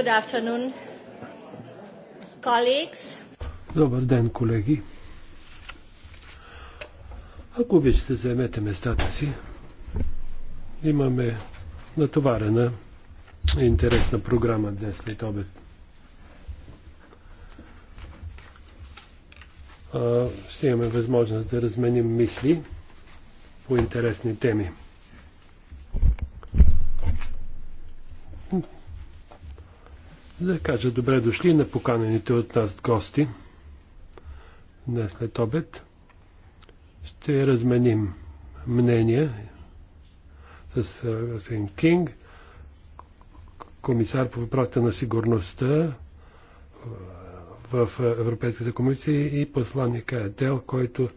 Good afternoon, colleagues. Добър ден, колеги. Ако обичате, заемете местата си. Имаме натоварена и интересна програма днес след обед. Ще имаме възможност да разменим мисли по интересни теми. да кажа добре дошли на поканените от нас гости. Днес след обед ще разменим мнения с господин Кинг, комисар по въпросите на сигурността в Европейската комисия и посланника Едел, който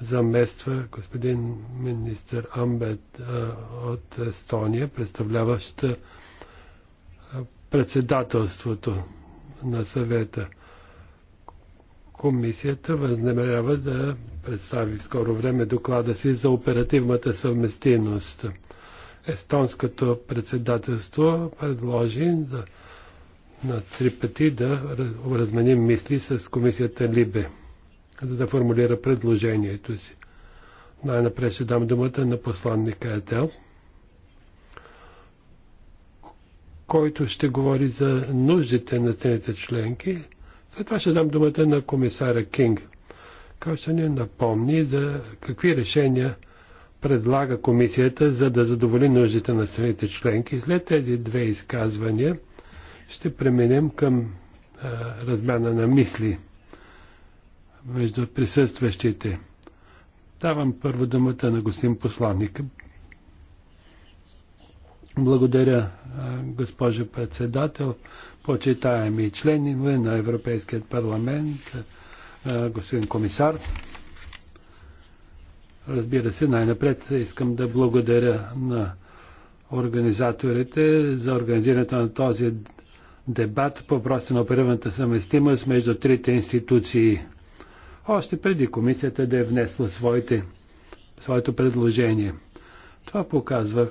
замества господин министър Амбет от Естония, представляващ председателството на съвета. Комисията възнамерява да представи в скоро време доклада си за оперативната съвместимост. Естонското председателство предложи да, на три пъти да разменим мисли с комисията Либе, за да формулира предложението си. Най-напред ще дам думата на посланника Етел. който ще говори за нуждите на страните членки. След това ще дам думата на комисара Кинг, който ще ни напомни за какви решения предлага комисията, за да задоволи нуждите на страните членки. След тези две изказвания ще преминем към а, размяна на мисли между присъстващите. Давам първо думата на господин посланник. Благодаря, госпожо председател, почитаеми члени на Европейският парламент, господин комисар. Разбира се, най-напред искам да благодаря на организаторите за организирането на този дебат по въпроса на оперативната съместимост между трите институции. Още преди комисията да е внесла своите, своето предложение. Това показва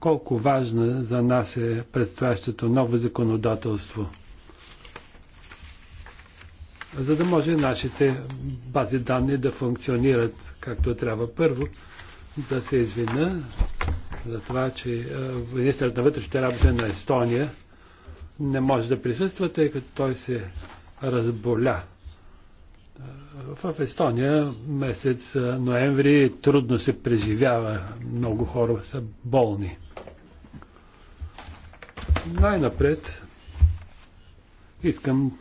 колко важна за нас е предстоящото ново законодателство, за да може нашите бази данни да функционират както трябва. Първо, да се извина за това, че е, министърът на вътрешните работи на Естония не може да присъства, тъй като той се разболя. Е, в Естония месец ноември трудно се преживява, много хора са болни. Най-напред искам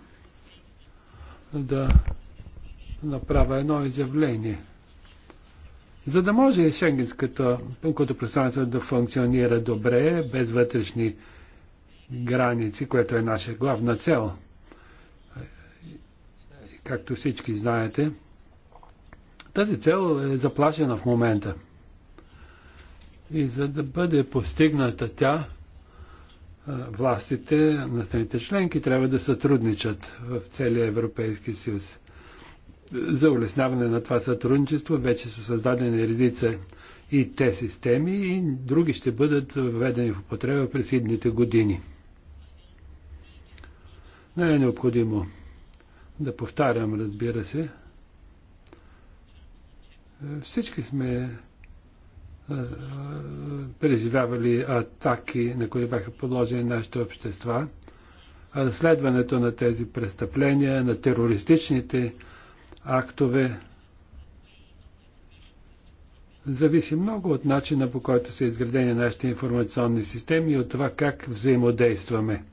да направя едно изявление. За да може шенгенското пространство да функционира добре, без вътрешни граници, което е наша главна цел, както всички знаете, тази цел е заплашена в момента. И за да бъде постигната тя, властите на страните членки трябва да сътрудничат в целия Европейски съюз. За улесняване на това сътрудничество вече са създадени редица и те системи и други ще бъдат введени в употреба през идните години. Не е необходимо да повтарям, разбира се. Всички сме преживявали атаки, на които бяха подложени нашите общества. Разследването на тези престъпления, на терористичните актове, зависи много от начина по който са изградени нашите информационни системи и от това как взаимодействаме.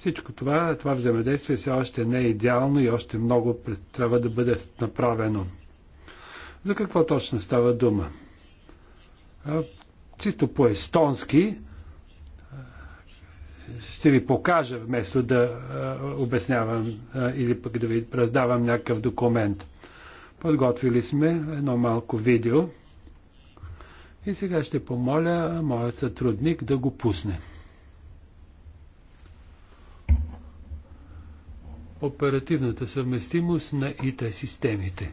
Всичко това, това взаимодействие все още не е идеално и още много трябва да бъде направено. За какво точно става дума? чисто по-естонски ще ви покажа, вместо да обяснявам или пък да ви раздавам някакъв документ. Подготвили сме едно малко видео и сега ще помоля моят сътрудник да го пусне. Оперативната съвместимост на ИТ системите.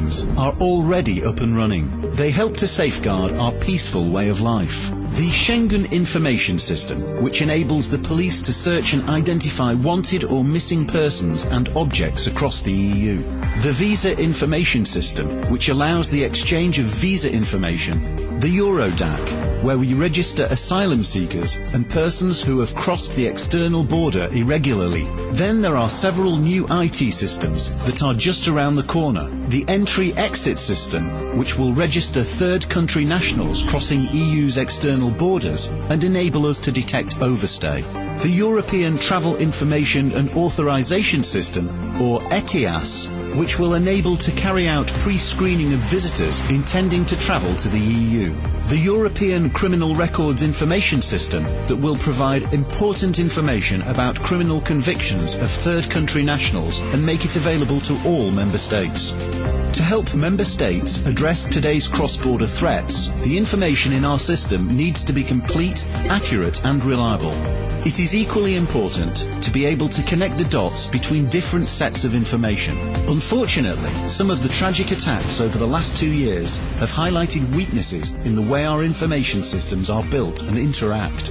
systems are already up and running. They help to safeguard our peaceful way of life. The Schengen Information System, which enables the police to search and identify wanted or missing persons and objects across the EU. The Visa Information System, which allows the exchange of visa information. The Eurodac, where we register asylum seekers and persons who have crossed the external border irregularly. Then there are several new IT systems that are just around the corner. The entry-exit system, which will register third country nationals crossing EU's external borders and enable us to detect overstay. The European Travel Information and Authorization System, or ETIAS, which will enable to carry out pre-screening of visitors intending to travel to the EU. The European Criminal Records Information System that will provide important information about criminal convictions of third country nationals and make it available to all member states. To help member states address today's cross-border threats, the information in our system needs to be complete, accurate and reliable. It is equally important to be able to connect the dots between different sets of information. Unfortunately, some of the tragic attacks over the last two years have highlighted weaknesses in the way our information systems are built and interact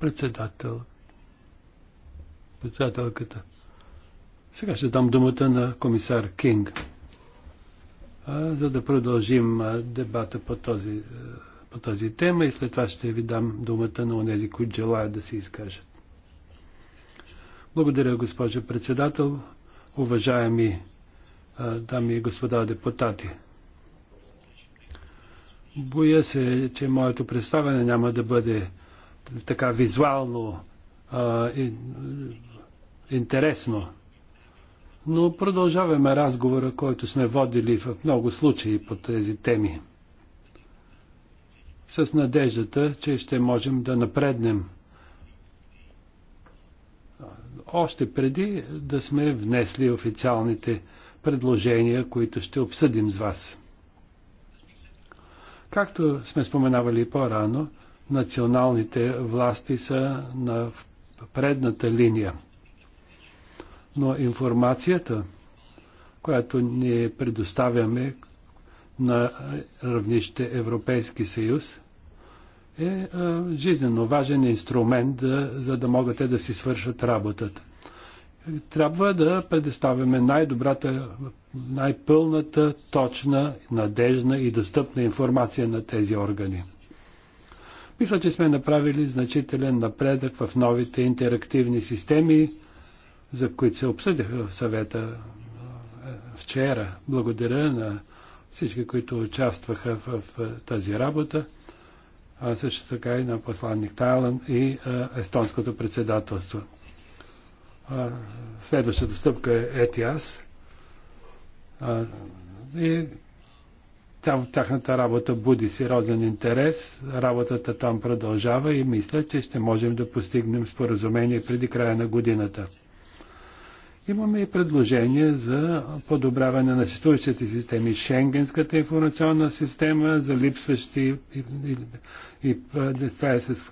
председател. Председателката. Сега ще дам думата на комисар Кинг, за да продължим дебата по, този, по тази тема и след това ще ви дам думата на онези, които желаят да се изкажат. Благодаря, госпожо председател, уважаеми дами и господа депутати. Боя се, че моето представяне няма да бъде така визуално а, и, интересно. Но продължаваме разговора, който сме водили в много случаи по тези теми. С надеждата, че ще можем да напреднем още преди да сме внесли официалните предложения, които ще обсъдим с вас. Както сме споменавали по-рано, националните власти са на предната линия. Но информацията, която ние предоставяме на равнище Европейски съюз, е жизненно важен инструмент, за да могат те да си свършат работата. Трябва да предоставяме най-добрата, най-пълната, точна, надежна и достъпна информация на тези органи. Мисля, че сме направили значителен напредък в новите интерактивни системи, за които се обсъдиха в съвета е, вчера. Благодаря на всички, които участваха в, тази работа, а също така и на посланник Тайлан и е, естонското председателство. следващата стъпка е ЕТИАС. и тяхната работа буди сериозен интерес. Работата там продължава и мисля, че ще можем да постигнем споразумение преди края на годината. Имаме и предложение за подобряване на съществуващите системи. Шенгенската информационна система за липсващи и, и, и деца е с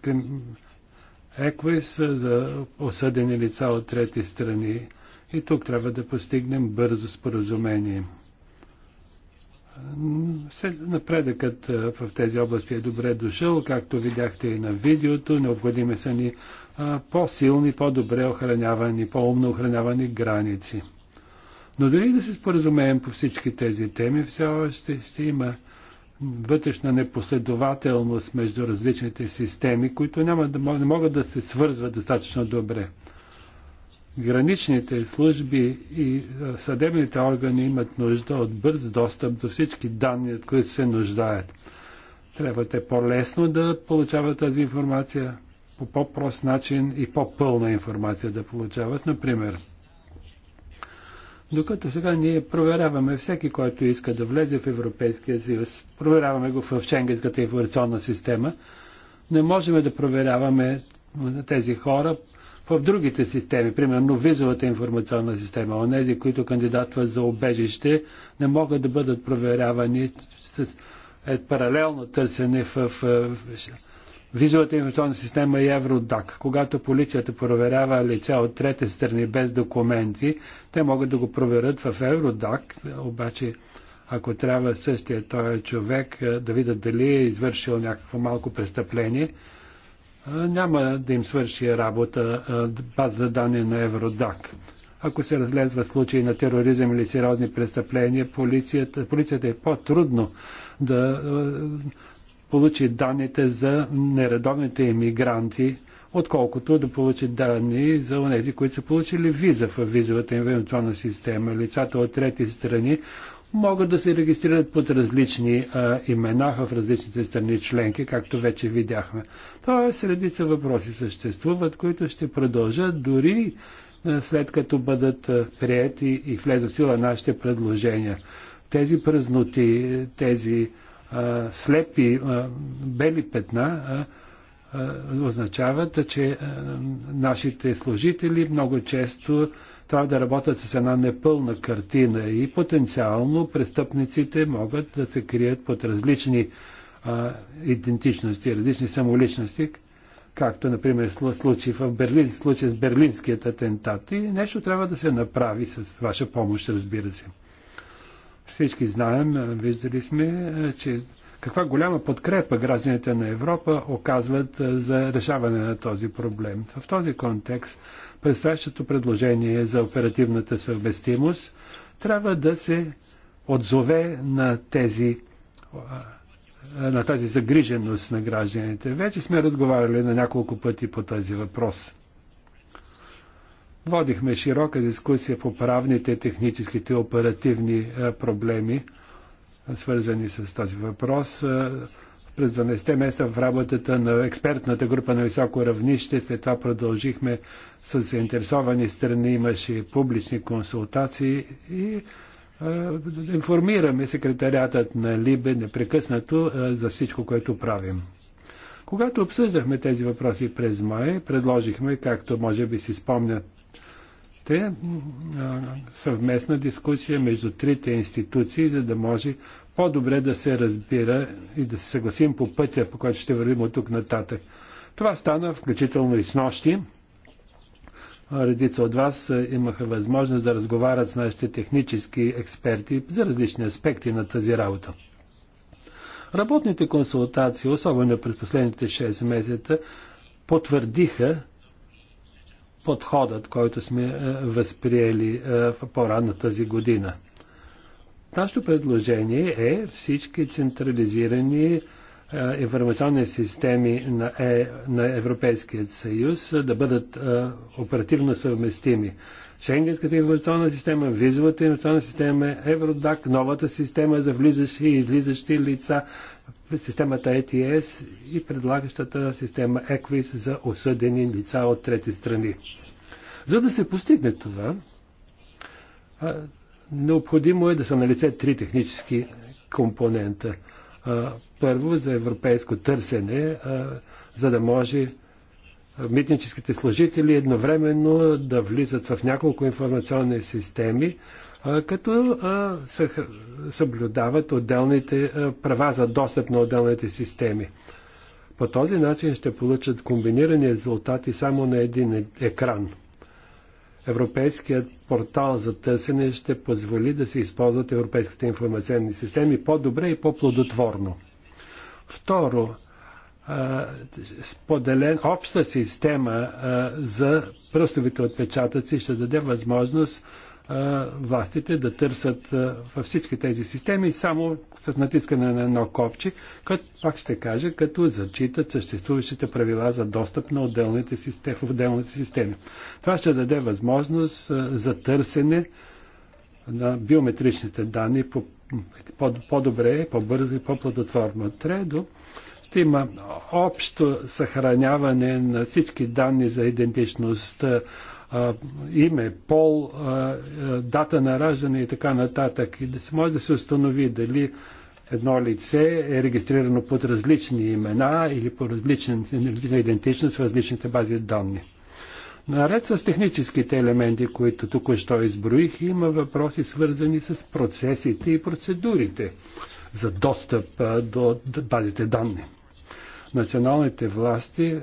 ЕКВИС за осъдени лица от трети страни. И тук трябва да постигнем бързо споразумение. Напредъкът в тези области е добре дошъл, както видяхте и на видеото. Необходими са ни по-силни, по-добре охранявани, по-умно охранявани граници. Но дори да се споразумеем по всички тези теми, все още ще има вътрешна непоследователност между различните системи, които няма да, не могат да се свързват достатъчно добре граничните служби и съдебните органи имат нужда от бърз достъп до всички данни, от които се нуждаят. Трябва те по-лесно да получават тази информация, по по-прост начин и по-пълна информация да получават. Например, докато сега ние проверяваме всеки, който иска да влезе в Европейския съюз, проверяваме го в Шенгенската информационна система, не можем да проверяваме тези хора в другите системи, примерно визовата информационна система, онези, които кандидатват за обежище, не могат да бъдат проверявани с е, паралелно търсене в, в, в визовата информационна система и Евродак. Когато полицията проверява лица от трети страни без документи, те могат да го проверят в Евродак, обаче ако трябва същия този човек е, да видят дали е извършил някакво малко престъпление, няма да им свърши работа база данни на Евродак. Ако се разлезва случаи на тероризъм или сериозни престъпления, полицията, полицията е по-трудно да получи данните за нередовните иммигранти, отколкото да получи данни за тези, които са получили виза в визовата инвентарна система. Лицата от трети страни, могат да се регистрират под различни а, имена в различните страни членки, както вече видяхме. Тоест, редица въпроси съществуват, които ще продължат дори а, след като бъдат приети и влезат в сила нашите предложения. Тези празноти, тези а, слепи а, бели петна а, а, означават, че а, нашите служители много често а, трябва да работят с една непълна картина и потенциално престъпниците могат да се крият под различни а, идентичности, различни самоличности, както, например, случай, в Берлин, случай с берлинският атентат. И нещо трябва да се направи с ваша помощ, разбира се. Всички знаем, виждали сме, че каква голяма подкрепа гражданите на Европа оказват е, за решаване на този проблем. В този контекст предстоящото предложение е за оперативната съвместимост трябва да се отзове на тези е, на тази загриженост на гражданите. Вече сме разговаряли на няколко пъти по този въпрос. Водихме широка дискусия по правните, техническите, и оперативни проблеми – свързани с този въпрос. През 12-те месеца в работата на експертната група на високо равнище, след това продължихме с заинтересовани страни, имаше публични консултации и информираме секретариатът на Либе непрекъснато за всичко, което правим. Когато обсъждахме тези въпроси през май, предложихме, както може би си спомнят те съвместна дискусия между трите институции, за да може по-добре да се разбира и да се съгласим по пътя, по който ще вървим от тук нататък. Това стана включително и с нощи. Редица от вас имаха възможност да разговарят с нашите технически експерти за различни аспекти на тази работа. Работните консултации, особено през последните 6 месеца, потвърдиха подходът, който сме е, възприели е, в по-рано тази година. Нашето предложение е всички централизирани е, информационни системи на, е, на Европейския съюз да бъдат е, оперативно съвместими. Шенгенската информационна система, визовата информационна система, Евродак, новата система за влизащи и излизащи лица, системата ETS е и предлагащата система EQUIS за осъдени лица от трети страни. За да се постигне това, необходимо е да са налице три технически компонента. Първо за европейско търсене, за да може митническите служители едновременно да влизат в няколко информационни системи, като съблюдават отделните права за достъп на отделните системи. По този начин ще получат комбинирани резултати само на един е-, екран. Европейският портал за търсене ще позволи да се използват европейските информационни системи по-добре и по-плодотворно. Второ, споделен, обща система за пръстовите отпечатъци ще даде възможност властите да търсят във всички тези системи само с натискане на едно копче, като, пак ще кажа, като зачитат съществуващите правила за достъп на отделните системи, в отделните системи. Това ще даде възможност за търсене на биометричните данни по, по-добре, по по-бързо и по-плодотворно. Тредо, ще има общо съхраняване на всички данни за идентичност, име, пол, дата на раждане и така нататък. И да се може да се установи дали едно лице е регистрирано под различни имена или по различна идентичност в различните бази данни. Наред с техническите елементи, които тук още изброих, има въпроси свързани с процесите и процедурите за достъп до базите данни. Националните власти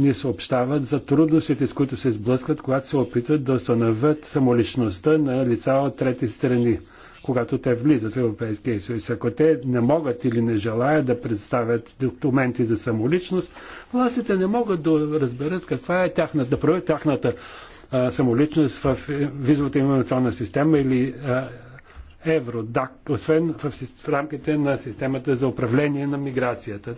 ни съобщават за трудностите, с които се сблъскват, когато се опитват да установят самоличността на лица от трети страни, когато те влизат в Европейския съюз. Ако те не могат или не желаят да представят документи за самоличност, властите не могат да разберат каква е тяхната, да правят тяхната а, самоличност в визовата информационна система или а, Евродак, освен в рамките на системата за управление на миграцията.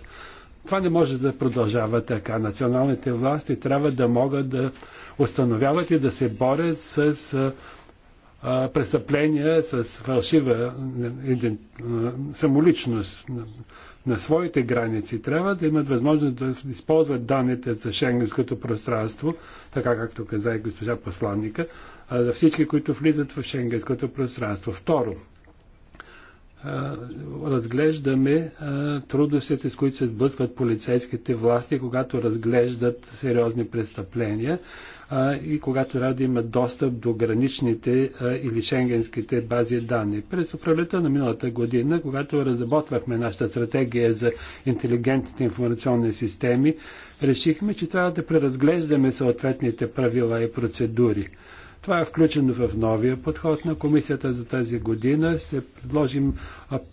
Това не може да продължава така. Националните власти трябва да могат да установяват и да се борят с престъпления с фалшива самоличност на своите граници. Трябва да имат възможност да използват данните за шенгенското пространство, така както каза и госпожа посланника, за всички, които влизат в шенгенското пространство. Второ, разглеждаме трудностите, с които се сблъскват полицейските власти, когато разглеждат сериозни престъпления и когато трябва да имат достъп до граничните или шенгенските бази данни. През управлята на миналата година, когато разработвахме нашата стратегия за интелигентните информационни системи, решихме, че трябва да преразглеждаме съответните правила и процедури. Това е включено в новия подход на комисията за тази година. Ще предложим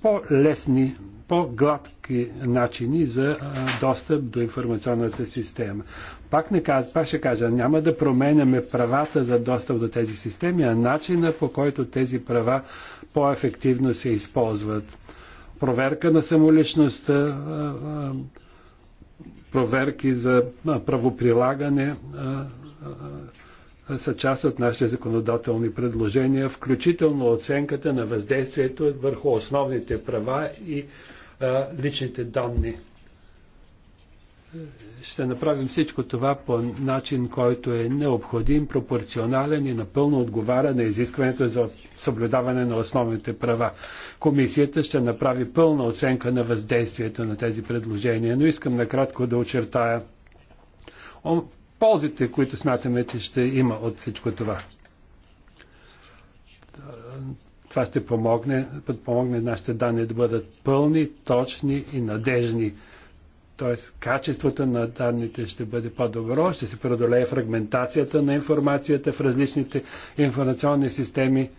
по-лесни, по-гладки начини за достъп до информационната система. Пак, не каз, пак ще кажа, няма да променяме правата за достъп до тези системи, а начина по който тези права по-ефективно се използват. Проверка на самоличността, проверки за правоприлагане, са част от нашите законодателни предложения, включително оценката на въздействието върху основните права и а, личните данни. Ще направим всичко това по начин, който е необходим, пропорционален и напълно отговаря на изискването за съблюдаване на основните права. Комисията ще направи пълна оценка на въздействието на тези предложения, но искам накратко да очертая ползите, които смятаме, че ще има от всичко това. Това ще помогне, подпомогне нашите данни да бъдат пълни, точни и надежни. Тоест, качеството на данните ще бъде по-добро, ще се преодолее фрагментацията на информацията в различните информационни системи,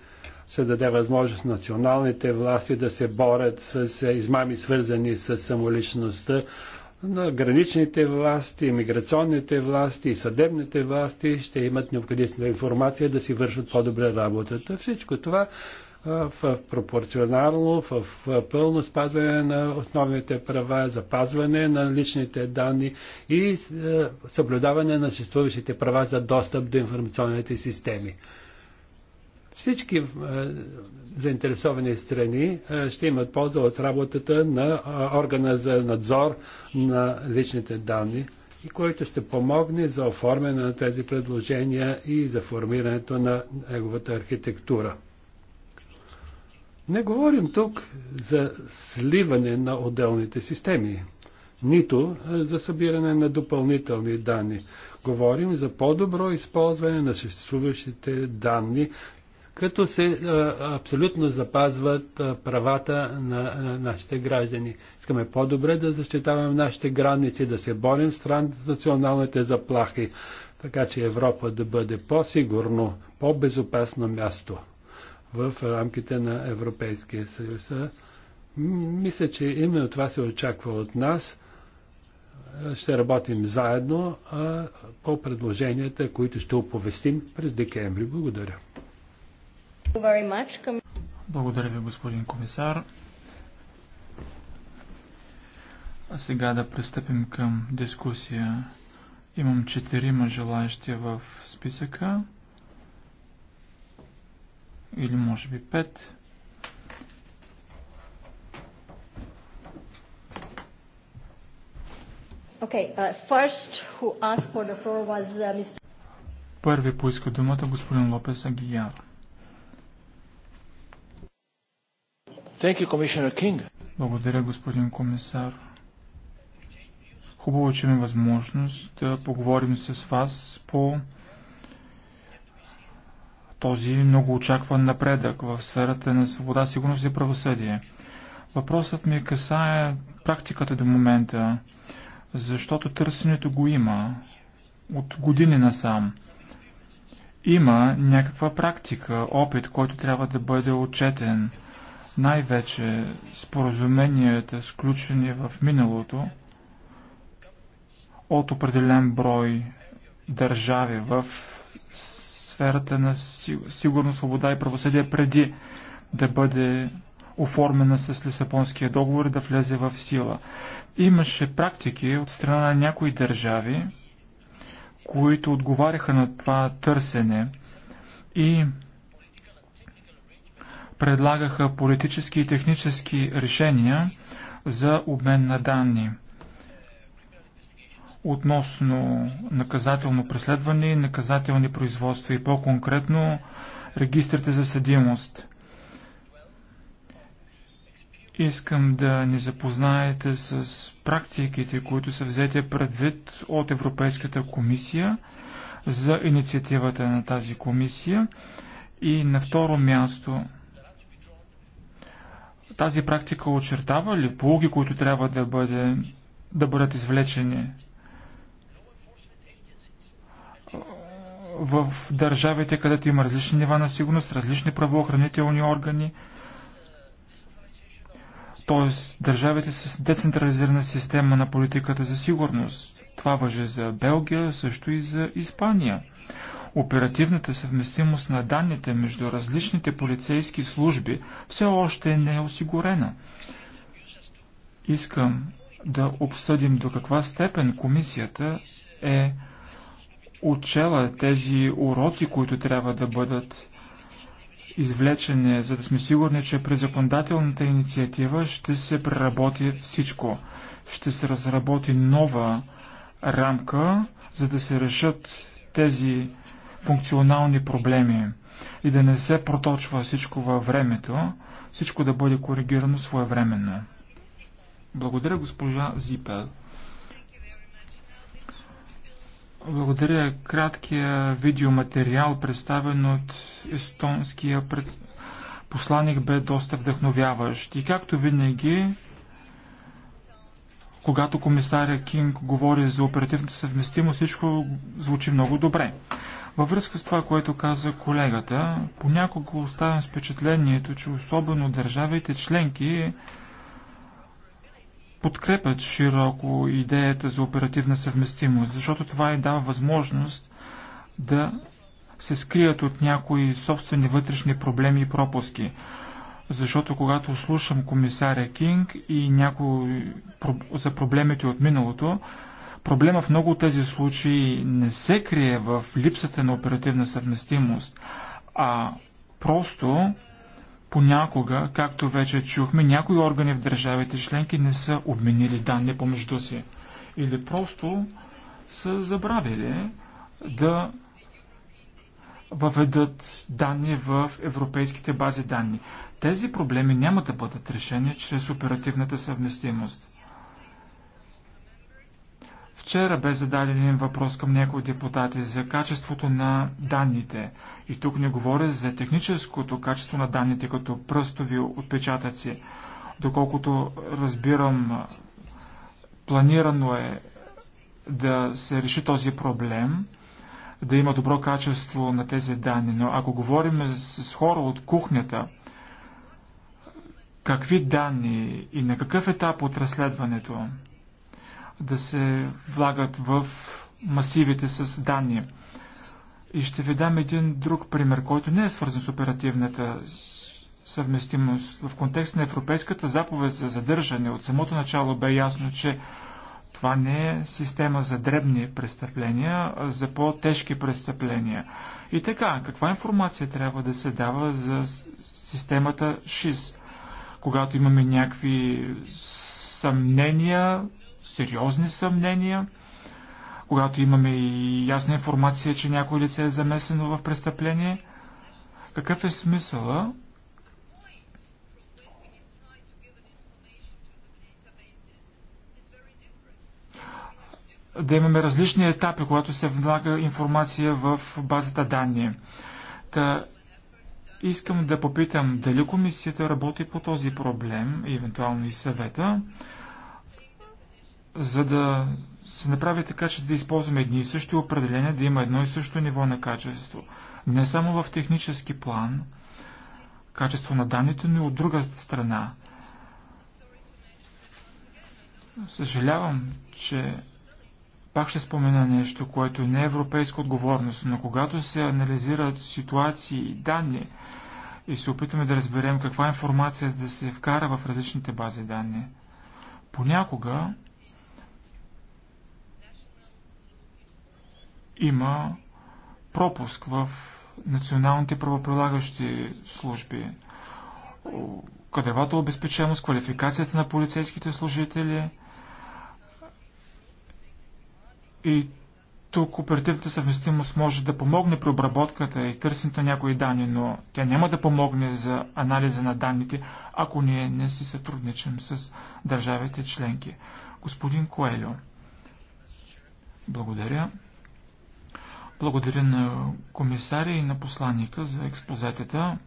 ще даде възможност националните власти да се борят с измами, свързани с самоличността, на граничните власти, миграционните власти и съдебните власти ще имат необходимата информация да си вършат по-добре работата. Всичко това в пропорционално, в пълно спазване на основните права, запазване на личните данни и съблюдаване на съществуващите права за достъп до информационните системи. Всички е, заинтересовани страни е, ще имат полза от работата на е, органа за надзор на личните данни и който ще помогне за оформяне на тези предложения и за формирането на неговата архитектура. Не говорим тук за сливане на отделните системи, нито за събиране на допълнителни данни. Говорим за по-добро използване на съществуващите данни като се абсолютно запазват правата на нашите граждани. Искаме по-добре да защитаваме нашите граници, да се борим с транснационалните заплахи, така че Европа да бъде по-сигурно, по-безопасно място в рамките на Европейския съюз. Мисля, че именно това се очаква от нас. Ще работим заедно по предложенията, които ще оповестим през декември. Благодаря. Благодаря ви, господин комисар. А сега да пристъпим към дискусия. Имам четирима желаящи в списъка. Или може би пет. Okay, uh, first who asked for the floor was uh, Mr. Първи поиска думата господин Лопес Агияр. You, Благодаря, господин комисар. Хубаво, че имаме възможност да поговорим с вас по този много очакван напредък в сферата на свобода, сигурност и правосъдие. Въпросът ми касае практиката до момента, защото търсенето го има от години насам. Има някаква практика, опит, който трябва да бъде отчетен – най-вече споразуменията, сключени в миналото от определен брой държави в сферата на сигурност, свобода и правосъдие преди да бъде оформена с лисапонския договор и да влезе в сила. Имаше практики от страна на някои държави, които отговаряха на това търсене и предлагаха политически и технически решения за обмен на данни относно наказателно преследване, наказателни производства и по-конкретно регистрите за съдимост. Искам да ни запознаете с практиките, които са взети предвид от Европейската комисия за инициативата на тази комисия и на второ място – тази практика очертава ли полуги, които трябва да, бъде, да бъдат извлечени? В държавите, където има различни нива на сигурност, различни правоохранителни органи, т.е. държавите с децентрализирана система на политиката за сигурност. Това въже за Белгия, също и за Испания. Оперативната съвместимост на данните между различните полицейски служби все още не е осигурена. Искам да обсъдим до каква степен комисията е отчела тези уроци, които трябва да бъдат извлечени, за да сме сигурни, че при законодателната инициатива ще се преработи всичко. Ще се разработи нова рамка, за да се решат тези функционални проблеми и да не се проточва всичко във времето, всичко да бъде коригирано своевременно. Благодаря, госпожа Зипел. Благодаря краткия видеоматериал, представен от естонския пред... посланник, бе доста вдъхновяващ. И както винаги, когато комисаря Кинг говори за оперативната съвместимост, всичко звучи много добре. Във връзка с това, което каза колегата, понякога оставям впечатлението, че особено държавите членки подкрепят широко идеята за оперативна съвместимост, защото това и дава възможност да се скрият от някои собствени вътрешни проблеми и пропуски. Защото когато слушам комисаря Кинг и някои за проблемите от миналото, Проблема в много от тези случаи не се крие в липсата на оперативна съвместимост, а просто понякога, както вече чухме, някои органи в държавите членки не са обменили данни помежду си или просто са забравили да въведат данни в европейските бази данни. Тези проблеми няма да бъдат решени чрез оперативната съвместимост. Вчера бе зададен въпрос към някои депутати за качеството на данните. И тук не говоря за техническото качество на данните, като пръстови отпечатъци. Доколкото разбирам, планирано е да се реши този проблем, да има добро качество на тези данни. Но ако говорим с хора от кухнята, какви данни и на какъв етап от разследването, да се влагат в масивите с данни. И ще ви дам един друг пример, който не е свързан с оперативната съвместимост. В контекст на Европейската заповед за задържане от самото начало бе ясно, че това не е система за дребни престъпления, а за по-тежки престъпления. И така, каква информация трябва да се дава за системата ШИС? Когато имаме някакви съмнения, сериозни съмнения, когато имаме и ясна информация, че някое лице е замесено в престъпление, какъв е смисъла да имаме различни етапи, когато се влага информация в базата данни. Та, искам да попитам дали комисията работи по този проблем, евентуално и съвета за да се направи така, че да използваме едни и същи определения, да има едно и също ниво на качество. Не само в технически план, качество на данните, но и от друга страна. Съжалявам, че пак ще спомена нещо, което не е европейска отговорност, но когато се анализират ситуации и данни и се опитаме да разберем каква информация да се вкара в различните бази данни, понякога има пропуск в националните правоприлагащи служби, кадровата обезпеченост, квалификацията на полицейските служители и тук оперативната съвместимост може да помогне при обработката и търсенето на някои данни, но тя няма да помогне за анализа на данните, ако ние не си сътрудничим с държавите членки. Господин Коелю, благодаря. Благодаря на комисаря и на посланника за експозетата.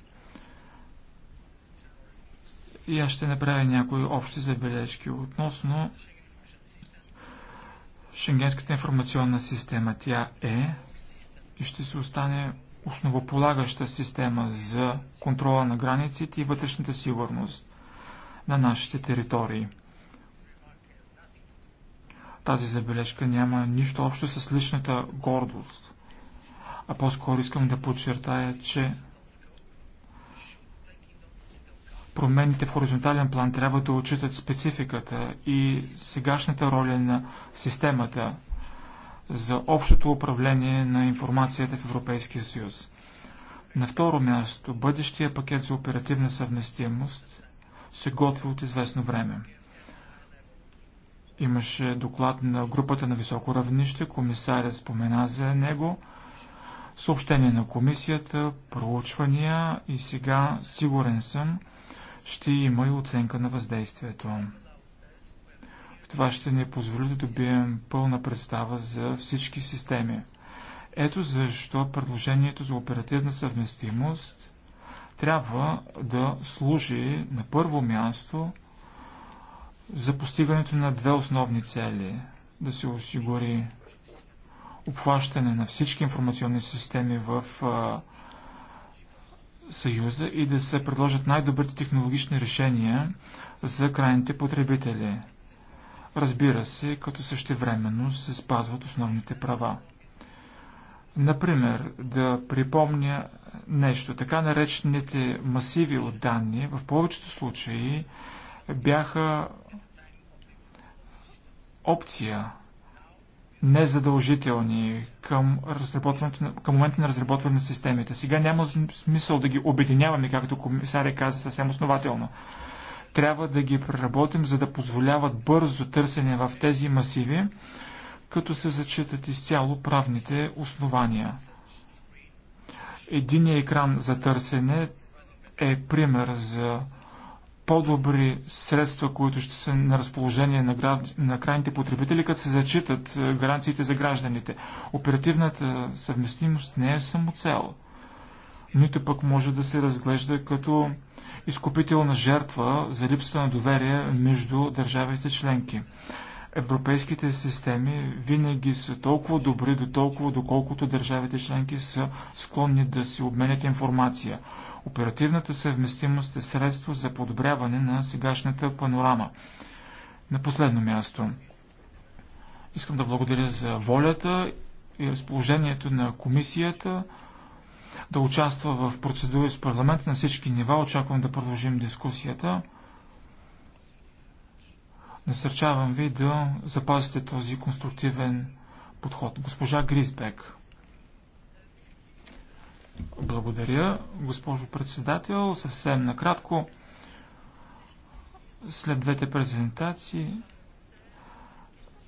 И аз ще направя някои общи забележки относно Шенгенската информационна система. Тя е и ще се остане основополагаща система за контрола на границите и вътрешната сигурност на нашите територии. Тази забележка няма нищо общо с личната гордост а по-скоро искам да подчертая, че промените в хоризонтален план трябва да отчитат спецификата и сегашната роля на системата за общото управление на информацията в Европейския съюз. На второ място, бъдещия пакет за оперативна съвместимост се готви от известно време. Имаше доклад на групата на високо равнище, комисарят спомена за него – Съобщение на комисията, проучвания и сега, сигурен съм, ще има и оценка на въздействието. Това ще ни позволи да добием пълна представа за всички системи. Ето защо предложението за оперативна съвместимост трябва да служи на първо място за постигането на две основни цели. Да се осигури обхващане на всички информационни системи в Съюза и да се предложат най-добрите технологични решения за крайните потребители. Разбира се, като същевременно се спазват основните права. Например, да припомня нещо. Така наречените масиви от данни в повечето случаи бяха опция незадължителни към, към момента на разработване на системите. Сега няма смисъл да ги обединяваме, както комисаря каза съвсем основателно. Трябва да ги преработим, за да позволяват бързо търсене в тези масиви, като се зачитат изцяло правните основания. Единият екран за търсене е пример за по-добри средства, които ще са на разположение на, град, на крайните потребители, като се зачитат е, гаранциите за гражданите. Оперативната съвместимост не е само цел, нито пък може да се разглежда като изкупителна жертва за липсата на доверие между държавите членки. Европейските системи винаги са толкова добри до толкова, доколкото държавите членки са склонни да си обменят информация – Оперативната съвместимост е средство за подобряване на сегашната панорама. На последно място, искам да благодаря за волята и разположението на комисията да участва в процедури с парламент на всички нива. Очаквам да продължим дискусията. Насърчавам ви да запазите този конструктивен подход. Госпожа Гризбек. Благодаря, госпожо председател. Съвсем накратко, след двете презентации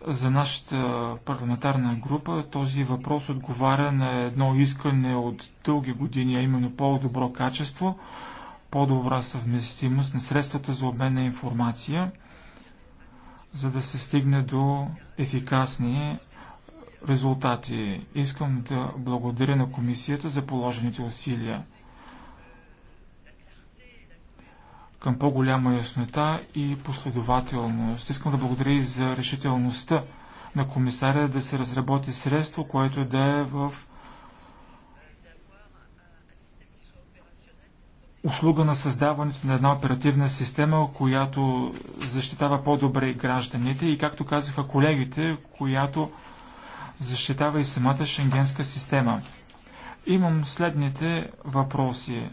за нашата парламентарна група този въпрос отговаря на едно искане от дълги години, а именно по-добро качество, по-добра съвместимост на средствата за обмен на информация, за да се стигне до ефикасни резултати. Искам да благодаря на комисията за положените усилия към по-голяма яснота и последователност. Искам да благодаря и за решителността на комисаря да се разработи средство, което да е в услуга на създаването на една оперативна система, която защитава по-добре гражданите и, както казаха колегите, която защитава и самата шенгенска система. Имам следните въпроси.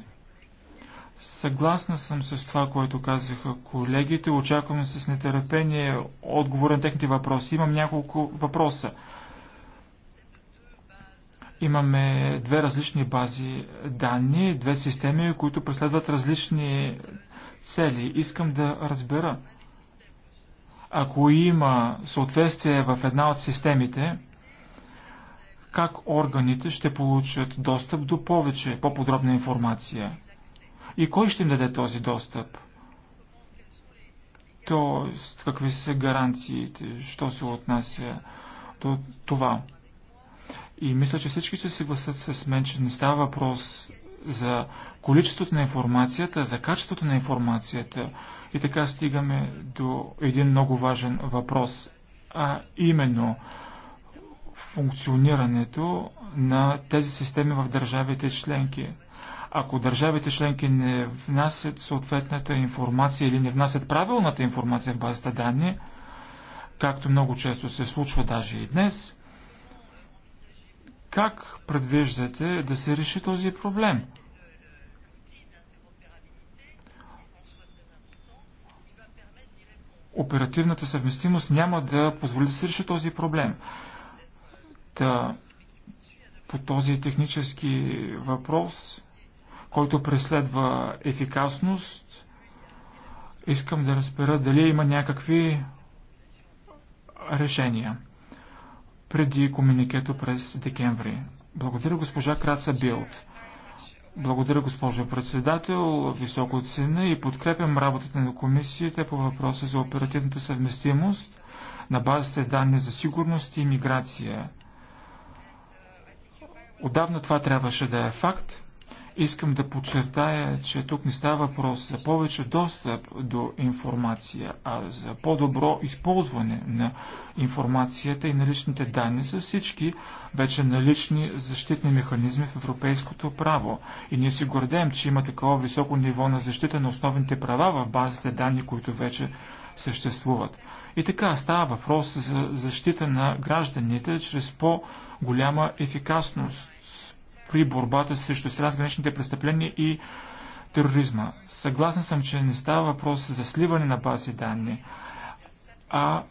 Съгласна съм с това, което казаха колегите. Очаквам с нетърпение отговор на техните въпроси. Имам няколко въпроса. Имаме две различни бази данни, две системи, които преследват различни цели. Искам да разбера. Ако има съответствие в една от системите, как органите ще получат достъп до повече, по-подробна информация. И кой ще им даде този достъп? Тоест, какви са гаранциите, що се отнася до това? И мисля, че всички ще се гласат с мен, че не става въпрос за количеството на информацията, за качеството на информацията. И така стигаме до един много важен въпрос, а именно – функционирането на тези системи в държавите членки. Ако държавите членки не внасят съответната информация или не внасят правилната информация в базата данни, както много често се случва даже и днес, как предвиждате да се реши този проблем? Оперативната съвместимост няма да позволи да се реши този проблем. Та, по този технически въпрос, който преследва ефикасност, искам да разбера дали има някакви решения преди комуникето през декември. Благодаря госпожа Краца Билд. Благодаря госпожо председател, високо цена и подкрепям работата на комисията по въпроса за оперативната съвместимост на базите данни за сигурност и миграция. Отдавна това трябваше да е факт. Искам да подчертая, че тук не става въпрос за повече достъп до информация, а за по-добро използване на информацията и наличните данни с всички вече налични защитни механизми в европейското право. И ние си гордеем, че има такова високо ниво на защита на основните права в базите данни, които вече съществуват. И така става въпрос за защита на гражданите чрез по-голяма ефикасност при борбата срещу сразграничните престъпления и тероризма. Съгласен съм, че не става въпрос за сливане на бази данни, а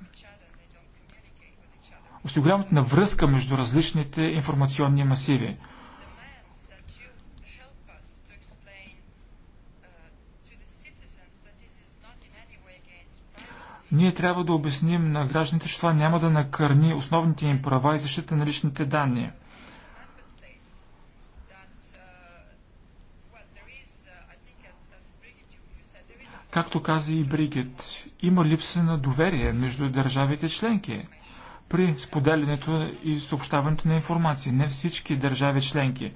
осигуряването на връзка между различните информационни масиви. Ние трябва да обясним на гражданите, че това няма да накърни основните им права и защита на личните данни – Както каза и Бригет, има липса на доверие между държавите членки при споделянето и съобщаването на информация. Не всички държави членки.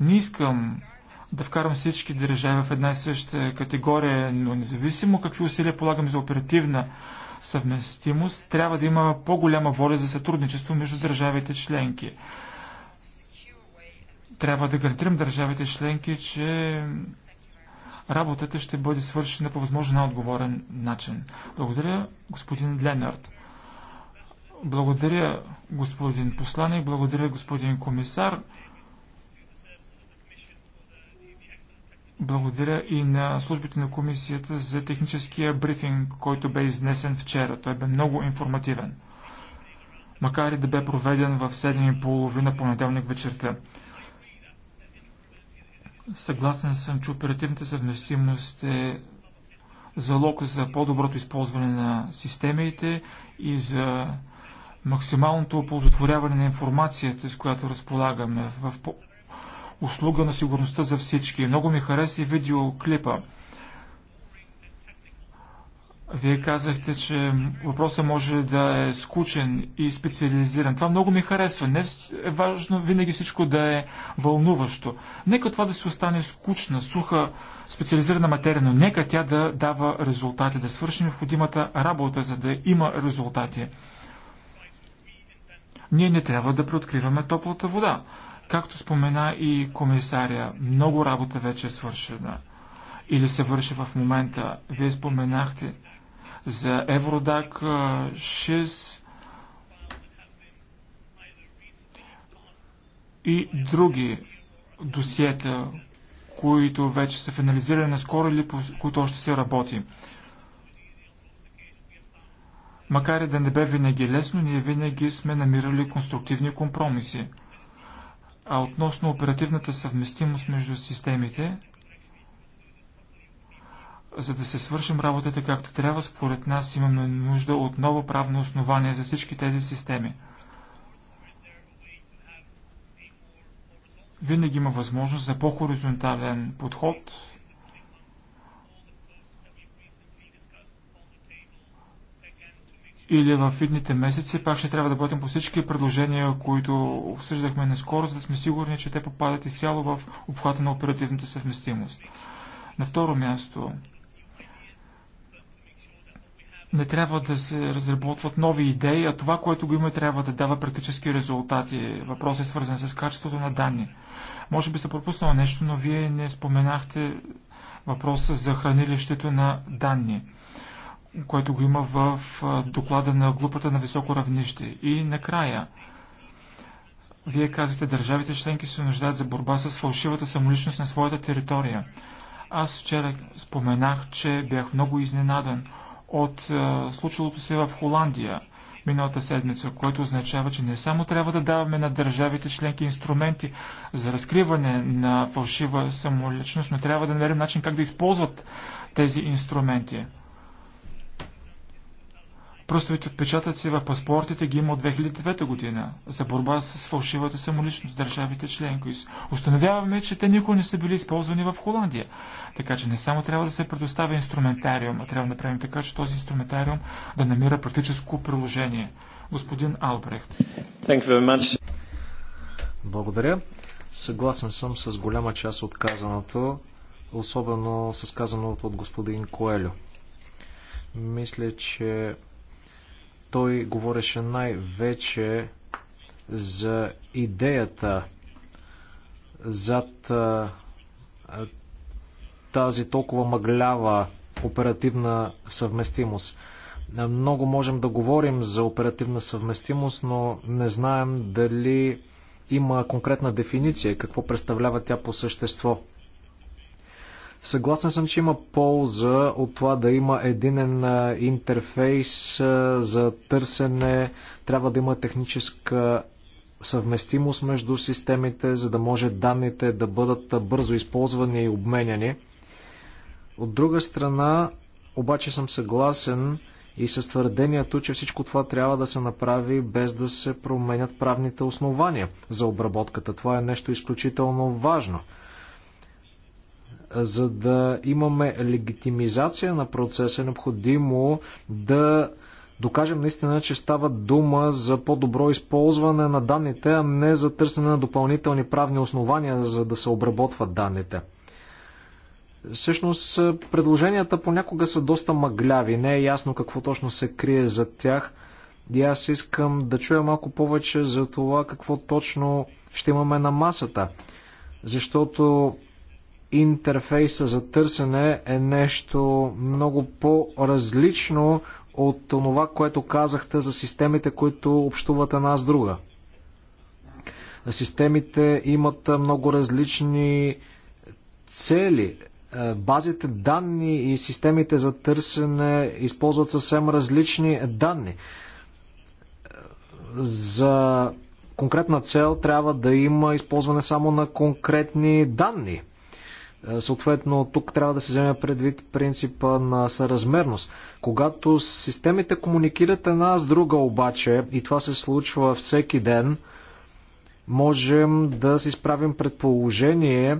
Не искам да вкарам всички държави в една и съща категория, но независимо какви усилия полагам за оперативна съвместимост, трябва да има по-голяма воля за сътрудничество между държавите членки. Трябва да гарантирам държавите членки, че работата ще бъде свършена по възможно най-отговорен начин. Благодаря, господин Ленард. Благодаря, господин посланник, благодаря, господин комисар. Благодаря и на службите на комисията за техническия брифинг, който бе изнесен вчера. Той бе много информативен. Макар и да бе проведен в 7.30 понеделник вечерта. Съгласен съм, че оперативната съвместимост е залог за по-доброто използване на системите и за максималното оползотворяване на информацията, с която разполагаме в услуга на сигурността за всички. Много ми хареса и видеоклипа. Вие казахте, че въпросът може да е скучен и специализиран. Това много ми харесва. Не е важно винаги всичко да е вълнуващо. Нека това да се остане скучна, суха, специализирана материя, но нека тя да дава резултати, да свърши необходимата работа, за да има резултати. Ние не трябва да преоткриваме топлата вода. Както спомена и комисаря, много работа вече е свършена или се върши в момента. Вие споменахте за Евродак 6 и други досиета, които вече са финализирани наскоро или по които още се работи. Макар и да не бе винаги лесно, ние винаги сме намирали конструктивни компромиси. А относно оперативната съвместимост между системите, за да се свършим работата както трябва, според нас имаме нужда от ново правно основание за всички тези системи. Винаги има възможност за по-хоризонтален подход. Или в идните месеци пак ще трябва да бъдем по всички предложения, които обсъждахме наскоро, за да сме сигурни, че те попадат изцяло в обхвата на оперативната съвместимост. На второ място, не трябва да се разработват нови идеи, а това, което го има, трябва да дава практически резултати. Въпросът е свързан с качеството на данни. Може би се пропуснало нещо, но вие не споменахте въпроса за хранилището на данни, което го има в доклада на групата на високо равнище. И накрая, вие казахте, държавите членки се нуждаят за борба с фалшивата самоличност на своята територия. Аз вчера споменах, че бях много изненадан – от е, случилото се в Холандия миналата седмица, което означава, че не само трябва да даваме на държавите членки инструменти за разкриване на фалшива самоличност, но трябва да намерим начин как да използват тези инструменти. Пръстовите отпечатъци в паспортите ги има от 2009 година за борба с фалшивата самоличност държавите членки. Установяваме, че те никога не са били използвани в Холандия. Така че не само трябва да се предоставя инструментариум, а трябва да направим така, че този инструментариум да намира практическо приложение. Господин Албрехт. Благодаря. Съгласен съм с голяма част от казаното, особено с казаното от господин Коелю. Мисля, че той говореше най-вече за идеята зад а, тази толкова мъглява оперативна съвместимост. Много можем да говорим за оперативна съвместимост, но не знаем дали има конкретна дефиниция, какво представлява тя по същество. Съгласен съм, че има полза от това да има единен интерфейс за търсене. Трябва да има техническа съвместимост между системите, за да може данните да бъдат бързо използвани и обменяни. От друга страна, обаче съм съгласен и с твърдението, че всичко това трябва да се направи без да се променят правните основания за обработката. Това е нещо изключително важно – за да имаме легитимизация на процеса, е необходимо да докажем наистина, че става дума за по-добро използване на данните, а не за търсене на допълнителни правни основания, за да се обработват данните. Всъщност, предложенията понякога са доста мъгляви. Не е ясно какво точно се крие за тях. И аз искам да чуя малко повече за това какво точно ще имаме на масата. Защото интерфейса за търсене е нещо много по-различно от това, което казахте за системите, които общуват една с друга. Системите имат много различни цели. Е, базите данни и системите за търсене използват съвсем различни данни. Е, за конкретна цел трябва да има използване само на конкретни данни. Е, съответно, тук трябва да се вземе предвид принципа на съразмерност. Когато системите комуникират една с друга обаче, и това се случва всеки ден, можем да си справим предположение,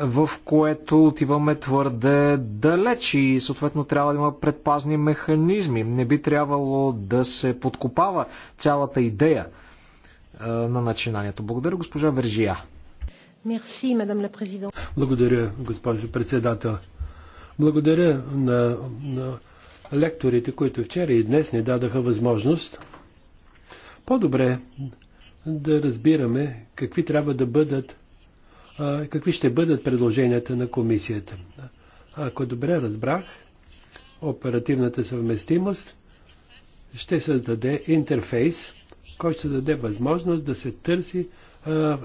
в което отиваме твърде далеч и съответно трябва да има предпазни механизми. Не би трябвало да се подкопава цялата идея е, на начинанието. Благодаря, госпожа Вержия. Мерси, мадам ла президент. Благодаря, госпожо председател. Благодаря на, на лекторите, които вчера и днес ни дадаха възможност по-добре да разбираме какви трябва да бъдат, какви ще бъдат предложенията на комисията. Ако добре разбрах, оперативната съвместимост ще създаде интерфейс, който ще даде възможност да се търси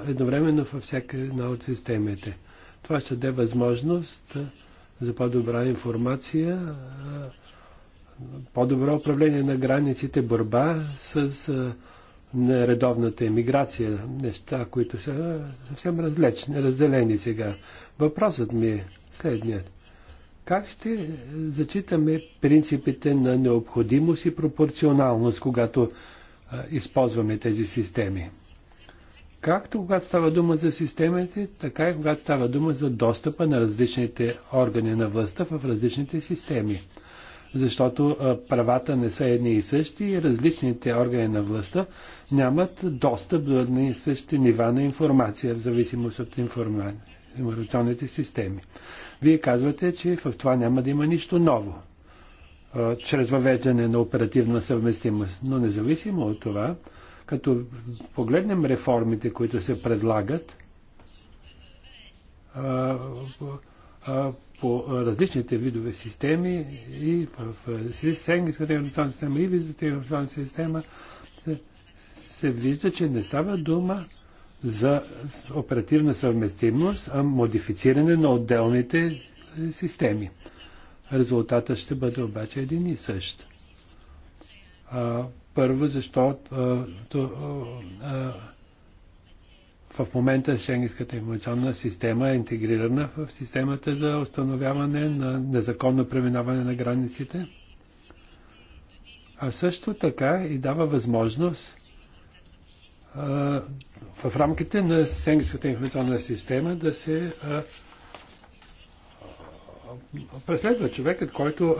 едновременно във всяка една от системите. Това ще даде възможност за по-добра информация, по-добро управление на границите, борба с нередовната емиграция, неща, които са съвсем различни, разделени сега. Въпросът ми е следният. Как ще зачитаме принципите на необходимост и пропорционалност, когато а, използваме тези системи? както когато става дума за системите, така и когато става дума за достъпа на различните органи на властта в различните системи. Защото правата не са едни и същи и различните органи на властта нямат достъп до едни и същи нива на информация в зависимост от информационните системи. Вие казвате, че в това няма да има нищо ново чрез въвеждане на оперативна съвместимост. Но независимо от това, като погледнем реформите, които се предлагат а, а, по различните видове системи и в, в Сенгенската информационна система и визитата информационна система, се, се вижда, че не става дума за оперативна съвместимост, а модифициране на отделните системи. Резултатът ще бъде обаче един и същ. Първо, защото в момента Шенгенската информационна система е интегрирана в системата за установяване на незаконно преминаване на границите, а също така и дава възможност в рамките на Шенгенската информационна система да се преследва човекът, който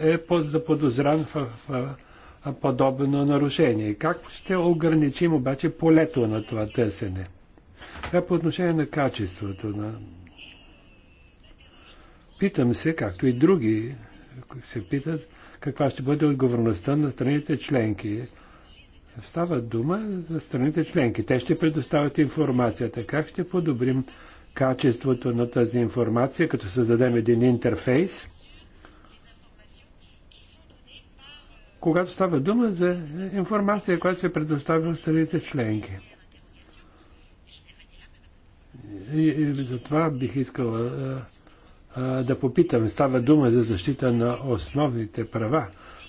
е заподозран в, в подобно нарушение. Как ще ограничим обаче полето на това търсене? Това е, по отношение на качеството. На... Питам се, както и други се питат, каква ще бъде отговорността на страните членки. Става дума за страните членки. Те ще предоставят информацията. Как ще подобрим качеството на тази информация, като създадем един интерфейс, когато става дума за информация, която се предоставя от страните членки. И, и затова бих искала а, а, да попитам. Става дума за защита на основните права,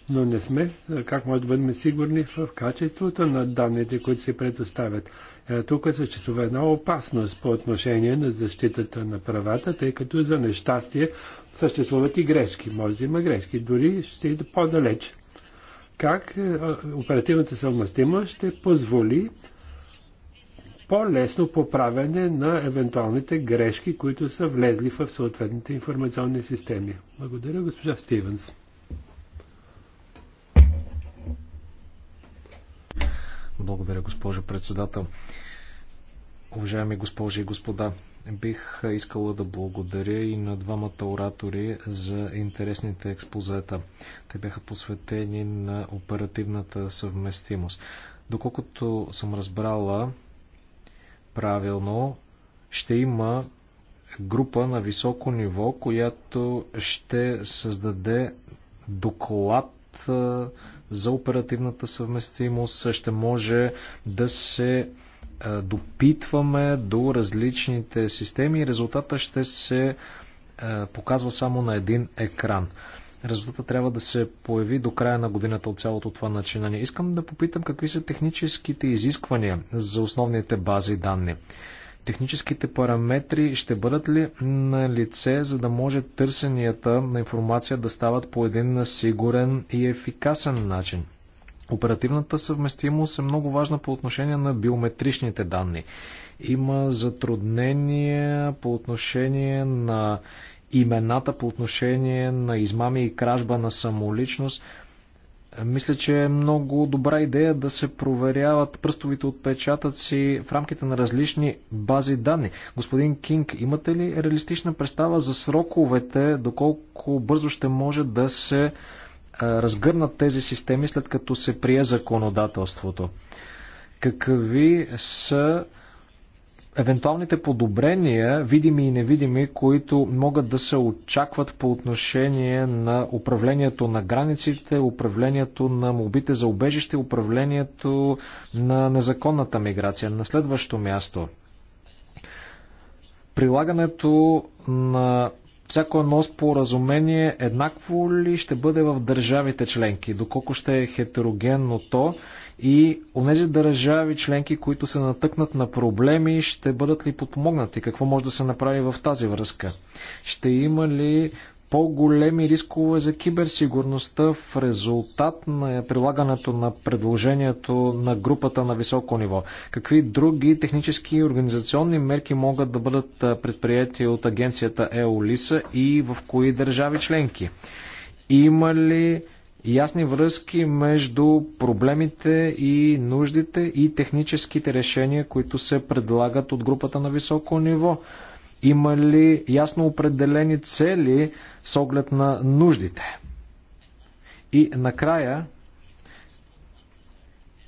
но не сме, как може да бъдем сигурни в качеството на данните, които се предоставят. тук съществува една опасност по отношение на защитата на правата, тъй като за нещастие съществуват и грешки. Може да има грешки, дори ще и по далече как е, оперативната съвместима ще позволи по-лесно поправяне на евентуалните грешки, които са влезли в съответните информационни системи. Благодаря, госпожа Стивенс. Благодаря, госпожо председател. Уважаеми госпожи и господа, Бих искала да благодаря и на двамата оратори за интересните експозета. Те бяха посветени на оперативната съвместимост. Доколкото съм разбрала правилно, ще има група на високо ниво, която ще създаде доклад за оперативната съвместимост ще може да се е, допитваме до различните системи и резултата ще се е, показва само на един екран. Резултата трябва да се появи до края на годината от цялото това начинание. Искам да попитам какви са техническите изисквания за основните бази данни. Техническите параметри ще бъдат ли на лице, за да може търсенията на информация да стават по един сигурен и ефикасен начин? Оперативната съвместимост е много важна по отношение на биометричните данни. Има затруднения по отношение на имената, по отношение на измами и кражба на самоличност. Мисля, че е много добра идея да се проверяват пръстовите отпечатъци в рамките на различни бази данни. Господин Кинг, имате ли реалистична представа за сроковете, доколко бързо ще може да се разгърнат тези системи след като се прие законодателството? Какви са евентуалните подобрения, видими и невидими, които могат да се очакват по отношение на управлението на границите, управлението на мобите за убежище, управлението на незаконната миграция. На следващо място. Прилагането на всяко едно споразумение еднакво ли ще бъде в държавите членки, доколко ще е хетерогенно то и онези държави членки, които се натъкнат на проблеми, ще бъдат ли подпомогнати? Какво може да се направи в тази връзка? Ще има ли по-големи рискове за киберсигурността в резултат на прилагането на предложението на групата на високо ниво? Какви други технически и организационни мерки могат да бъдат предприяти от агенцията ЕОЛИСа и в кои държави членки? Има ли ясни връзки между проблемите и нуждите и техническите решения, които се предлагат от групата на високо ниво? Има ли ясно определени цели с оглед на нуждите? И накрая,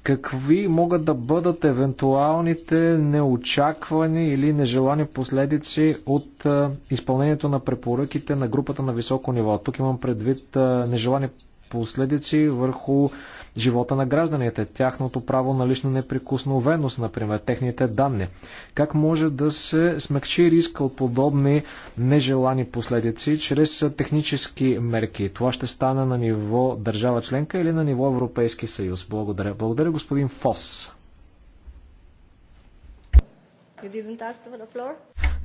какви могат да бъдат евентуалните неочаквани или нежелани последици от изпълнението на препоръките на групата на високо ниво. Тук имам предвид нежелани последици върху живота на гражданите, тяхното право на лична неприкосновеност, например, техните данни. Как може да се смекчи риска от подобни нежелани последици чрез технически мерки? Това ще стане на ниво държава членка или на ниво Европейски съюз? Благодаря. Благодаря, господин Фос.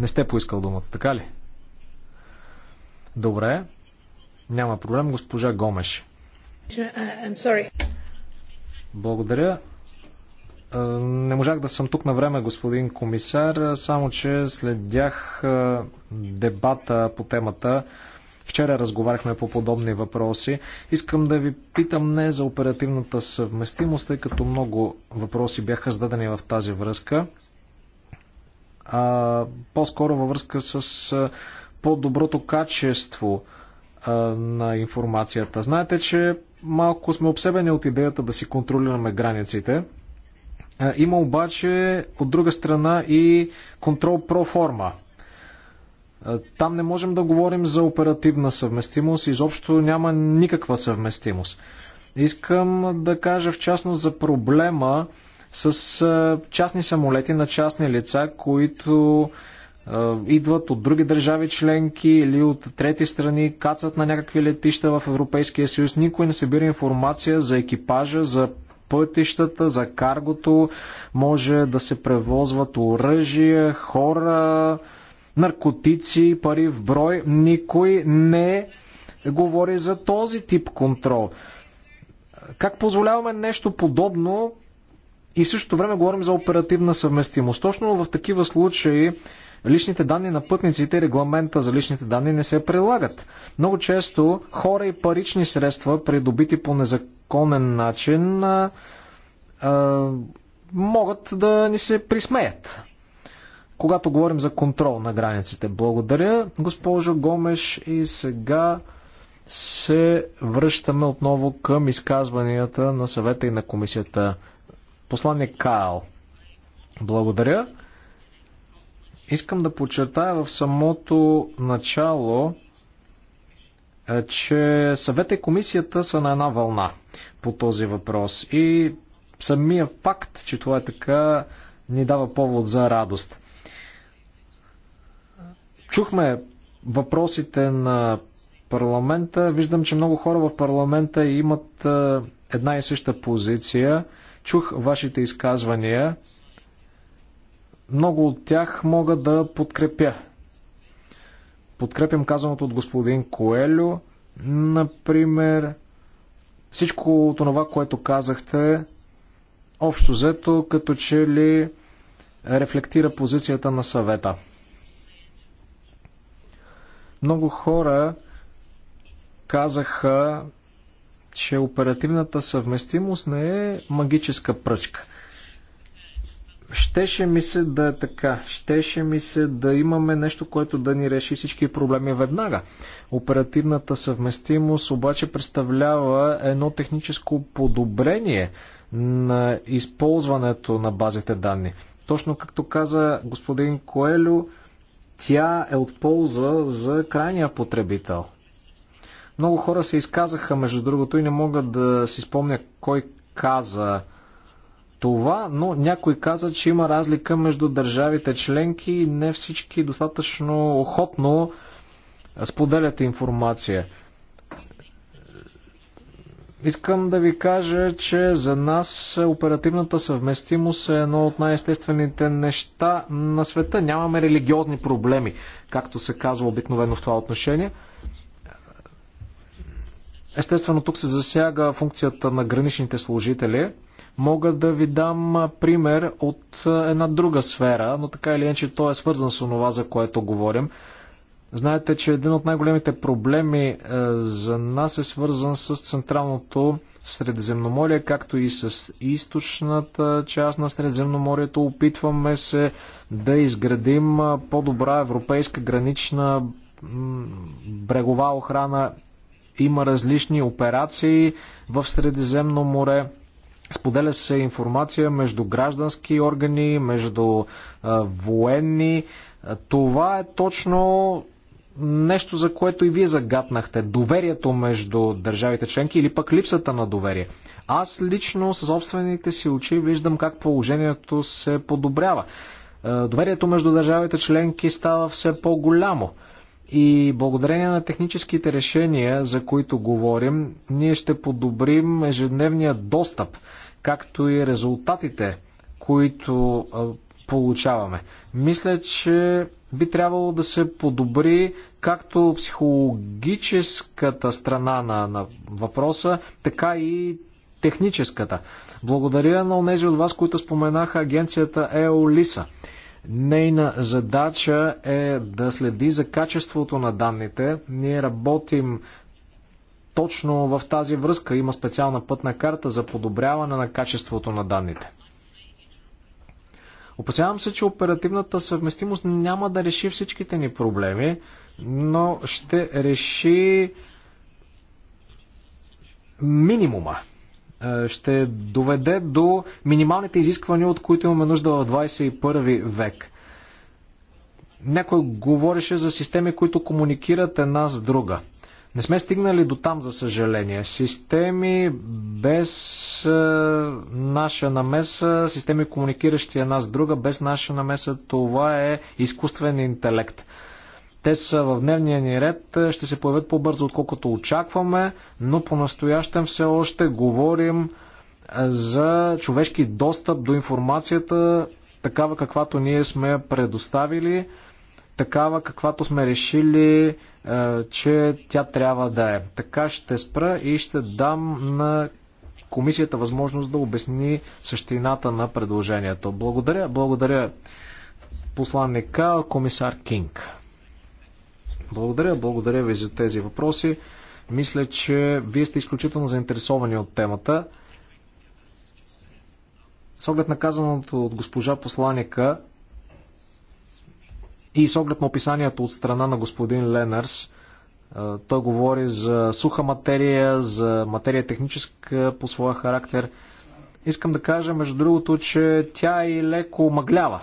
Не сте поискал думата, така ли? Добре. Няма проблем, госпожа Гомеш. Благодаря. Не можах да съм тук на време, господин комисар, само че следях дебата по темата. Вчера разговаряхме по подобни въпроси. Искам да ви питам не за оперативната съвместимост, тъй като много въпроси бяха зададени в тази връзка, а по-скоро във връзка с по-доброто качество на информацията. Знаете, че малко сме обсебени от идеята да си контролираме границите. Има обаче от друга страна и контрол про форма. Там не можем да говорим за оперативна съвместимост, изобщо няма никаква съвместимост. Искам да кажа в частност за проблема с частни самолети на частни лица, които е, идват от други държави членки или от трети страни, кацат на някакви летища в Европейския съюз. Никой не събира информация за екипажа, за пътищата, за каргото. Може да се превозват оръжие, хора, наркотици, пари в брой. Никой не говори за този тип контрол. Как позволяваме нещо подобно и в същото време говорим за оперативна съвместимост? Точно в такива случаи Личните данни на пътниците и регламента за личните данни не се прилагат. Много често хора и парични средства, придобити по незаконен начин, а, а, могат да ни се присмеят. Когато говорим за контрол на границите. Благодаря, госпожо Гомеш. И сега се връщаме отново към изказванията на съвета и на комисията. Посланник Кайл. Благодаря. Искам да подчертая в самото начало, е, че съвета и комисията са на една вълна по този въпрос. И самия факт, че това е така, ни дава повод за радост. Чухме въпросите на парламента. Виждам, че много хора в парламента имат е, една и съща позиция. Чух вашите изказвания. Много от тях мога да подкрепя. Подкрепям казаното от господин Коелю, например. Всичко от това, което казахте, общо взето, като че ли рефлектира позицията на съвета. Много хора казаха, че оперативната съвместимост не е магическа пръчка. Щеше ми се да е така. Щеше ми се да имаме нещо, което да ни реши всички проблеми веднага. Оперативната съвместимост обаче представлява едно техническо подобрение на използването на базите данни. Точно както каза господин Коелю, тя е от полза за крайния потребител. Много хора се изказаха, между другото, и не мога да си спомня кой каза това, но някой каза, че има разлика между държавите членки и не всички достатъчно охотно споделят информация. Искам да ви кажа, че за нас оперативната съвместимост е едно от най-естествените неща на света. Нямаме религиозни проблеми, както се казва обикновено в това отношение. Естествено, тук се засяга функцията на граничните служители – Мога да ви дам пример от една друга сфера, но така или иначе той е свързан с онова, за което говорим. Знаете, че един от най-големите проблеми е, за нас е свързан с централното Средиземноморие, както и с източната част на Средиземноморието. Опитваме се да изградим по-добра европейска гранична брегова охрана. Има различни операции в Средиземно море. Споделя се информация между граждански органи, между а, военни. Това е точно нещо, за което и вие загаднахте. Доверието между държавите членки или пък липсата на доверие. Аз лично със собствените си очи виждам как положението се подобрява. Доверието между държавите членки става все по-голямо. И благодарение на техническите решения, за които говорим, ние ще подобрим ежедневния достъп, както и резултатите, които получаваме. Мисля, че би трябвало да се подобри както психологическата страна на, на въпроса, така и техническата. Благодаря на онези от вас, които споменаха агенцията EOLISA. Нейна задача е да следи за качеството на данните. Ние работим точно в тази връзка. Има специална пътна карта за подобряване на качеството на данните. Опасявам се, че оперативната съвместимост няма да реши всичките ни проблеми, но ще реши минимума е, ще доведе до минималните изисквания, от които имаме нужда в 21 век. Някой говореше за системи, които комуникират една с друга. Не сме стигнали до там, за съжаление. Системи без е, наша намеса, системи комуникиращи една с друга, без наша намеса, това е изкуствен интелект. Те са в дневния ни ред, ще се появят по-бързо, отколкото очакваме, но по-настоящем все още говорим за човешки достъп до информацията, такава каквато ние сме предоставили, такава каквато сме решили, че тя трябва да е. Така ще спра и ще дам на комисията възможност да обясни същината на предложението. Благодаря, благодаря посланника комисар Кинг. Благодаря, благодаря ви за тези въпроси. Мисля, че вие сте изключително заинтересовани от темата. С оглед на казаното от госпожа посланика и с оглед на описанието от страна на господин Ленърс, той говори за суха материя, за материя техническа по своя характер. Искам да кажа, между другото, че тя е и леко мъглява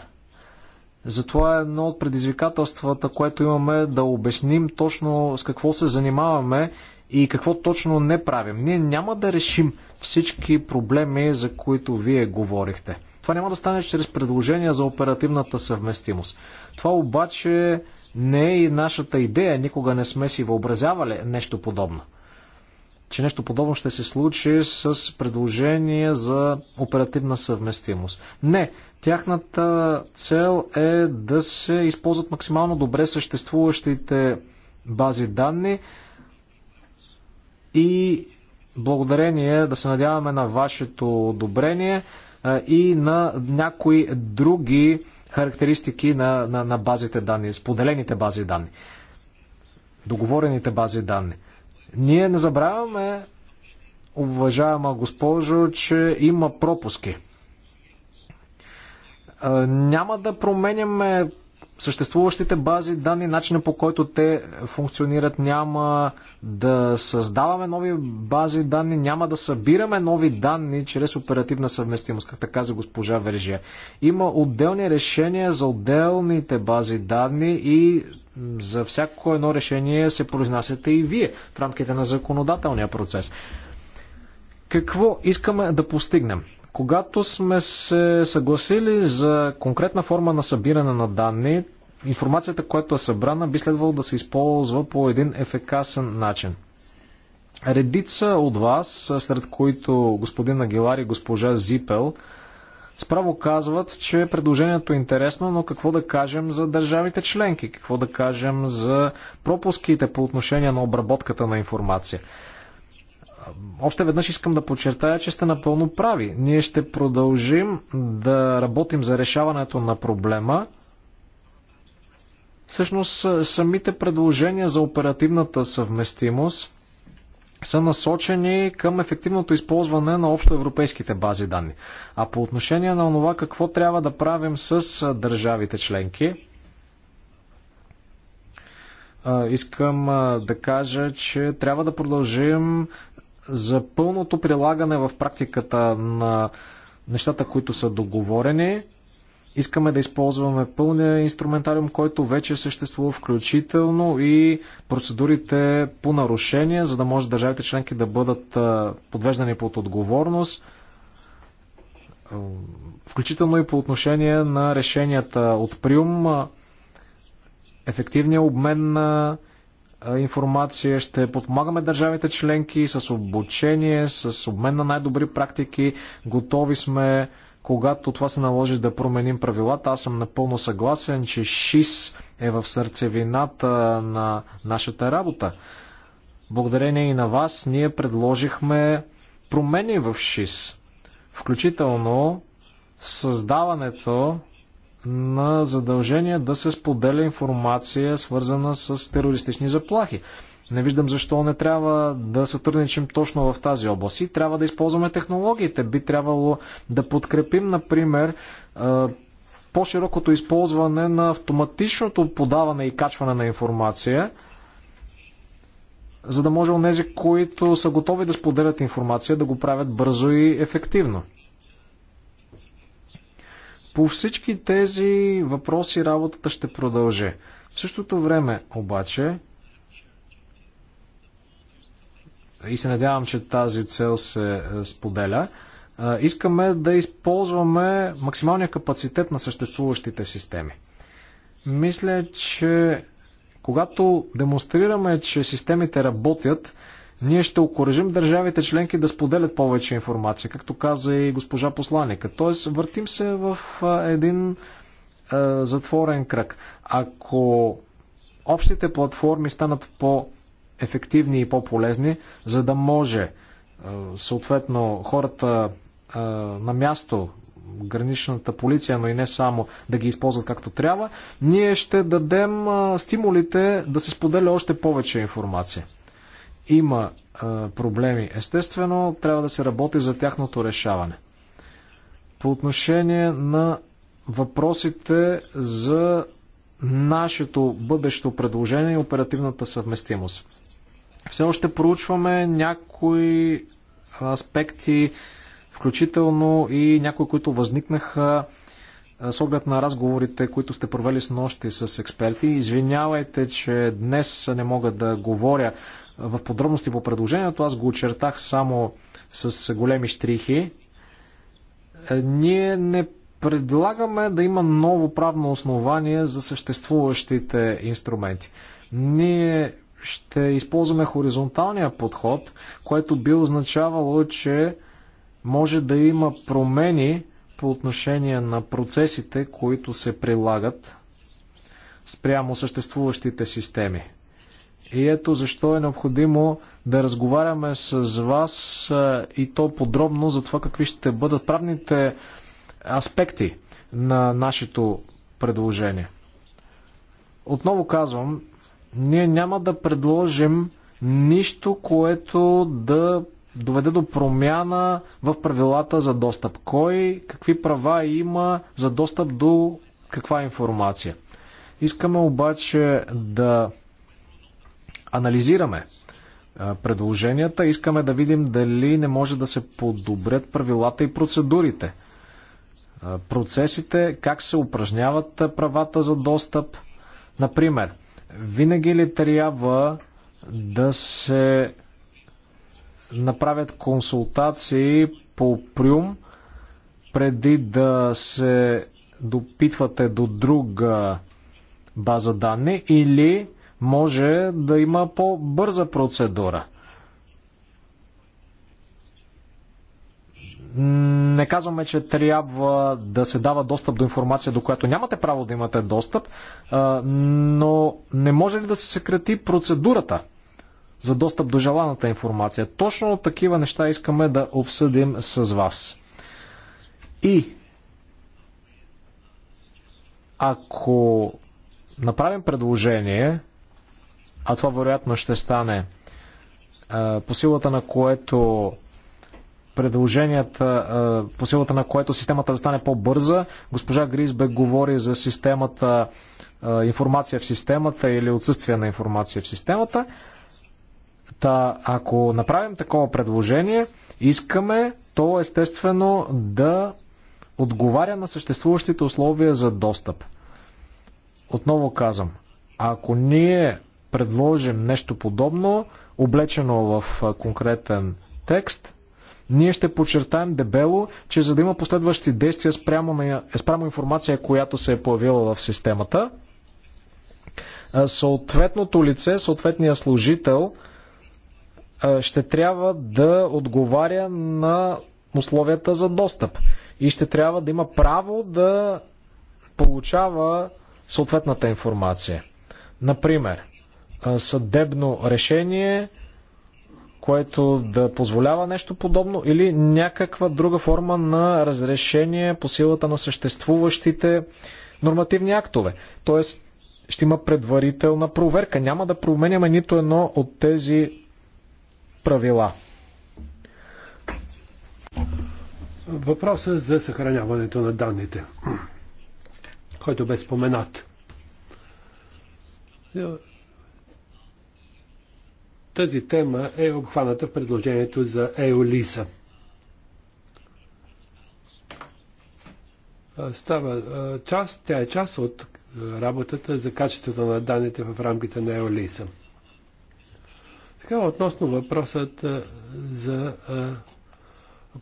затова е едно от предизвикателствата, което имаме да обясним точно с какво се занимаваме и какво точно не правим. Ние няма да решим всички проблеми, за които вие говорихте. Това няма да стане чрез предложения за оперативната съвместимост. Това обаче не е и нашата идея, никога не сме си въобразявали нещо подобно че нещо подобно ще се случи с предложение за оперативна съвместимост. Не, тяхната цел е да се използват максимално добре съществуващите бази данни и благодарение да се надяваме на вашето одобрение и на някои други характеристики на, на, на базите данни, споделените бази данни, договорените бази данни. Ние не забравяме, уважаема госпожо, че има пропуски. Няма да променяме съществуващите бази данни, начина по който те функционират, няма да създаваме нови бази данни, няма да събираме нови данни чрез оперативна съвместимост, както каза госпожа Вержия. Има отделни решения за отделните бази данни и за всяко едно решение се произнасяте и вие в рамките на законодателния процес. Какво искаме да постигнем? Когато сме се съгласили за конкретна форма на събиране на данни, информацията, която е събрана, би следвало да се използва по един ефекасен начин. Редица от вас, сред които господин Агилар и госпожа Зипел, справо казват, че предложението е интересно, но какво да кажем за държавите членки, какво да кажем за пропуските по отношение на обработката на информация. Още веднъж искам да подчертая, че сте напълно прави. Ние ще продължим да работим за решаването на проблема. Всъщност, самите предложения за оперативната съвместимост са насочени към ефективното използване на общоевропейските бази данни. А по отношение на това какво трябва да правим с държавите членки, искам да кажа, че трябва да продължим за пълното прилагане в практиката на нещата, които са договорени. Искаме да използваме пълния инструментариум, който вече съществува, включително и процедурите по нарушение, за да може държавите членки да бъдат подвеждани под отговорност, включително и по отношение на решенията от приум, ефективния обмен на информация, ще подпомагаме държавите членки с обучение, с обмен на най-добри практики. Готови сме, когато това се наложи да променим правилата. Аз съм напълно съгласен, че ШИС е в сърцевината на нашата работа. Благодарение и на вас ние предложихме промени в ШИС, включително създаването на задължение да се споделя информация, свързана с терористични заплахи. Не виждам защо не трябва да сътрудничим точно в тази област. И трябва да използваме технологиите. Би трябвало да подкрепим, например, по-широкото използване на автоматичното подаване и качване на информация, за да може онези, които са готови да споделят информация, да го правят бързо и ефективно. По всички тези въпроси работата ще продължи. В същото време обаче и се надявам, че тази цел се е, споделя, е, искаме да използваме максималния капацитет на съществуващите системи. Мисля, че когато демонстрираме, че системите работят, ние ще окоръжим държавите членки да споделят повече информация, както каза и госпожа посланика. Тоест, въртим се в един е, затворен кръг. Ако общите платформи станат по-ефективни и по-полезни, за да може е, съответно хората е, на място, граничната полиция, но и не само да ги използват както трябва, ние ще дадем стимулите да се споделя още повече информация. Има а, проблеми. Естествено, трябва да се работи за тяхното решаване. По отношение на въпросите за нашето бъдещо предложение и оперативната съвместимост. Все още проучваме някои аспекти, включително и някои, които възникнаха с оглед на разговорите, които сте провели с нощи с експерти. Извинявайте, че днес не мога да говоря в подробности по предложението. Аз го очертах само с големи штрихи. Е, ние не предлагаме да има ново правно основание за съществуващите инструменти. Ние ще използваме хоризонталния подход, което би означавало, че може да има промени по отношение на процесите, които се прилагат спрямо съществуващите системи. И ето защо е необходимо да разговаряме с вас и то подробно за това какви ще бъдат правните аспекти на нашето предложение. Отново казвам, ние няма да предложим нищо, което да доведе до промяна в правилата за достъп. Кой, какви права има за достъп до каква информация. Искаме обаче да анализираме предложенията, искаме да видим дали не може да се подобрят правилата и процедурите. Процесите, как се упражняват правата за достъп. Например, винаги ли трябва да се направят консултации по прюм, преди да се допитвате до друга база данни или може да има по-бърза процедура. Не казваме, че трябва да се дава достъп до информация, до която нямате право да имате достъп, но не може ли да се съкрати процедурата за достъп до желаната информация? Точно такива неща искаме да обсъдим с вас. И ако направим предложение, а това вероятно ще стане, е, по силата на което предложенията, е, по силата на което системата да стане по-бърза. Госпожа Гризбек говори за системата, е, информация в системата или отсъствие на информация в системата. Та, ако направим такова предложение, искаме то естествено да отговаря на съществуващите условия за достъп. Отново казвам, ако ние предложим нещо подобно, облечено в конкретен текст, ние ще подчертаем дебело, че за да има последващи действия спрямо, на, спрямо информация, която се е появила в системата, съответното лице, съответния служител ще трябва да отговаря на условията за достъп и ще трябва да има право да получава съответната информация. Например, съдебно решение, което да позволява нещо подобно или някаква друга форма на разрешение по силата на съществуващите нормативни актове. Тоест, ще има предварителна проверка. Няма да променяме нито едно от тези правила. Въпросът за съхраняването на данните, който бе споменат. Тази тема е обхваната в предложението за Еолиса. Става част, тя е част от работата за качеството на данните в рамките на Еолиса. Така, относно въпросът за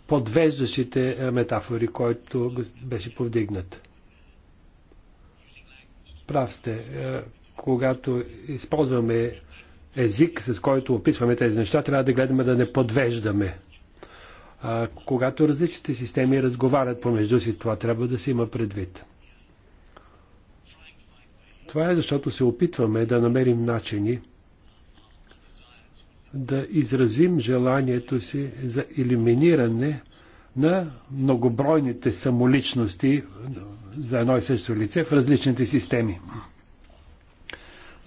подвеждащите метафори, който беше повдигнат. Прав сте, когато използваме език, с който описваме тези неща, трябва да гледаме да не подвеждаме. А, когато различните системи разговарят помежду си, това трябва да се има предвид. Това е защото се опитваме да намерим начини да изразим желанието си за елиминиране на многобройните самоличности за едно и също лице в различните системи.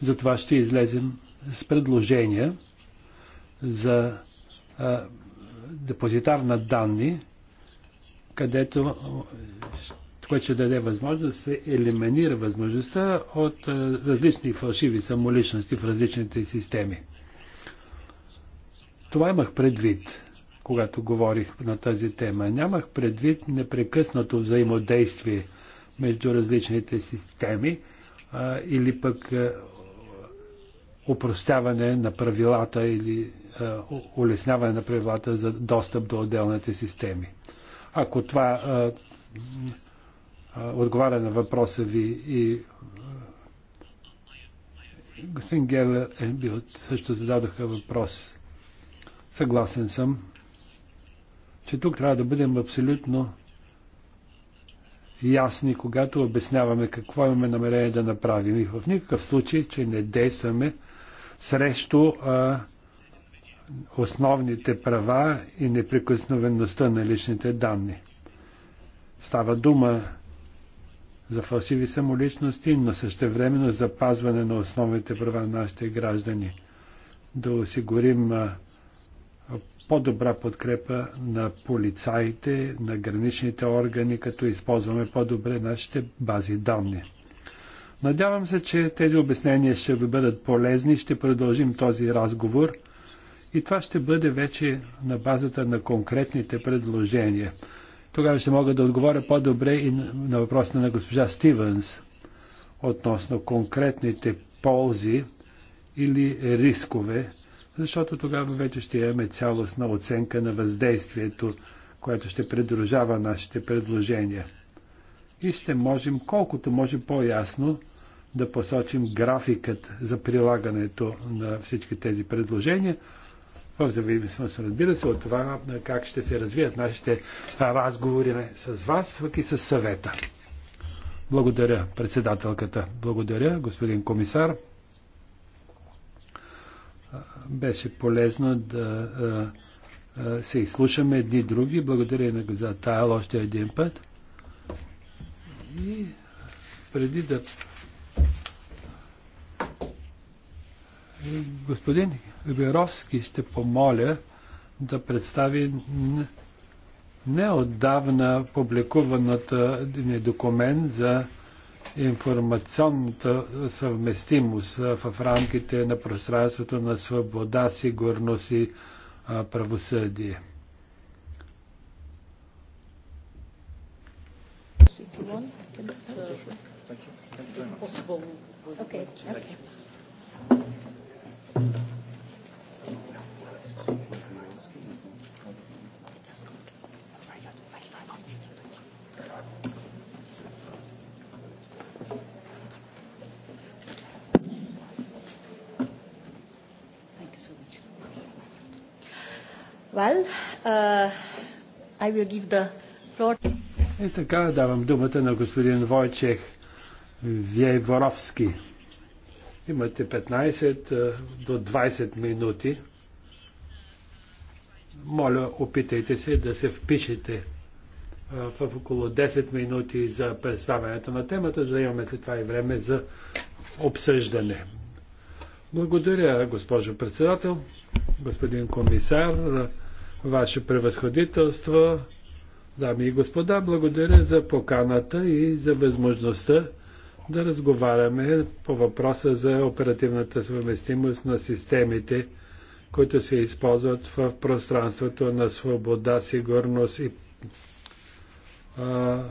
Затова ще излезем с предложения за а, депозитар на данни, където което ще даде възможност да се елиминира възможността от а, различни фалшиви самоличности в различните системи. Това имах предвид, когато говорих на тази тема. Нямах предвид непрекъснато взаимодействие между различните системи а, или пък а, упростяване на правилата или а, е, улесняване на правилата за достъп до отделните системи. Ако това а, е, а, е, отговаря на въпроса ви и господин Гел е бил, също зададоха въпрос. Съгласен съм, че тук трябва да бъдем абсолютно ясни, когато обясняваме какво имаме намерение да направим. И в никакъв случай, че не действаме срещу а, основните права и неприкосновеността на личните данни. Става дума за фалшиви самоличности, но същевременно запазване на основните права на нашите граждани. Да осигурим по-добра подкрепа на полицаите, на граничните органи, като използваме по-добре нашите бази данни. Надявам се, че тези обяснения ще ви бъдат полезни, ще продължим този разговор и това ще бъде вече на базата на конкретните предложения. Тогава ще мога да отговоря по-добре и на въпроса на госпожа Стивенс относно конкретните ползи или рискове, защото тогава вече ще имаме цялостна оценка на въздействието, което ще придружава нашите предложения и ще можем колкото може по-ясно да посочим графикът за прилагането на всички тези предложения, в зависимост, разбира се, от това как ще се развият нашите разговори с вас, пък и с съвета. Благодаря, председателката. Благодаря, господин комисар. Беше полезно да се изслушаме едни други. Благодаря на за Тайл още един път. И преди да. Господин Веровски ще помоля да представи неотдавна публикуваната документ за информационната съвместимост в рамките на пространството на свобода, сигурност и правосъдие. Thank you Well, uh, I will give the floor. И е, така давам думата на господин Войчех Вейворовски. Имате 15 до 20 минути. Моля, опитайте се да се впишете в около 10 минути за представянето на темата, за да имаме след това и време за обсъждане. Благодаря, госпожо председател, господин комисар, ваше превъзходителство, Дами и господа, благодаря за поканата и за възможността да разговаряме по въпроса за оперативната съвместимост на системите, които се използват в пространството на свобода, сигурност и а,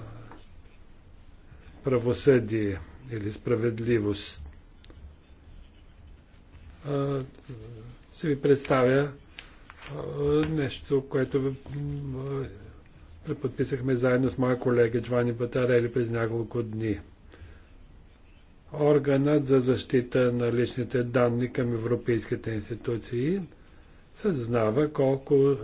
правосъдие или справедливост. А, ще ви представя а, нещо, което преподписахме заедно с моя колега Джвани Батарели преди няколко дни. Органът за защита на личните данни към европейските институции съзнава колко е,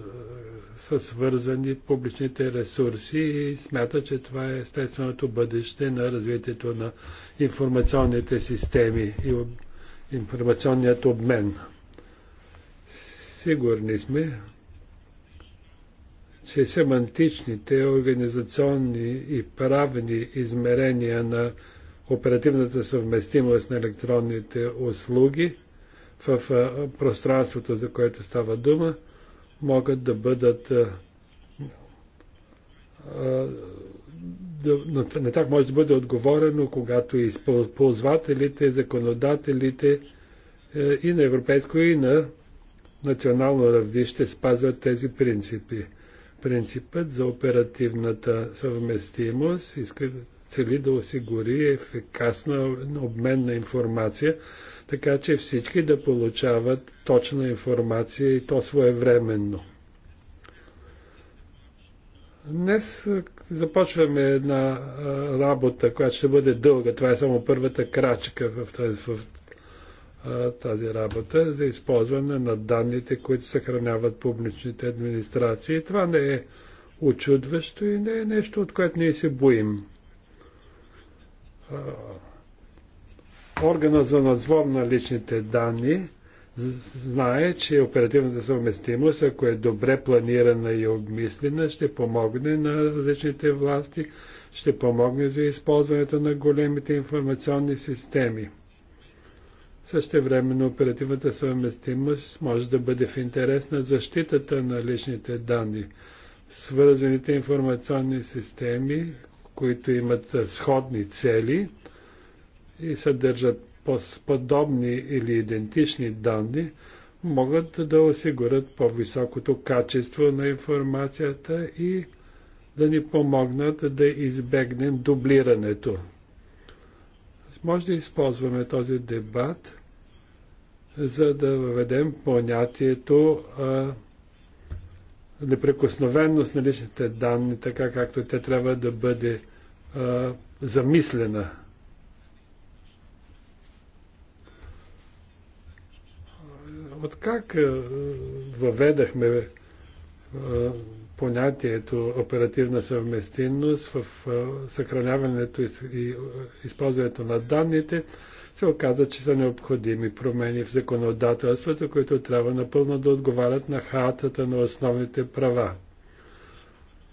са свързани публичните ресурси и смята, че това е естественото бъдеще на развитието на информационните системи и информационният обмен. Сигурни сме, че семантичните, организационни и правни измерения на оперативната съвместимост на електронните услуги в пространството, за което става дума, могат да бъдат на, так може да бъде отговорено, когато и ползвателите, законодателите е, и на европейско, и на национално равнище спазват тези принципи. Принципът за оперативната съвместимост иска цели да осигури ефикасна обмен на информация, така че всички да получават точна информация и то своевременно. Днес започваме една работа, която ще бъде дълга. Това е само първата крачка в, тази, в тази работа за използване на данните, които съхраняват публичните администрации. Това не е очудващо и не е нещо, от което ние се боим. Органа за надзор на личните данни знае, че оперативната съвместимост, ако е добре планирана и обмислена, ще помогне на различните власти, ще помогне за използването на големите информационни системи. Същевременно оперативната съвместимост може да бъде в интерес на защитата на личните данни. Свързаните информационни системи, които имат сходни цели и съдържат подобни или идентични данни, могат да осигурят по-високото качество на информацията и да ни помогнат да избегнем дублирането може да използваме този дебат, за да въведем понятието а, неприкосновенност на личните данни, така както те трябва да бъде а, замислена. От как въведахме понятието оперативна съвместимост в съхраняването и използването на данните, се оказа, че са необходими промени в законодателството, които трябва напълно да отговарят на хартата на основните права.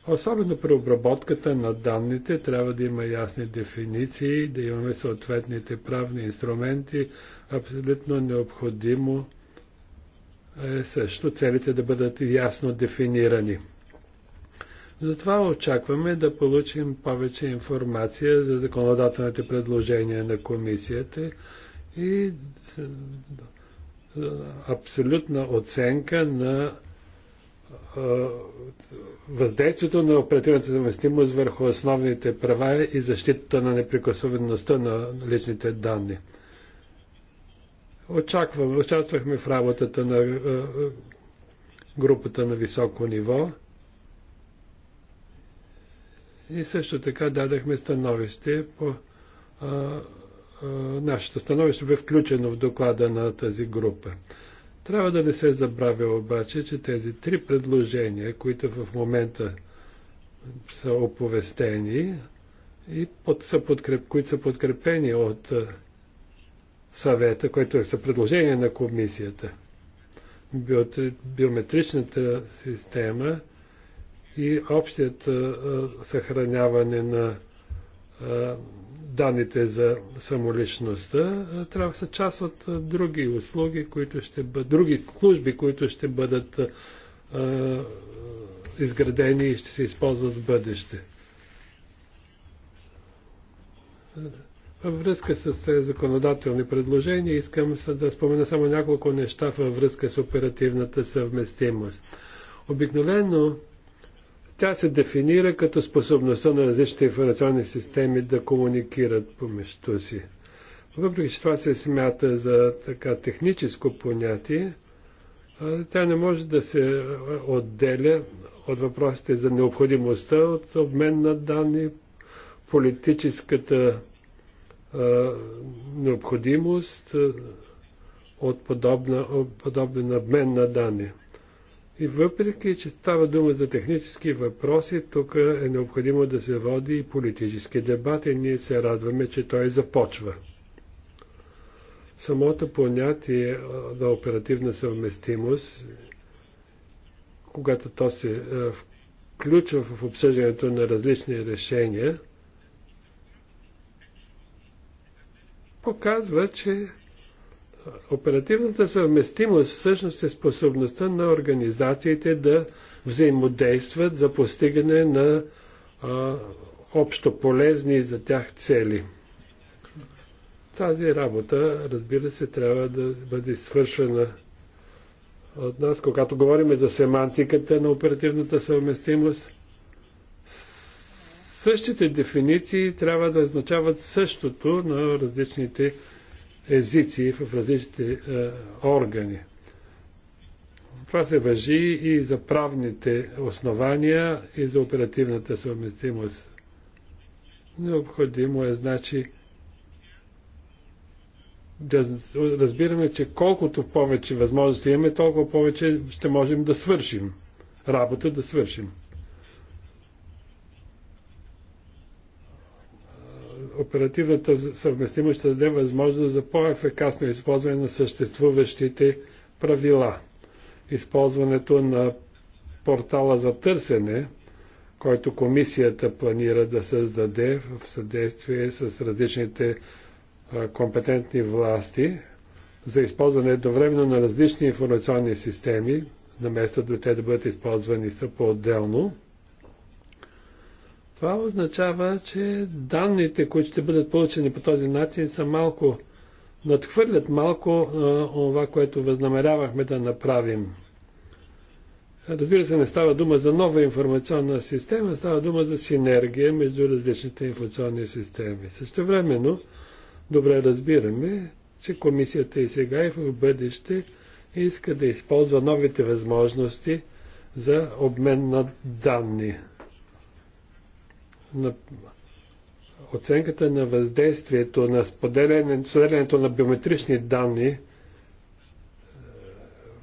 Особено при обработката на данните трябва да има ясни дефиниции, да имаме съответните правни инструменти. Абсолютно необходимо е също целите да бъдат ясно дефинирани. Затова очакваме да получим повече информация за законодателните предложения на комисията и абсолютна оценка на въздействието на оперативната съвместимост върху основните права и защитата на неприкосновеността на личните данни. Очакваме, участвахме в работата на групата на високо ниво – и също така дадахме становище по а, а, нашето становище бе включено в доклада на тази група. Трябва да не се забравя обаче, че тези три предложения, които в момента са оповестени и под, са подкреп, които са подкрепени от съвета, което е, са предложения на комисията. Биометричната система и общият съхраняване на данните за самоличността трябва да са част от други услуги, които ще бъд, други служби, които ще бъдат а, изградени и ще се използват в бъдеще. Във връзка с законодателни предложения искам да спомена само няколко неща във връзка с оперативната съвместимост. Обикновено тя се дефинира като способността на различните информационни системи да комуникират помежду си. Въпреки, че това се смята за така техническо понятие, тя не може да се отделя от въпросите за необходимостта от обмен на данни, политическата а, необходимост от подобна, подобен обмен на данни. И въпреки, че става дума за технически въпроси, тук е необходимо да се води и политически дебат и ние се радваме, че той започва. Самото понятие на оперативна съвместимост, когато то се включва в обсъждането на различни решения, показва, че Оперативната съвместимост всъщност е способността на организациите да взаимодействат за постигане на а, общо полезни за тях цели. Тази работа, разбира се, трябва да бъде свършена от нас, когато говорим за семантиката на оперативната съвместимост. Същите дефиниции трябва да означават същото на различните езици в различните е, органи. Това се въжи и за правните основания и за оперативната съвместимост. Необходимо е, значи, да разбираме, че колкото повече възможности имаме, толкова повече ще можем да свършим. Работа да свършим. оперативната съвместимост ще даде възможност за по-ефекасно използване на съществуващите правила. Използването на портала за търсене, който комисията планира да създаде в съдействие с различните компетентни власти за използване едновременно на различни информационни системи, на место до те да бъдат използвани са по-отделно това означава, че данните, които ще бъдат получени по този начин, са малко, надхвърлят малко а, това, което възнамерявахме да направим. Разбира се, не става дума за нова информационна система, става дума за синергия между различните информационни системи. Също времено, добре разбираме, че комисията и сега и в бъдеще иска да използва новите възможности за обмен на данни на оценката на въздействието на споделянето на биометрични данни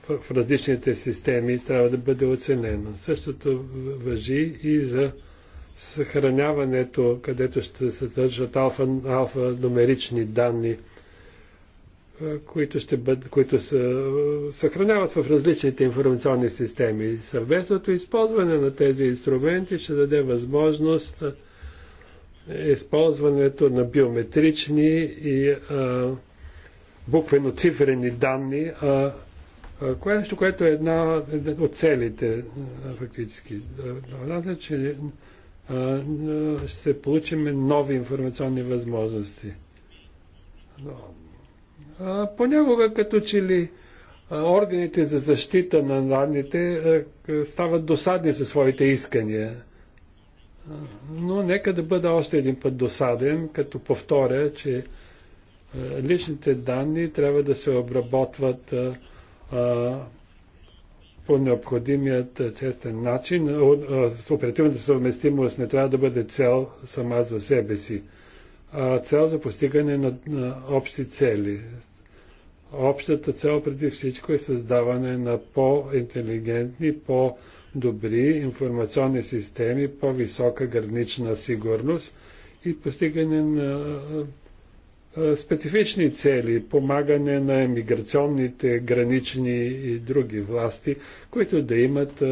в различните системи трябва да бъде оценено. Същото въжи и за съхраняването, където ще се съдържат алфа, алфа данни които, ще бъд, които са, съхраняват в различните информационни системи. Съвместното използване на тези инструменти ще даде възможност използването на биометрични и буквено-цифрени данни, а, а, което, е което е една от целите а, фактически. Надо, че а, ще получим нови информационни възможности. Но, понякога като че ли органите за защита на данните стават досадни със своите искания. Но нека да бъда още един път досаден, като повторя, че личните данни трябва да се обработват по необходимият честен начин. Оперативната съвместимост не трябва да бъде цел сама за себе си. А цел за постигане на, на общи цели. Общата цел преди всичко е създаване на по-интелигентни, по-добри информационни системи, по-висока гранична сигурност и постигане на специфични цели, помагане на емиграционните, гранични и други власти, които да имат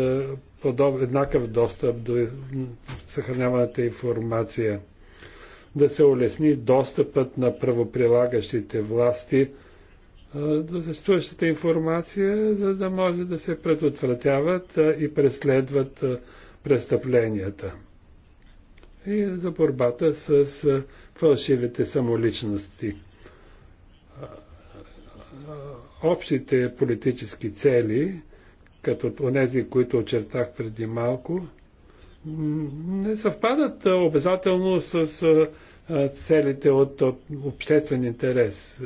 подоб, еднакъв достъп до съхраняваната информация да се улесни достъпът на правоприлагащите власти до съществуващата информация, за да може да се предотвратяват и преследват престъпленията. И за борбата с фалшивите самоличности. Общите политически цели, като тези, които очертах преди малко, не съвпадат обязателно с целите от обществен интерес,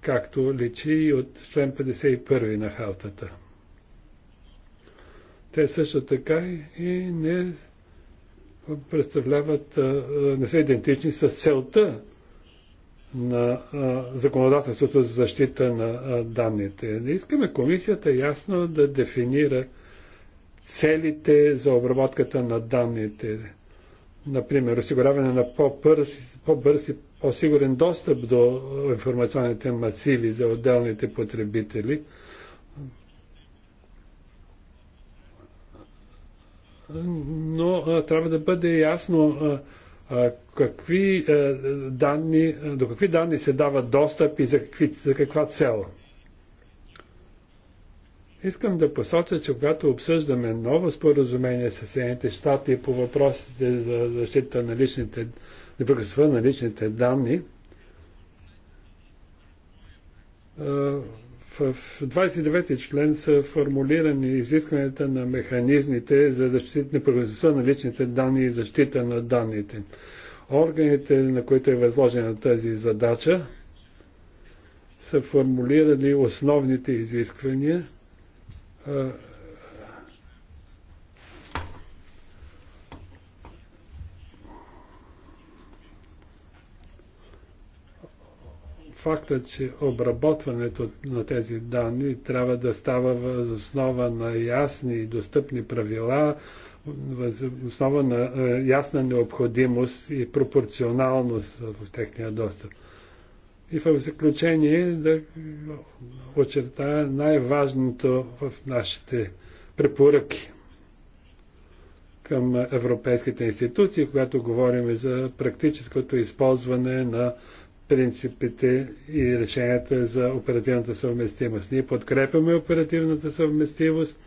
както личи и от член 51 на халтата. Те също така и не представляват, не са идентични с целта на законодателството за защита на данните. Не искаме комисията ясно да дефинира целите за обработката на данните. Например, осигуряване на по-бърз, по-бърз и по-сигурен достъп до информационните масиви за отделните потребители. Но а, трябва да бъде ясно а, а, какви а, данни, до какви данни се дава достъп и за, какви, за каква цел. Искам да посоча, че когато обсъждаме ново споразумение с Съединените щати по въпросите за защита на личните, непрекъсва на личните данни, в 29-ти член са формулирани изискванията на механизмите за защита непрекъсва на личните данни и защита на данните. Органите, на които е възложена тази задача, са формулирали основните изисквания – факта, че обработването на тези данни трябва да става въз основа на ясни и достъпни правила, въз основа на е, ясна необходимост и пропорционалност в техния достъп. И в заключение да очертая най-важното в нашите препоръки към европейските институции, когато говорим за практическото използване на принципите и решенията за оперативната съвместимост. Ние подкрепяме оперативната съвместимост,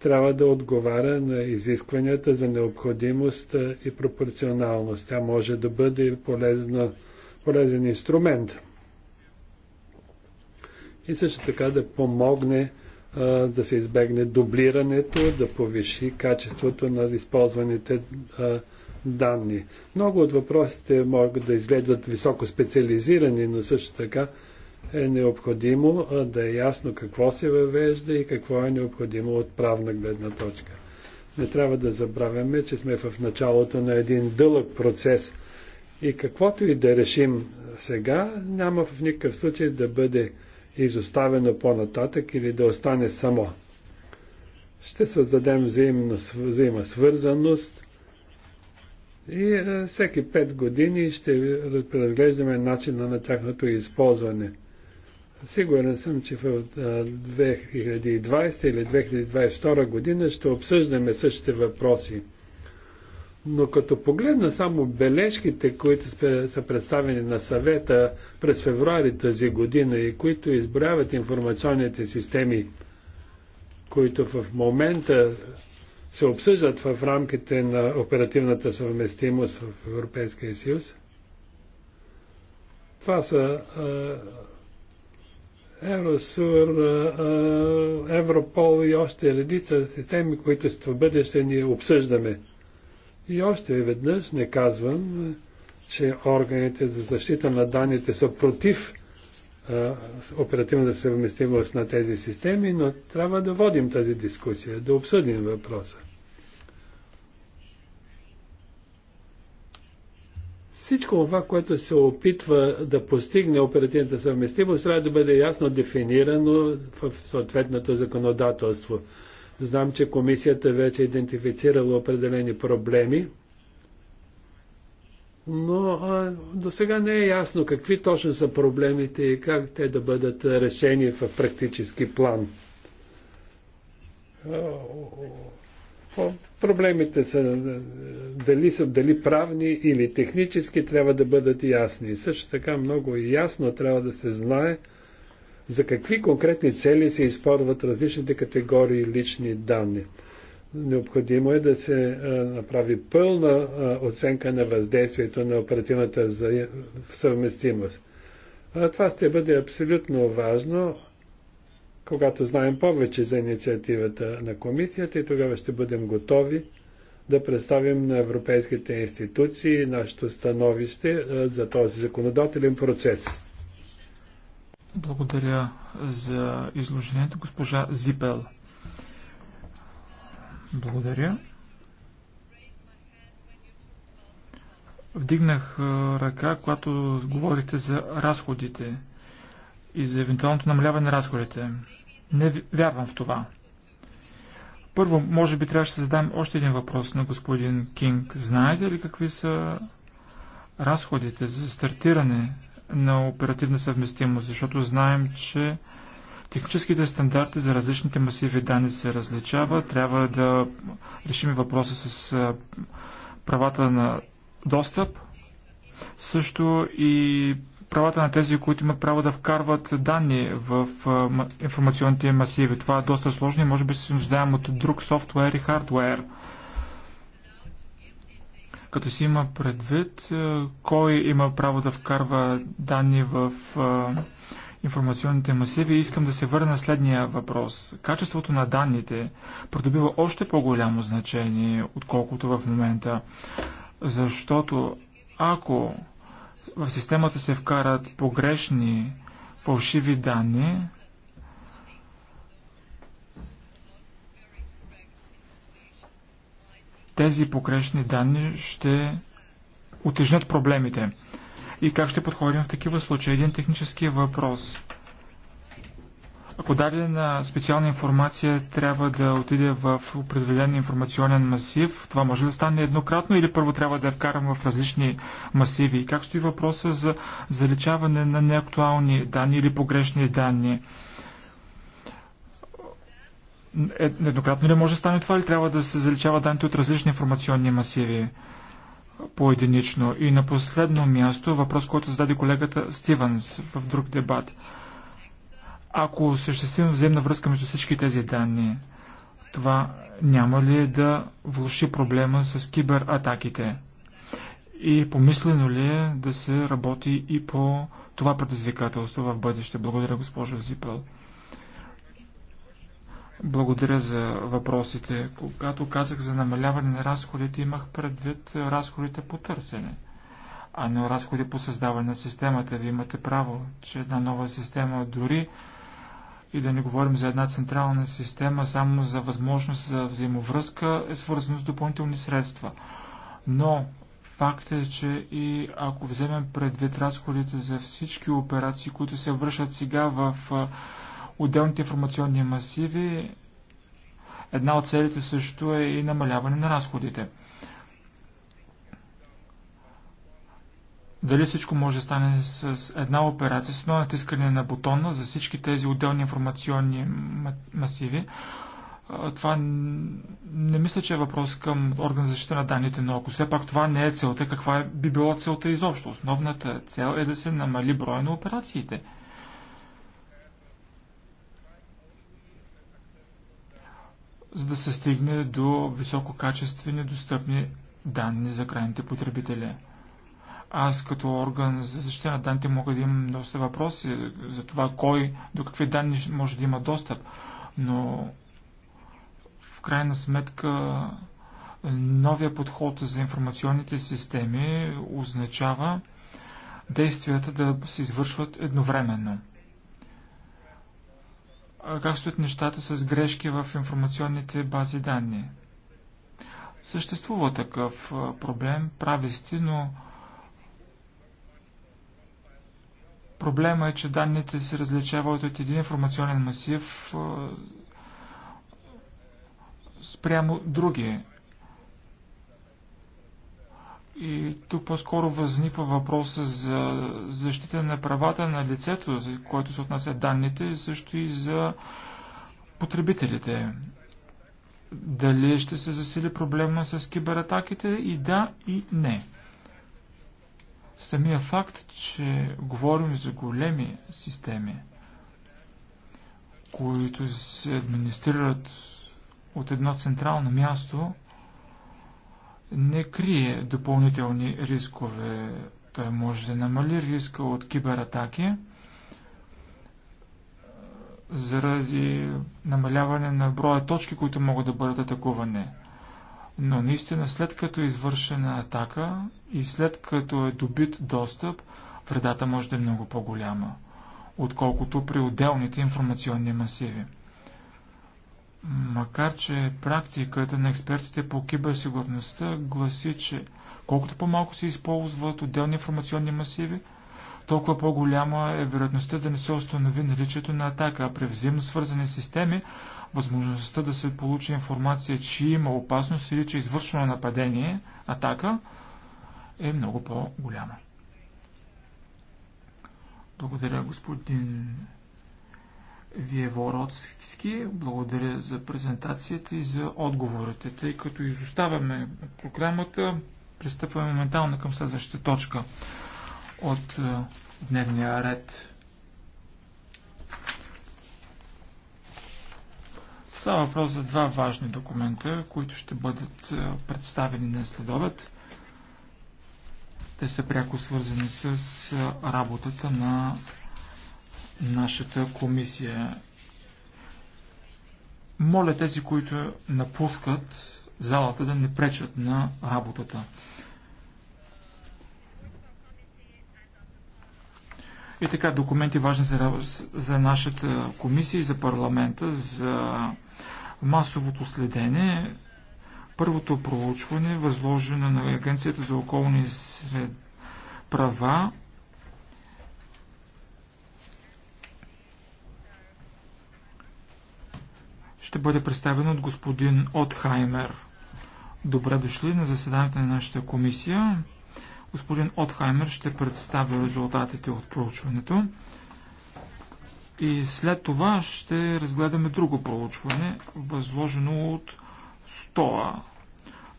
трябва да отговаря на изискванията за необходимост и пропорционалност. Тя може да бъде полезна полезен инструмент. И също така да помогне а, да се избегне дублирането, да повиши качеството на използваните а, данни. Много от въпросите могат да изглеждат високо специализирани, но също така е необходимо да е ясно какво се въвежда и какво е необходимо от правна гледна точка. Не трябва да забравяме, че сме в началото на един дълъг процес – и каквото и да решим сега, няма в никакъв случай да бъде изоставено по-нататък или да остане само. Ще създадем взаимно, взаима свързаност и е, всеки пет години ще разглеждаме начина на тяхното използване. Сигурен съм, че в 2020 е, или 2022 година ще обсъждаме същите въпроси. Но като погледна само бележките, които са представени на съвета през февруари тази година и които изброяват информационните системи, които в момента се обсъждат в рамките на оперативната съвместимост в Европейския съюз, това са Евросур, Европол и още редица системи, които в бъдеще ние обсъждаме. И още веднъж не казвам, че органите за защита на данните са против а, оперативната съвместимост на тези системи, но трябва да водим тази дискусия, да обсъдим въпроса. Всичко това, което се опитва да постигне оперативната съвместимост, трябва да бъде ясно дефинирано в съответното законодателство. Знам, че комисията вече е идентифицирала определени проблеми, но а, до сега не е ясно какви точно са проблемите и как те да бъдат решени в практически план. Проблемите са дали са дали правни или технически трябва да бъдат ясни. Също така много ясно трябва да се знае, за какви конкретни цели се използват различните категории лични данни. Необходимо е да се направи пълна оценка на въздействието на оперативната съвместимост. Това ще бъде абсолютно важно, когато знаем повече за инициативата на комисията и тогава ще бъдем готови да представим на европейските институции нашето становище за този законодателен процес. Благодаря за изложението, госпожа Зипел. Благодаря. Вдигнах ръка, когато говорите за разходите и за евентуалното намаляване на разходите. Не вярвам в това. Първо, може би трябваше да задам още един въпрос на господин Кинг. Знаете ли какви са разходите за стартиране на оперативна съвместимост, защото знаем, че техническите стандарти за различните масиви данни се различават. Трябва да решим въпроса с правата на достъп, също и правата на тези, които имат право да вкарват данни в информационните масиви. Това е доста сложно и може би се нуждаем от друг софтуер и хардуер – като се има предвид е, кой има право да вкарва данни в е, информационните масиви, искам да се върна следния въпрос. Качеството на данните придобива още по-голямо значение, отколкото в момента, защото ако в системата се вкарат погрешни, фалшиви данни, Тези погрешни данни ще утежнят проблемите. И как ще подходим в такива случаи? Един технически въпрос. Ако дадена специална информация трябва да отиде в определен информационен масив, това може да стане еднократно или първо трябва да я вкарам в различни масиви? И как стои въпроса за заличаване на неактуални данни или погрешни данни? Е, еднократно ли може да стане това или трябва да се заличава данните от различни информационни масиви по единично. И на последно място, въпрос, който зададе колегата Стивенс в друг дебат. Ако съществим взаимна връзка между всички тези данни, това няма ли да влуши проблема с кибератаките? И помислено ли е да се работи и по това предизвикателство в бъдеще? Благодаря, госпожо Зипъл. Благодаря за въпросите. Когато казах за намаляване на разходите, имах предвид разходите по търсене, а не разходи по създаване на системата. Вие имате право, че една нова система дори и да не говорим за една централна система, само за възможност за взаимовръзка е свързано с допълнителни средства. Но факт е, че и ако вземем предвид разходите за всички операции, които се вършат сега в отделните информационни масиви. Една от целите също е и намаляване на разходите. Дали всичко може да стане с една операция, с едно натискане на бутона за всички тези отделни информационни масиви, това не мисля, че е въпрос към орган за защита на данните, но ако все пак това не е целта, каква е, би била целта изобщо? Основната цел е да се намали броя на операциите – за да се стигне до висококачествени достъпни данни за крайните потребители. Аз като орган за защита на данните мога да имам доста въпроси за това кой до какви данни може да има достъп, но в крайна сметка новия подход за информационните системи означава действията да се извършват едновременно как стоят нещата с грешки в информационните бази данни. Съществува такъв проблем, прави сте, но проблема е, че данните се различават от един информационен масив спрямо други и тук по-скоро възниква въпроса за защита на правата на лицето, за което се отнасят данните, също и за потребителите. Дали ще се засили проблема с кибератаките? И да, и не. Самия факт, че говорим за големи системи, които се администрират от едно централно място – не крие допълнителни рискове. Той може да намали риска от кибератаки заради намаляване на броя точки, които могат да бъдат атакувани. Но наистина след като е извършена атака и след като е добит достъп, вредата може да е много по-голяма, отколкото при отделните информационни масиви. Макар, че практиката на експертите по киберсигурността гласи, че колкото по-малко се използват отделни информационни масиви, толкова по-голяма е вероятността да не се установи наличието на атака, а при взаимно свързани системи възможността да се получи информация, че има опасност или че е извършено нападение, атака, е много по-голяма. Благодаря, господин Вородски. Благодаря за презентацията и за отговорите. Тъй като изоставяме програмата, пристъпваме моментално към следващата точка от е, дневния ред. Става въпрос за два важни документа, които ще бъдат е, представени на следобед. Те са пряко свързани с е, работата на нашата комисия. Моля тези, които напускат залата, да не пречат на работата. И така, документи важни за, за нашата комисия и за парламента, за масовото следене. Първото проучване, възложено на Агенцията за околни сред права, ще бъде представен от господин Отхаймер. Добре дошли на заседанието на нашата комисия. Господин Отхаймер ще представи резултатите от проучването. И след това ще разгледаме друго проучване, възложено от СТОА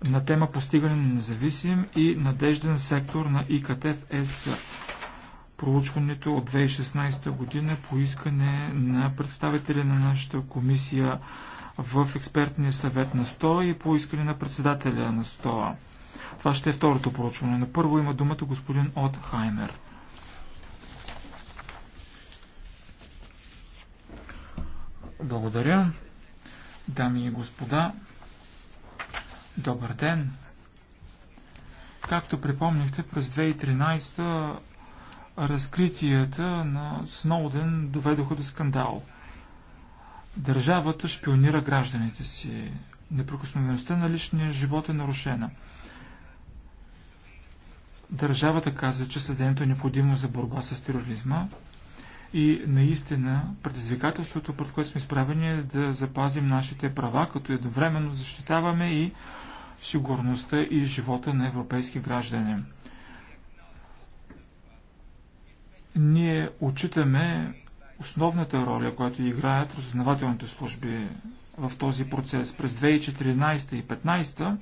на тема постигане на независим и надежден сектор на ИКТ в ЕС проучването от 2016 година по искане на представители на нашата комисия в експертния съвет на СТОА и по искане на председателя на СТОА. Това ще е второто проучване. На първо има думата господин От Хаймер. Благодаря. Дами и господа, добър ден. Както припомнихте, през 2013 разкритията на Сноуден доведоха до скандал. Държавата шпионира гражданите си. непрекосновеността на личния живот е нарушена. Държавата каза, че следенето е необходимо за борба с тероризма и наистина предизвикателството, пред което сме изправени е да запазим нашите права, като едновременно защитаваме и сигурността и живота на европейски граждани. ние отчитаме основната роля, която играят разузнавателните служби в този процес. През 2014 и 2015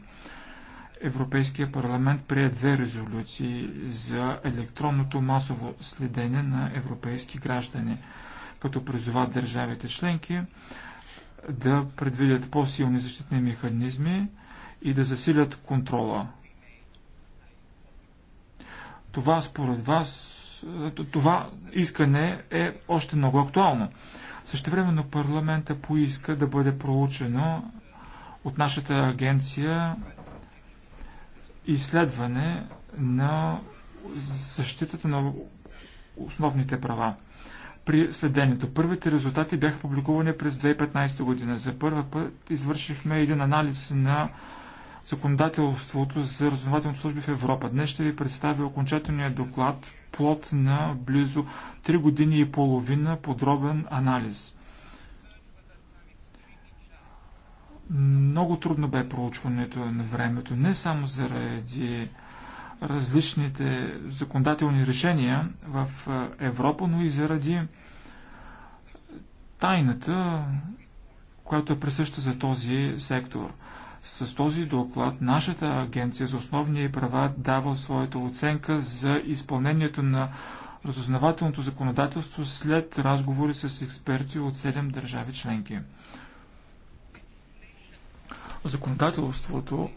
Европейския парламент прие две резолюции за електронното масово следение на европейски граждани, като призоват държавите членки да предвидят по-силни защитни механизми и да засилят контрола. Това според вас това искане е още много актуално. времено парламента поиска да бъде проучено от нашата агенция изследване на защитата на основните права при следението. Първите резултати бяха публикувани през 2015 година. За първа път извършихме един анализ на законодателството за разузнавателните служби в Европа. Днес ще ви представя окончателния доклад плод на близо 3 години и половина подробен анализ. Много трудно бе проучването на времето, не само заради различните законодателни решения в Европа, но и заради тайната, която е присъща за този сектор. С този доклад нашата агенция за основни права дава своята оценка за изпълнението на разузнавателното законодателство след разговори с експерти от 7 държави членки. Законодателството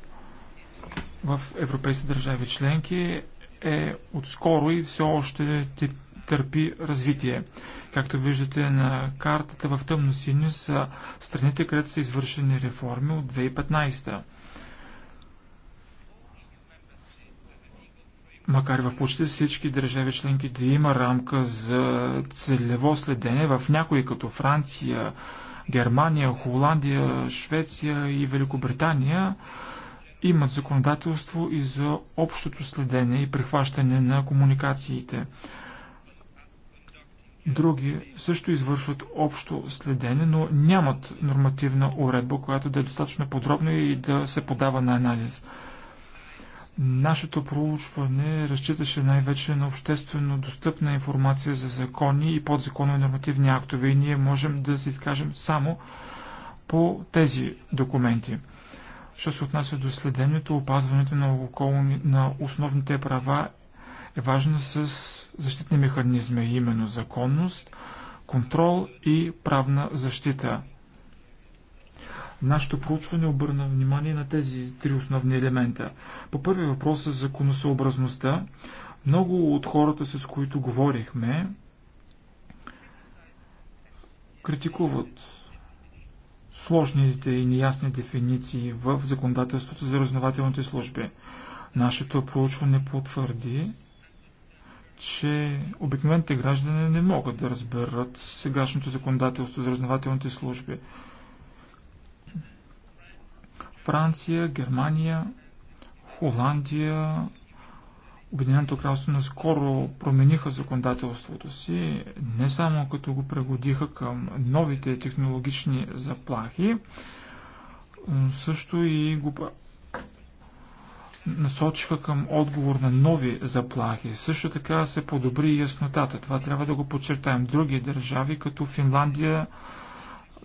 в европейските държави членки е отскоро и все още тип търпи развитие. Както виждате на картата в тъмно сини са страните, където са извършени реформи от 2015. Макар и в почти всички държави членки да има рамка за целево следене, в някои като Франция, Германия, Холандия, Швеция и Великобритания, имат законодателство и за общото следение и прихващане на комуникациите. Други също извършват общо следене, но нямат нормативна уредба, която да е достатъчно подробна и да се подава на анализ. Нашето проучване разчиташе най-вече на обществено достъпна информация за закони и подзаконови нормативни актове и ние можем да се изкажем само по тези документи. Що се отнася до следението, опазването на, околни, на основните права е важна с защитни механизми, именно законност, контрол и правна защита. Нашето проучване обърна внимание на тези три основни елемента. По първи въпрос е законосъобразността. Много от хората, с които говорихме, критикуват сложните и неясни дефиниции в законодателството за разнователните служби. Нашето проучване потвърди, че обикновените граждани не могат да разберат сегашното законодателство за разнователните служби. Франция, Германия, Холандия, Обединеното кралство наскоро промениха законодателството си, не само като го пригодиха към новите технологични заплахи, също и го насочиха към отговор на нови заплахи. Също така се подобри и яснотата. Това трябва да го подчертаем. Други държави, като Финландия,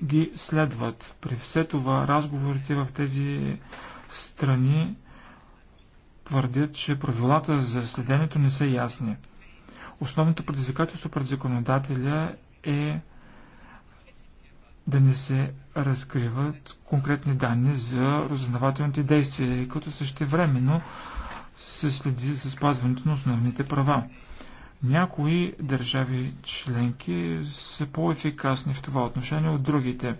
ги следват. При все това разговорите в тези страни твърдят, че правилата за следенето не са ясни. Основното предизвикателство пред законодателя е да не се разкриват конкретни данни за разузнавателните действия, като същевременно се следи за спазването на основните права. Някои държави членки са по-ефикасни в това отношение от другите.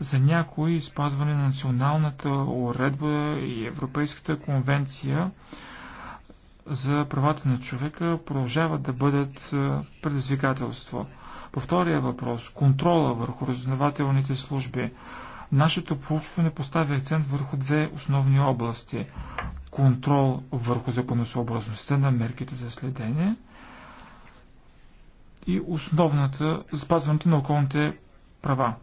За някои спазване на националната уредба и Европейската конвенция за правата на човека продължават да бъдат предизвикателство. По втория въпрос, контрола върху разузнавателните служби. Нашето проучване поставя акцент върху две основни области. Контрол върху законосъобразността на мерките за следение и основната спазването на околните права.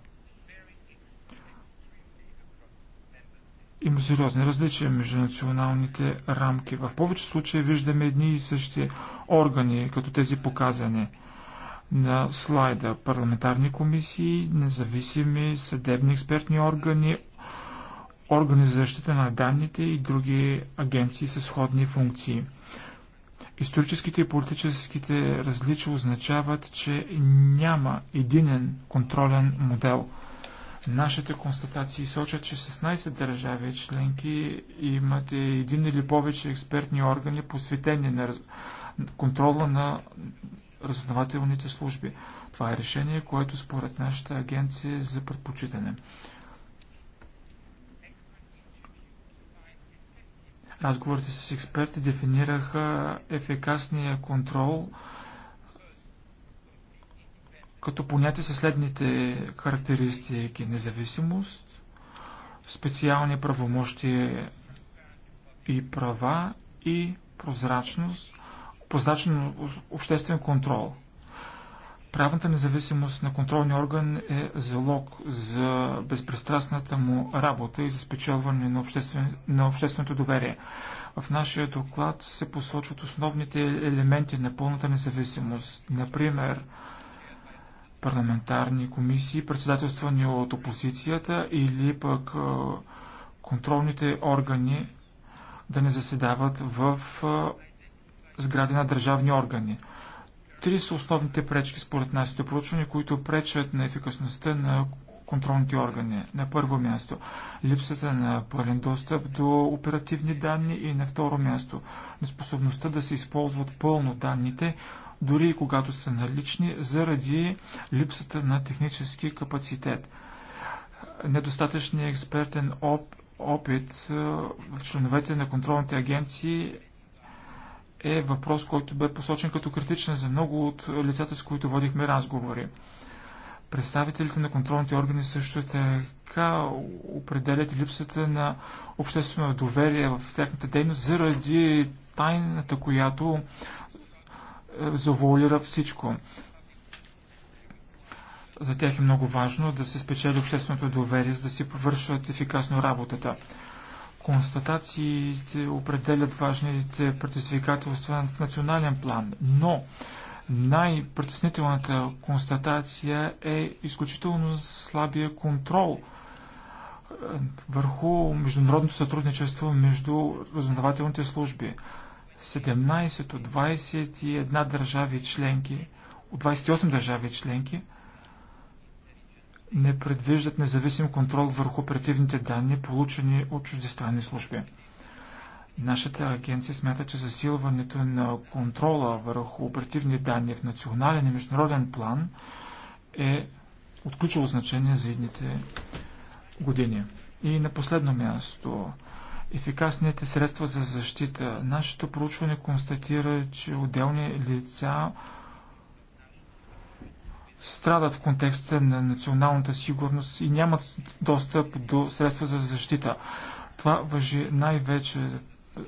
Има сериозни различия между националните рамки. В повече случаи виждаме едни и същи органи, като тези показани – на слайда. Парламентарни комисии, независими съдебни експертни органи, органи за защита на данните и други агенции с сходни функции. Историческите и политическите различия означават, че няма единен контролен модел. Нашите констатации сочат, че 16 държави членки имат един или повече експертни органи, посветени на контрола на разузнавателните служби. Това е решение, което според нашата агенция е за предпочитане. Разговорите с експерти дефинираха ефикасния контрол като понятие със следните характеристики. Независимост, специални правомощия и права и прозрачност, значен обществен контрол. Правната независимост на контролния орган е залог за безпристрастната му работа и за спечелване на, обществен, на общественото доверие. В нашия доклад се посочват основните елементи на пълната независимост. Например, парламентарни комисии, председателствани от опозицията или пък контролните органи да не заседават в сгради на държавни органи. Три са основните пречки според нашите проучвания, които пречат на ефикасността на контролните органи. На първо място липсата на пълен достъп до оперативни данни и на второ място неспособността да се използват пълно данните, дори и когато са налични, заради липсата на технически капацитет. Недостатъчният експертен опит в членовете на контролните агенции е въпрос, който бе посочен като критичен за много от лицата, с които водихме разговори. Представителите на контролните органи също така определят липсата на обществено доверие в тяхната дейност заради тайната, която е, завуалира всичко. За тях е много важно да се спечели общественото доверие, за да си повършат ефикасно работата. Констатациите определят важните предизвикателства в национален план, но най-притеснителната констатация е изключително слабия контрол е, върху международното сътрудничество между разнователните служби. 17 от 21 държави членки, от 28 държави членки – не предвиждат независим контрол върху оперативните данни, получени от чуждестранни служби. Нашата агенция смята, че засилването на контрола върху оперативни данни в национален и международен план е от ключово значение за едните години. И на последно място, ефикасните средства за защита. Нашето проучване констатира, че отделни лица страдат в контекста на националната сигурност и нямат достъп до средства за защита. Това въжи най-вече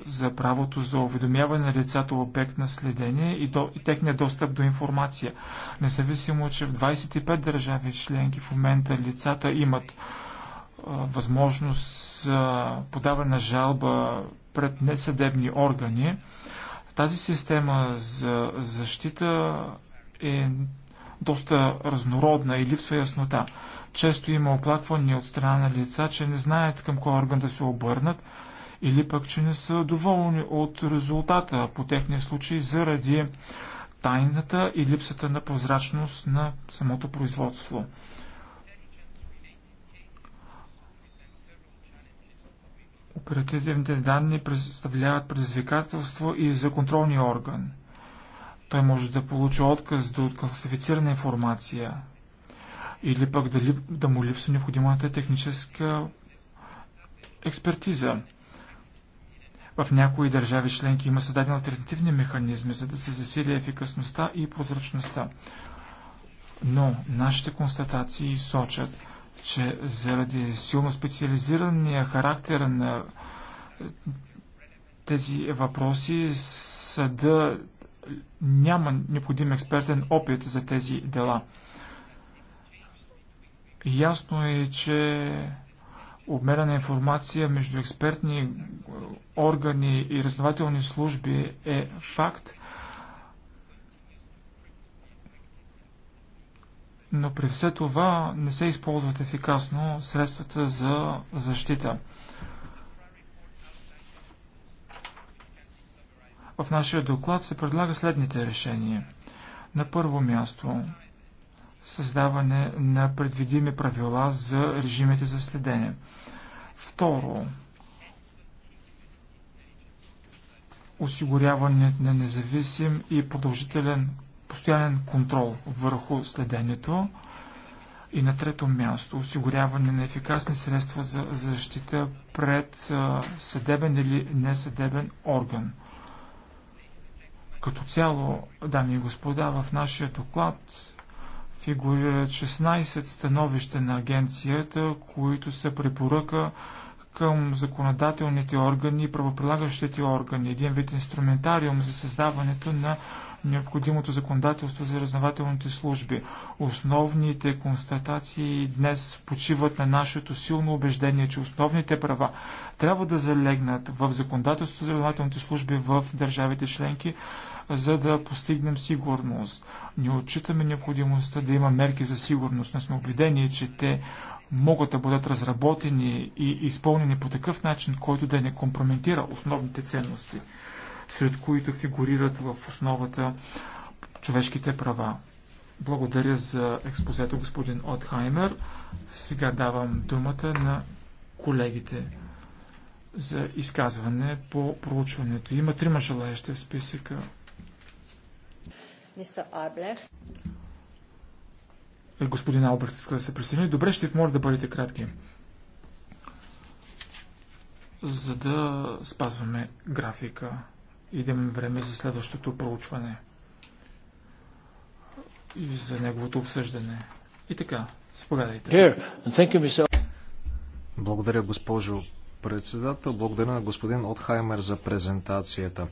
за правото за уведомяване на децата обект на следение и, до, и техния достъп до информация. Независимо, че в 25 държави членки в момента лицата имат а, възможност за подаване на жалба пред несъдебни органи, тази система за защита е доста разнородна и липсва яснота. Често има оплаквания от страна на лица, че не знаят към кой орган да се обърнат или пък, че не са доволни от резултата по техния случай заради тайната и липсата на прозрачност на самото производство. Оперативните данни представляват предизвикателство и за контролния орган. Той може да получи отказ да от класифицирана информация или пък да, лип, да му липсва необходимата техническа експертиза. В някои държави членки има създадени альтернативни механизми, за да се засили ефикасността и прозрачността. Но нашите констатации сочат, че заради силно специализирания характер на тези въпроси, съда няма необходим експертен опит за тези дела. Ясно е, че обмена на информация между експертни органи и разнователни служби е факт, но при все това не се използват ефикасно средствата за защита. В нашия доклад се предлага следните решения. На първо място създаване на предвидими правила за режимите за следене. Второ, осигуряване на независим и продължителен постоянен контрол върху следенето. И на трето място, осигуряване на ефикасни средства за защита пред съдебен или несъдебен орган. Като цяло, дами и господа, в нашия доклад фигурират 16 становища на агенцията, които са препоръка към законодателните органи и правоприлагащите органи. Един вид инструментариум за създаването на необходимото законодателство за разнователните служби. Основните констатации днес почиват на нашето силно убеждение, че основните права трябва да залегнат в законодателството за разнователните служби в държавите членки, за да постигнем сигурност. Не отчитаме необходимостта да има мерки за сигурност. Не сме убедени, че те могат да бъдат разработени и изпълнени по такъв начин, който да не компрометира основните ценности, сред които фигурират в основата човешките права. Благодаря за експозето, господин Отхаймер. Сега давам думата на колегите за изказване по проучването. Има трима желаящи в списъка. Мистер Арблех. Господин Албрехт иска да се присъедини. Добре, ще ви помоля да бъдете кратки. За да спазваме графика и да имаме време за следващото проучване и за неговото обсъждане. И така, спогледайте. Благодаря, госпожо председател. Благодаря на господин Отхаймер за презентацията.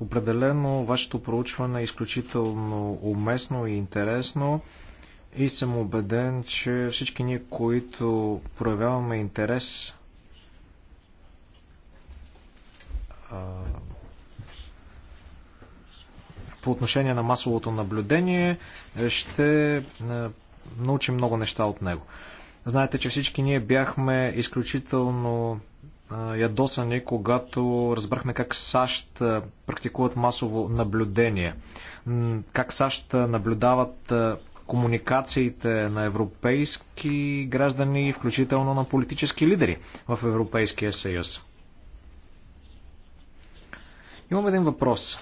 Определено вашето проучване е изключително уместно и интересно и съм убеден, че всички ние, които проявяваме интерес по отношение на масовото наблюдение, ще научим много неща от него. Знаете, че всички ние бяхме изключително ядосани, когато разбрахме как САЩ практикуват масово наблюдение, как САЩ наблюдават комуникациите на европейски граждани, включително на политически лидери в Европейския съюз. Имам един въпрос.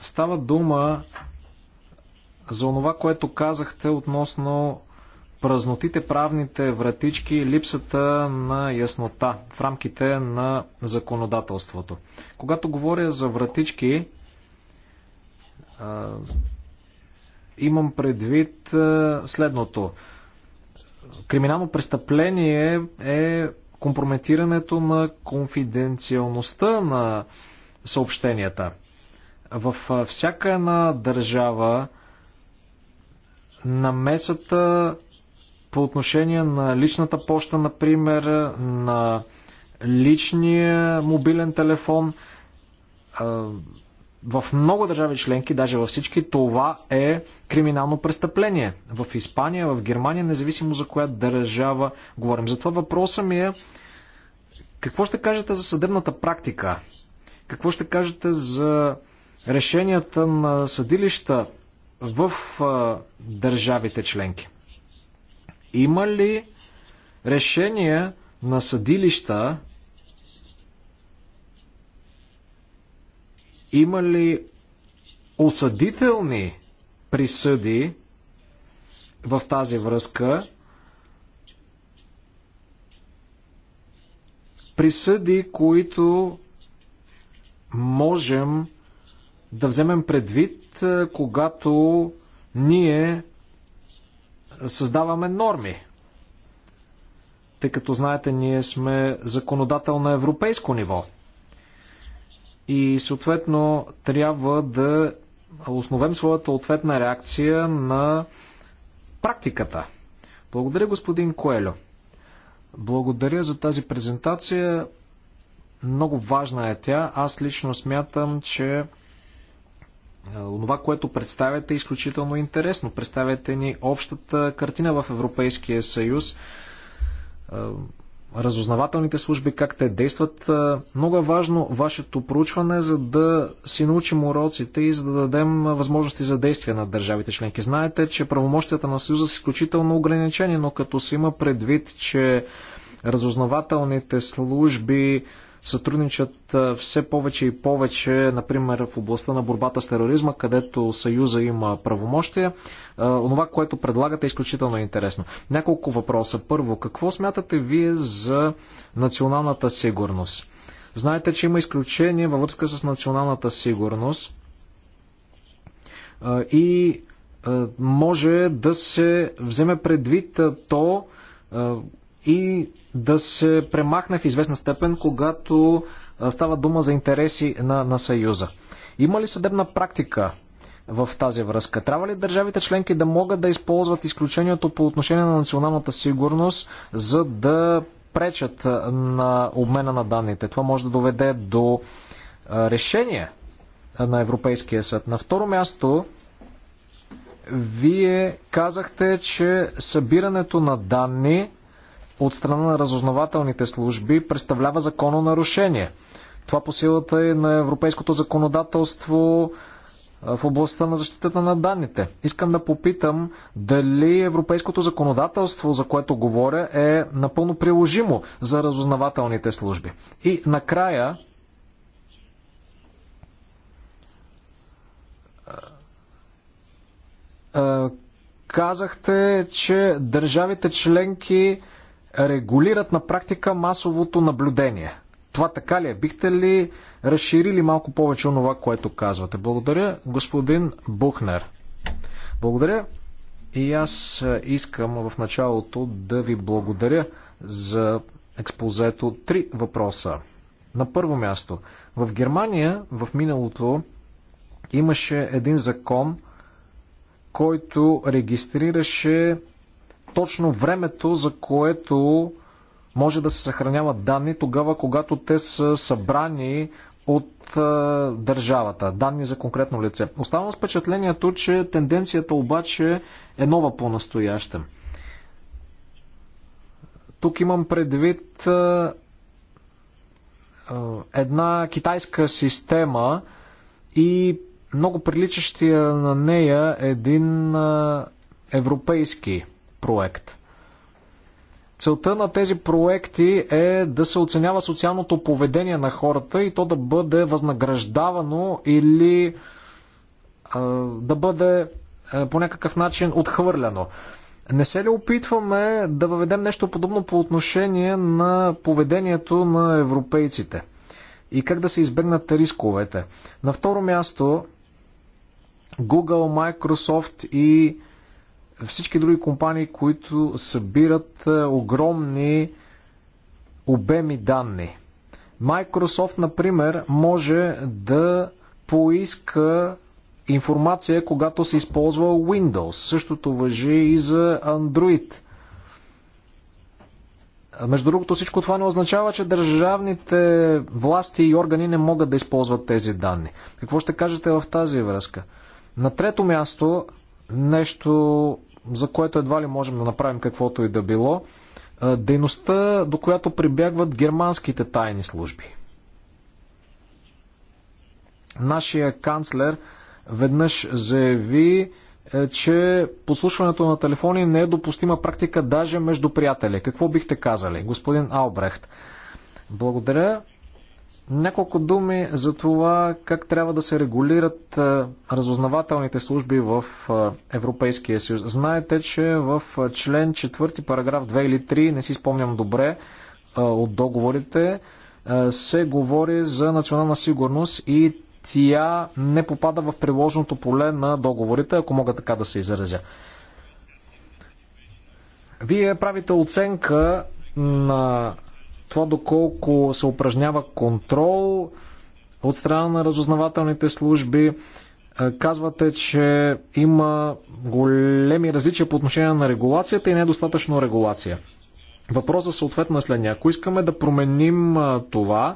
Става дума за това, което казахте относно празнотите, правните вратички, липсата на яснота в рамките на законодателството. Когато говоря за вратички, имам предвид следното. Криминално престъпление е компрометирането на конфиденциалността на съобщенията. Във всяка една държава намесата по отношение на личната почта, например, на личния мобилен телефон. В много държави членки, даже във всички, това е криминално престъпление. В Испания, в Германия, независимо за коя държава говорим. Затова въпросът ми е какво ще кажете за съдебната практика? Какво ще кажете за решенията на съдилища в държавите членки? Има ли решения на съдилища? Има ли осъдителни присъди в тази връзка? Присъди, които можем да вземем предвид, когато ние създаваме норми. Тъй като знаете, ние сме законодател на европейско ниво. И съответно трябва да основем своята ответна реакция на практиката. Благодаря, господин Коелю. Благодаря за тази презентация. Много важна е тя. Аз лично смятам, че е, онова, което представяте е изключително интересно. Представяте ни общата картина в Европейския съюз, е, разузнавателните служби, как те действат. Е, много е важно вашето проучване, за да си научим уроците и за да дадем възможности за действия на държавите членки. Знаете, че правомощията на Съюза са изключително ограничени, но като се има предвид, че разузнавателните служби сътрудничат все повече и повече, например в областта на борбата с тероризма, където Съюза има правомощия. Онова, което предлагате е изключително интересно. Няколко въпроса. Първо, какво смятате вие за националната сигурност? Знаете, че има изключение във връзка с националната сигурност и може да се вземе предвид то и да се премахне в известна степен, когато става дума за интереси на, на Съюза. Има ли съдебна практика в тази връзка? Трябва ли държавите членки да могат да използват изключението по отношение на националната сигурност, за да пречат на обмена на данните? Това може да доведе до решение на Европейския съд. На второ място, вие казахте, че събирането на данни от страна на разузнавателните служби представлява нарушение. Това по силата е на европейското законодателство в областта на защитата на данните. Искам да попитам дали европейското законодателство, за което говоря, е напълно приложимо за разузнавателните служби. И накрая казахте, че държавите членки регулират на практика масовото наблюдение. Това така ли е? Бихте ли разширили малко повече онова, което казвате? Благодаря, господин Бухнер. Благодаря. И аз е, искам в началото да ви благодаря за експозето. Три въпроса. На първо място, в Германия в миналото имаше един закон, който регистрираше точно времето, за което може да се съхраняват данни тогава, когато те са събрани от е, държавата, данни за конкретно лице. Оставам с впечатлението, че тенденцията обаче е нова по настояща Тук имам предвид е, е, една китайска система и много приличащия на нея един е, европейски проект. Целта на тези проекти е да се оценява социалното поведение на хората и то да бъде възнаграждавано или да бъде по някакъв начин отхвърляно. Не се ли опитваме да въведем нещо подобно по отношение на поведението на европейците? И как да се избегнат рисковете? На второ място, Google, Microsoft и всички други компании, които събират е, огромни обеми данни. Microsoft, например, може да поиска информация, когато се използва Windows. Същото въжи и за Android. Между другото, всичко това не означава, че държавните власти и органи не могат да използват тези данни. Какво ще кажете в тази връзка? На трето място, нещо, за което едва ли можем да направим каквото и да било. Дейността, до която прибягват германските тайни служби. Нашия канцлер веднъж заяви, е, че послушването на телефони не е допустима практика даже между приятели. Какво бихте казали, господин Албрехт? Благодаря. Няколко думи за това как трябва да се регулират разузнавателните служби в Европейския съюз. Знаете, че в член 4, параграф 2 или 3, не си спомням добре от договорите, се говори за национална сигурност и тя не попада в приложното поле на договорите, ако мога така да се изразя. Вие правите оценка на това доколко се упражнява контрол от страна на разузнавателните служби. Е, казвате, че има големи различия по отношение на регулацията и недостатъчно регулация. Въпросът съответно е следния. Ако искаме да променим е, това,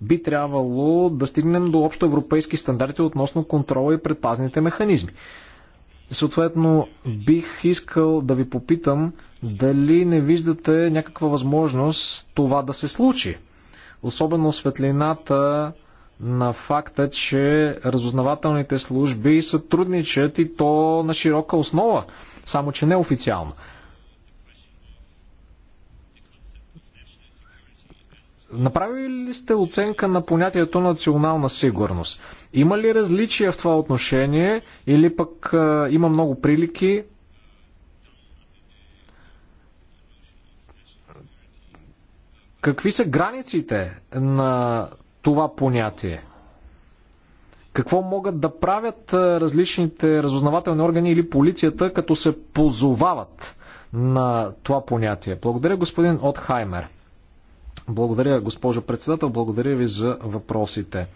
би трябвало да стигнем до общо европейски стандарти относно контрола и предпазните механизми. Съответно, бих искал да ви попитам дали не виждате някаква възможност това да се случи. Особено светлината на факта, че разузнавателните служби сътрудничат и то на широка основа, само че неофициално. Направили ли сте оценка на понятието национална сигурност? Има ли различия в това отношение или пък а, има много прилики? Какви са границите на това понятие? Какво могат да правят различните разузнавателни органи или полицията, като се позовават на това понятие? Благодаря, господин Отхаймер. Благодаря, госпожо председател. Благодаря ви за въпросите.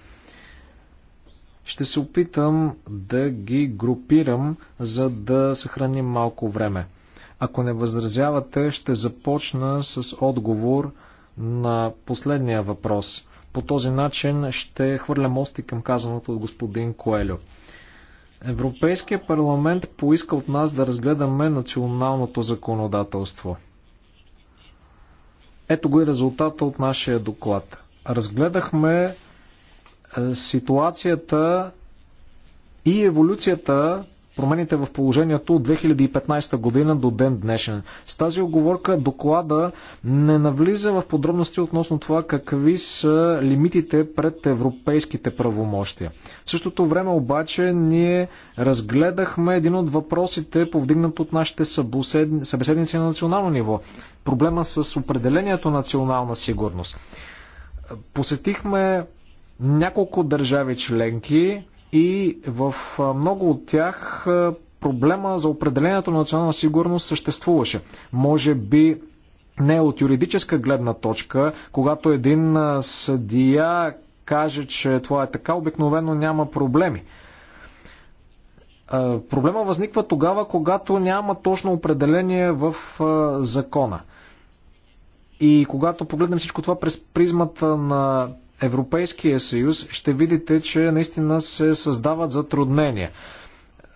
Ще се опитам да ги групирам, за да съхраним малко време. Ако не възразявате, ще започна с отговор на последния въпрос. По този начин ще хвърля мости към казаното от господин Коелю. Европейския парламент поиска от нас да разгледаме националното законодателство – ето го и резултата от нашия доклад. Разгледахме е, ситуацията и еволюцията промените в положението от 2015 година до ден днешен. С тази оговорка доклада не навлиза в подробности относно това какви са лимитите пред европейските правомощия. В същото време обаче ние разгледахме един от въпросите, повдигнат от нашите събеседници на национално ниво. Проблема с определението национална сигурност. Посетихме няколко държави членки, и в много от тях проблема за определението на национална сигурност съществуваше. Може би не от юридическа гледна точка, когато един съдия каже, че това е така, обикновено няма проблеми. Проблема възниква тогава, когато няма точно определение в закона. И когато погледнем всичко това през призмата на Европейския съюз, ще видите, че наистина се създават затруднения.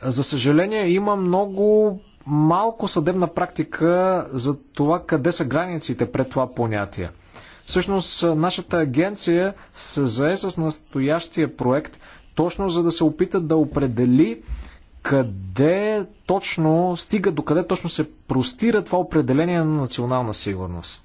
За съжаление, има много малко съдебна практика за това къде са границите пред това понятие. Всъщност, нашата агенция се зае с настоящия проект, точно за да се опита да определи къде точно стига, до къде точно се простира това определение на национална сигурност.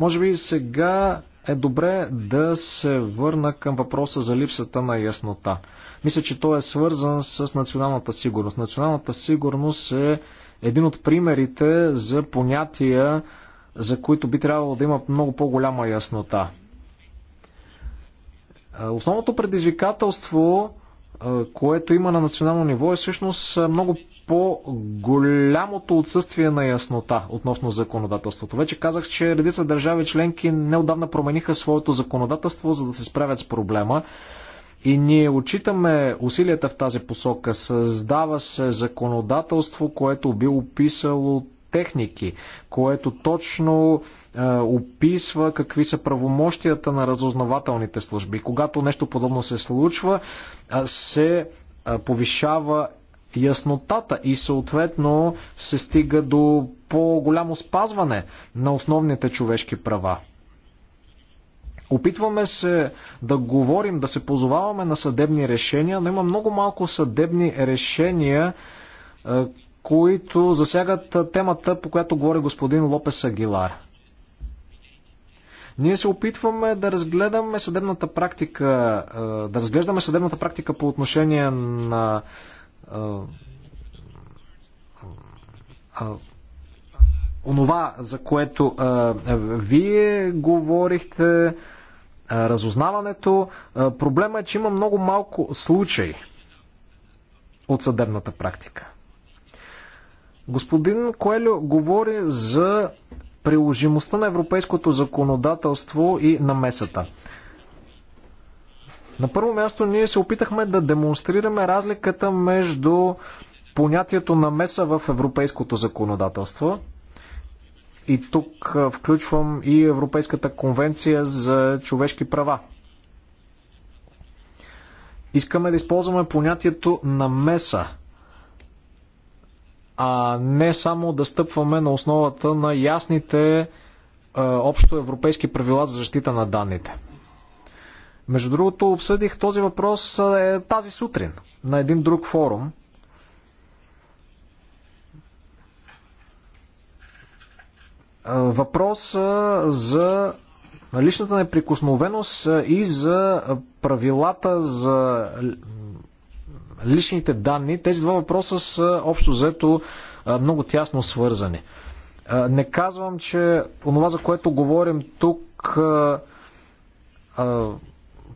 Може би сега е добре да се върна към въпроса за липсата на яснота. Мисля, че той е свързан с националната сигурност. Националната сигурност е един от примерите за понятия, за които би трябвало да има много по-голяма яснота. Е, основното предизвикателство, е, което има на национално ниво, е всъщност много по голямото отсъствие на яснота относно законодателството. Вече казах, че редица държави членки неодавна промениха своето законодателство, за да се справят с проблема. И ние отчитаме усилията в тази посока. Създава се законодателство, което би описало техники, което точно е, описва какви са правомощията на разузнавателните служби. Когато нещо подобно се случва, е, се е, повишава яснотата и съответно се стига до по-голямо спазване на основните човешки права. Опитваме се да говорим, да се позоваваме на съдебни решения, но има много малко съдебни решения, които засягат темата, по която говори господин Лопес Агилар. Ние се опитваме да разгледаме съдебната практика, да разглеждаме съдебната практика по отношение на онова, за което а, вие говорихте, а, разузнаването. А, проблема е, че има много малко случаи от съдебната практика. Господин Коелю говори за приложимостта на европейското законодателство и намесата. На първо място ние се опитахме да демонстрираме разликата между понятието на меса в европейското законодателство. И тук включвам и Европейската конвенция за човешки права. Искаме да използваме понятието на меса, а не само да стъпваме на основата на ясните общоевропейски правила за защита на данните. Между другото, обсъдих този въпрос е, тази сутрин на един друг форум. Въпрос за личната неприкосновеност и за правилата за личните данни. Тези два въпроса са общо взето много тясно свързани. Не казвам, че онова, за което говорим тук,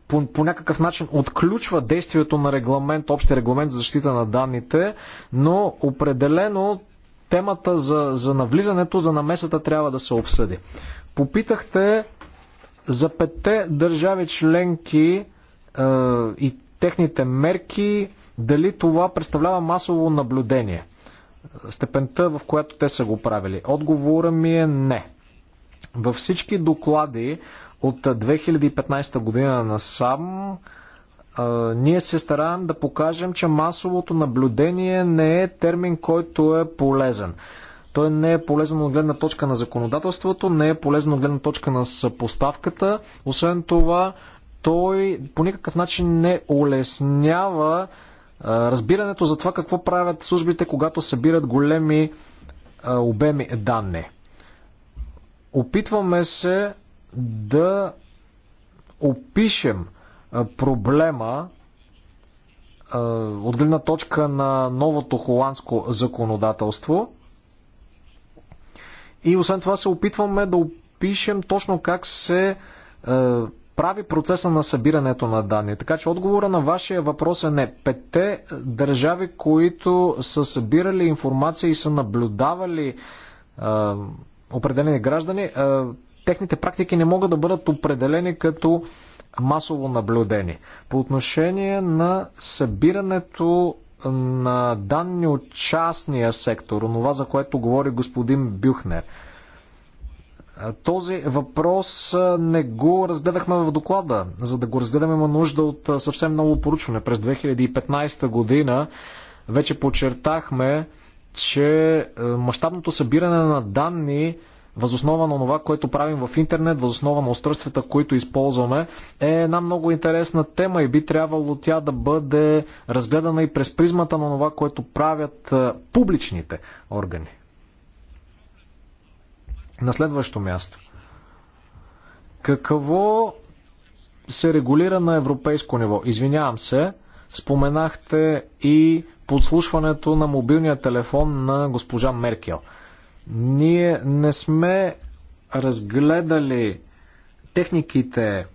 по, по някакъв начин отключва действието на регламент, общия регламент за защита на данните, но определено темата за, за навлизането, за намесата трябва да се обсъди. Попитахте за петте държави членки е, и техните мерки, дали това представлява масово наблюдение. Степента, в която те са го правили. Отговора ми е не. Във всички доклади от 2015 година насам ние се стараем да покажем, че масовото наблюдение не е термин, който е полезен. Той не е полезен от гледна точка на законодателството, не е полезен от гледна точка на съпоставката. Освен това, той по никакъв начин не улеснява разбирането за това какво правят службите, когато събират големи обеми данни. Опитваме се да опишем проблема от гледна точка на новото холандско законодателство. И освен това се опитваме да опишем точно как се прави процеса на събирането на данни. Така че отговора на вашия въпрос е не. Петте държави, които са събирали информация и са наблюдавали е, определени граждани, е, техните практики не могат да бъдат определени като масово наблюдени. По отношение на събирането на данни от частния сектор, онова за което говори господин Бюхнер. Този въпрос не го разгледахме в доклада. За да го разгледаме има нужда от съвсем ново поручване. През 2015 година вече подчертахме, че е, мащабното събиране на данни възоснова на това, което правим в интернет, възоснова на устройствата, които използваме, е една много интересна тема и би трябвало тя да бъде разгледана и през призмата на това, което правят е, публичните органи. На следващо място. Какво се регулира на европейско ниво? Извинявам се, споменахте и подслушването на мобилния телефон на госпожа Меркел – ние не сме разгледали техниките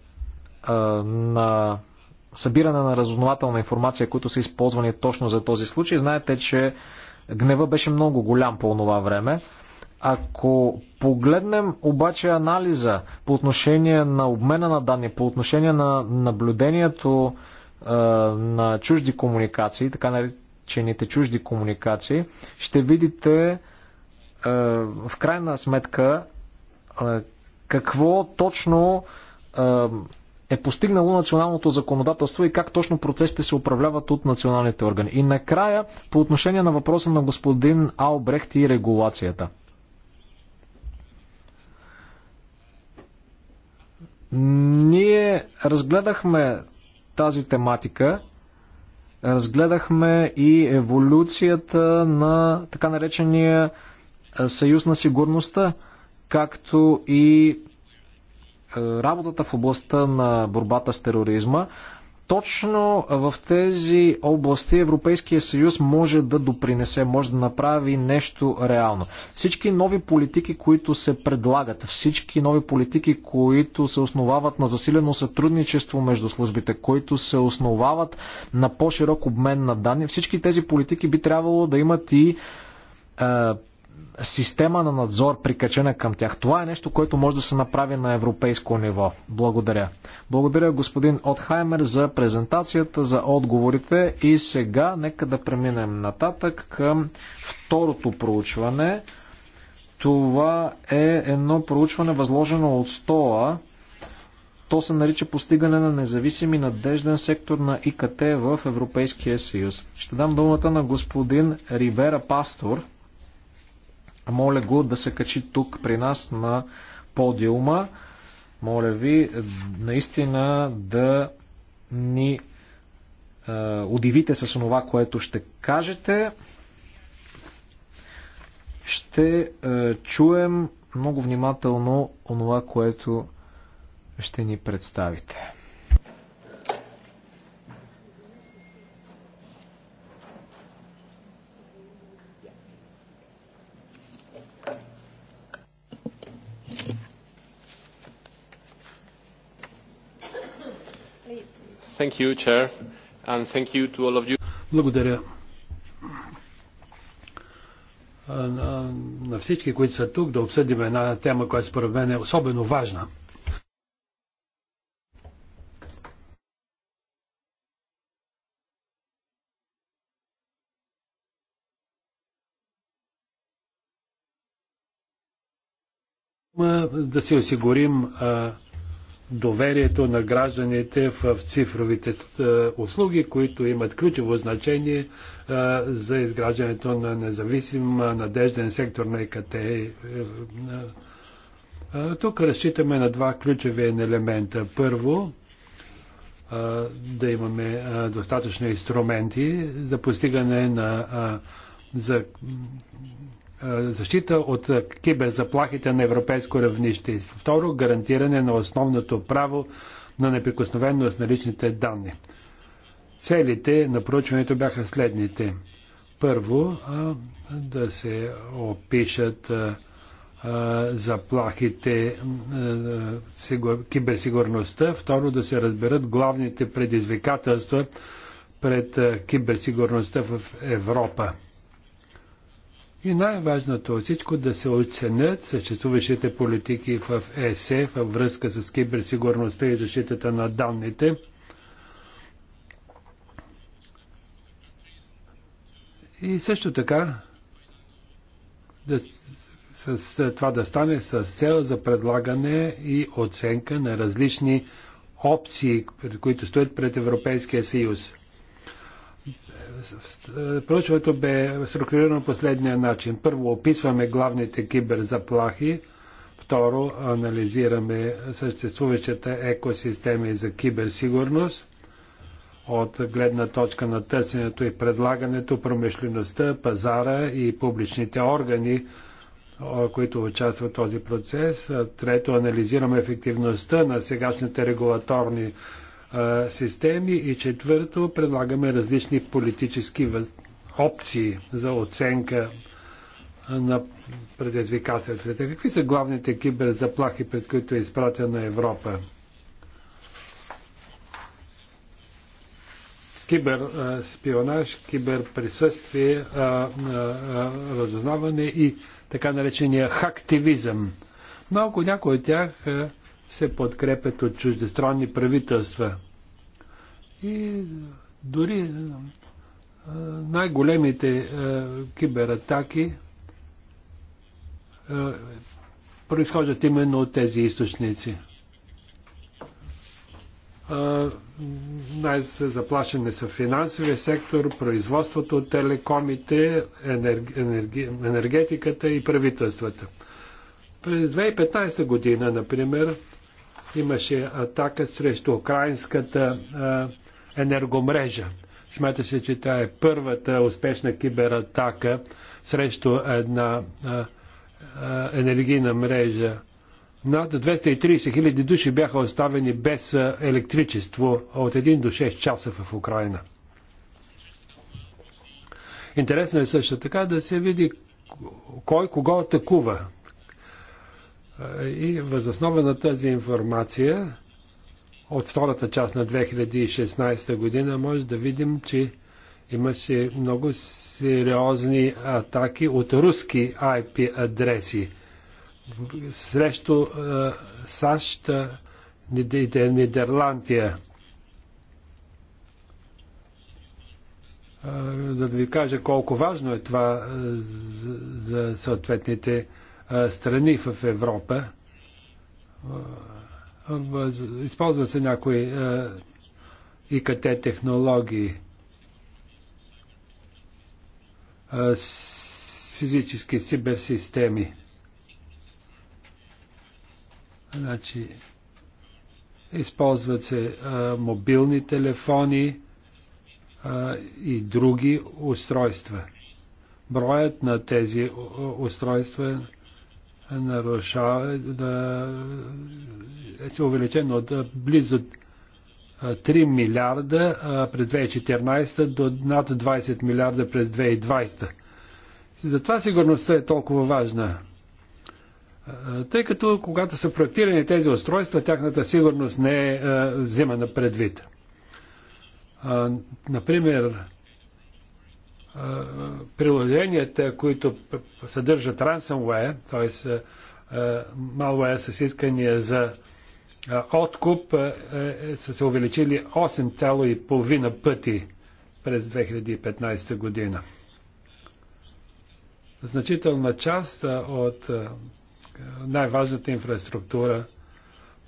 а, на събиране на разузнавателна информация, които са използвани точно за този случай. Знаете, че гнева беше много голям по това време. Ако погледнем обаче анализа по отношение на обмена на данни, по отношение на наблюдението а, на чужди комуникации, така наречените чужди комуникации, ще видите е, в крайна сметка е, какво точно е, е постигнало националното законодателство и как точно процесите се управляват от националните органи. И накрая, по отношение на въпроса на господин Албрехт и регулацията. Ние разгледахме тази тематика, разгледахме и еволюцията на така наречения е, съюз на сигурността, както и е, работата в областта на борбата с тероризма. Точно в тези области Европейския съюз може да допринесе, може да направи нещо реално. Всички нови политики, които се предлагат, всички нови политики, които се основават на засилено сътрудничество между службите, които се основават на по-широк обмен на данни, всички тези политики би трябвало да имат и е, система на надзор прикачена към тях. Това е нещо, което може да се направи на европейско ниво. Благодаря. Благодаря господин Отхаймер за презентацията, за отговорите и сега нека да преминем нататък към второто проучване. Това е едно проучване възложено от стола, То се нарича постигане на независим и надежден сектор на ИКТ в Европейския съюз. Ще дам думата на господин Ривера Пастор, моля го да се качи тук при нас на подиума. Моля ви е, наистина да ни е, удивите с това, което ще кажете. Ще е, чуем много внимателно онова, което ще ни представите. Thank you, Chair, and thank you to all of you. Благодаря на, на всички, които са тук, да обсъдим една тема, която според мен е особено важна. да си осигурим а, доверието на гражданите в цифровите е, услуги, които имат ключово значение е, за изграждането на независим е, надежден сектор на ИКТ. Тук разчитаме на два ключови елемента. Първо, да имаме достатъчно инструменти за постигане на за е, защита от киберзаплахите на европейско равнище. Второ, гарантиране на основното право на неприкосновеност на личните данни. Целите на проучването бяха следните. Първо, е, да се опишат е, заплахите, киберсигурността. Второ, да се разберат главните предизвикателства пред киберсигурността в Европа и най-важното от всичко да се оценят съществуващите политики в ЕСЕ във връзка с киберсигурността и защитата на данните. И също така да, с, с това да стане с цел за предлагане и оценка на различни опции, които стоят пред Европейския съюз проучването бе структурирано последния начин. Първо описваме главните киберзаплахи, второ анализираме съществуващата екосистеми за киберсигурност от гледна точка на търсенето и предлагането, промишлеността, пазара и публичните органи, които участват в този процес. Трето, анализираме ефективността на сегашните регулаторни системи и четвърто предлагаме различни политически въз... опции за оценка на предизвикателствата. Какви са главните киберзаплахи, пред които е изпратена Европа? киберспионаж, киберприсъствие, разузнаване и така наречения хактивизъм. Малко някои от тях а, се подкрепят от чуждестранни правителства. И дори е, най-големите е, кибератаки е, произхождат именно от тези източници. Най-заплашени са финансовия сектор, производството, телекомите, енергетиката и правителствата. През 2015 година, например, имаше атака срещу украинската а, енергомрежа. Смята се, че тя е първата успешна кибератака срещу една а, а, енергийна мрежа. Над 230 хиляди души бяха оставени без електричество от 1 до 6 часа в Украина. Интересно е също така да се види кой кого атакува. И възоснова на тази информация от втората част на 2016 година може да видим, че имаше много сериозни атаки от руски IP адреси срещу е, САЩ, е, Нидерландия. Е, за да ви кажа колко важно е това е, за, за съответните страни в Европа. Използват се някои ИКТ технологии, физически сиберсистеми. Значи, използват се а, мобилни телефони а, и други устройства. Броят на тези устройства е нарушава, да, е увеличено от близо 3 милиарда през 2014 до над 20 милиарда през 2020. Затова сигурността е толкова важна. Тъй като когато са проектирани тези устройства, тяхната сигурност не е взимана предвид. Например, приложенията, които съдържат ransomware, т.е. malware с искания за откуп, е, са се увеличили 8,5 пъти през 2015 година. Значителна част от най-важната инфраструктура,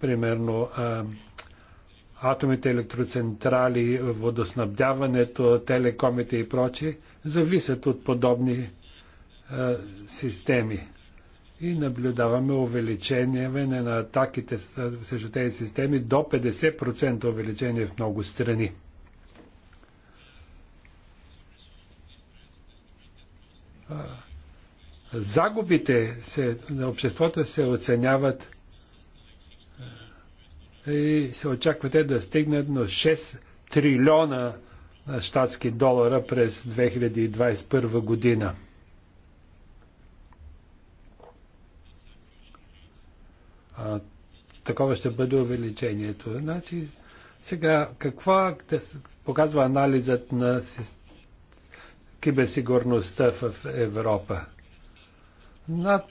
примерно атомите електроцентрали, водоснабдяването, телекомите и прочие, зависят от подобни а, е, системи. И наблюдаваме увеличение на атаките срещу тези системи до 50% увеличение в много страни. Е, загубите се, на обществото се оценяват и се очаква те да стигнат до 6 трилиона щатски долара през 2021 година. А, такова ще бъде увеличението. Значи, сега, каква показва анализът на киберсигурността в Европа? Над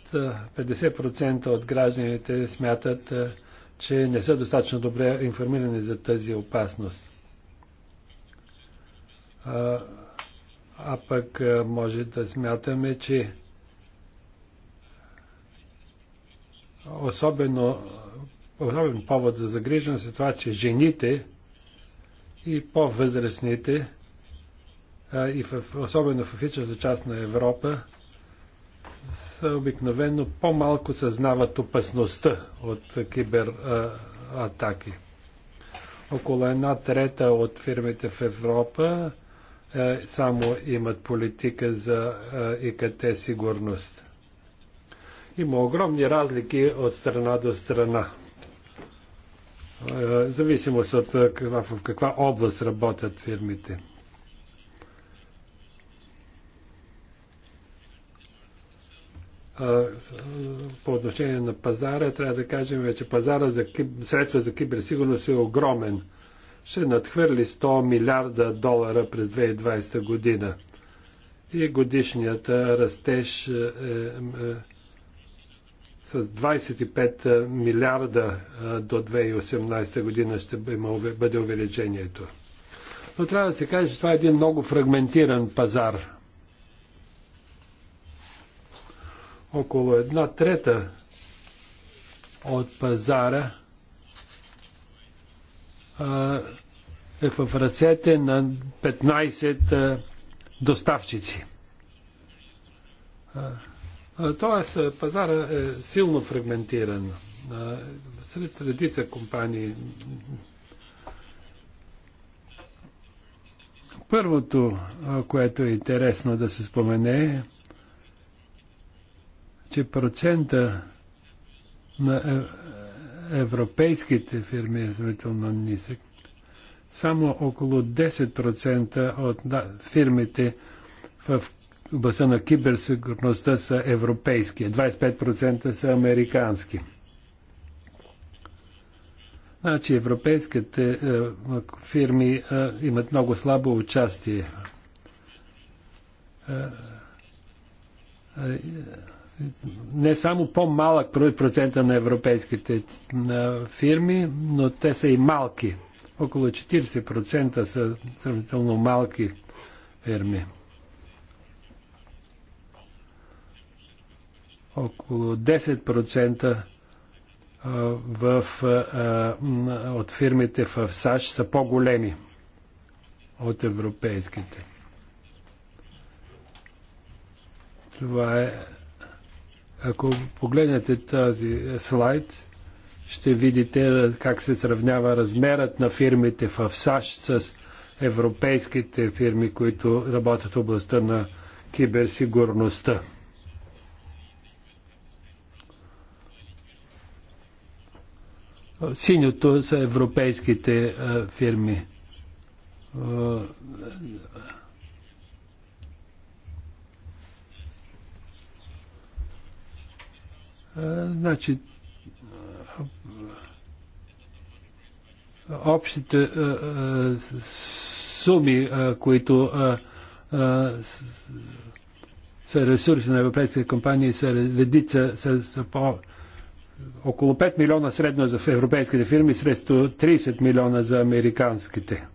50% от гражданите смятат, че не са достатъчно добре информирани за тази опасност. А, а пък може да смятаме, че особено особен повод за загриженост е това, че жените и по-възрастните и в, особено в официалната част на Европа обикновено по-малко съзнават опасността от кибератаки. Около една трета от фирмите в Европа е, само имат политика за е, ИКТ сигурност. Има огромни разлики от страна до страна. Е, зависимост от е, каква, в каква област работят фирмите. по отношение на пазара, трябва да кажем, че пазара за киб... средства за киберсигурност е огромен. Ще надхвърли 100 милиарда долара през 2020 година. И годишният растеж е, е, с 25 милиарда до 2018 година ще бъде увеличението. Но трябва да се каже, че това е един много фрагментиран пазар около една трета от пазара а, е в ръцете на 15 а, доставчици. А, тоест, пазара е силно фрагментиран. Сред редица компании. Първото, което е интересно да се спомене, е, че процента на е, европейските фирми е сравнително нисък. Само около 10% от фирмите в областта на киберсигурността са европейски, 25% са американски. Значи европейските е, фирми е, имат много слабо участие не само по-малък процента на европейските фирми, но те са и малки. Около 40% са сравнително малки фирми. Около 10% в, от фирмите в САЩ са по-големи от европейските. Това е ако погледнете този слайд, ще видите как се сравнява размерът на фирмите в САЩ с европейските фирми, които работят в областта на киберсигурността. Синьото са европейските фирми. Значи, общите суми, които са ресурси на европейските компании, са редица, са, са по около 5 милиона средно за европейските фирми, срещу 30 милиона за американските.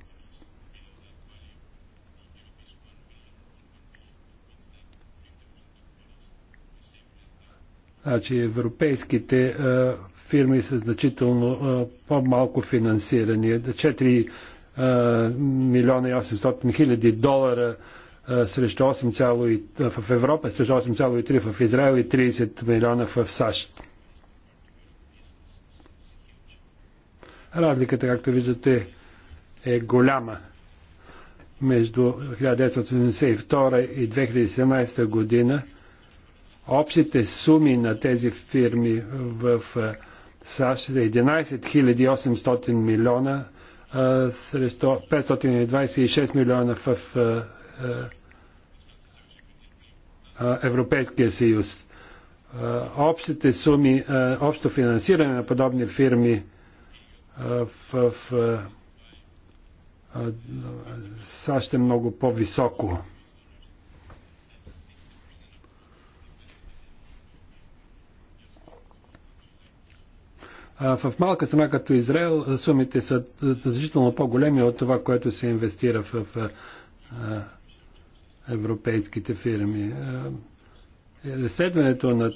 Значи европейските а, фирми са значително по-малко финансирани. 4 а, милиона и 800 хиляди долара срещу 8, в Европа, срещу 8,3 в Израел и 30 милиона в САЩ. Разликата, както виждате, е голяма. Между 1972 и 2017 година – Общите суми на тези фирми в САЩ е 11 800 милиона а, срещу 526 милиона в а, а, Европейския съюз. Общите суми, общо финансиране на подобни фирми в САЩ е много по-високо. в малка страна като Израел сумите са значително по-големи от това, което се инвестира в европейските фирми. Разследването на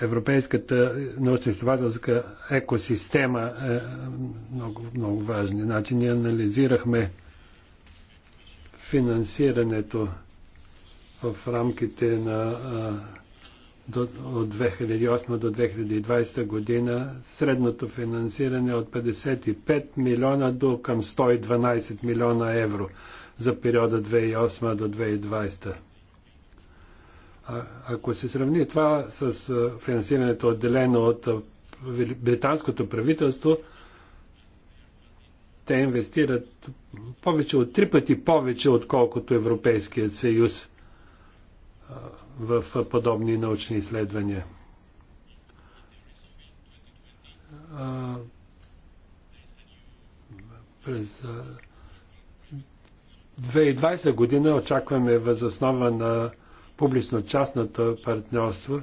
европейската научно-изследователска екосистема е много, много важна. Значи ние анализирахме финансирането в рамките на до, от 2008 до 2020 година средното финансиране е от 55 милиона до към 112 милиона евро за периода 2008 до 2020. А, ако се сравни това с финансирането отделено от британското правителство, те инвестират повече от три пъти повече, отколкото Европейският съюз в подобни научни изследвания. А, през 2020 година очакваме възоснова на публично-частното партньорство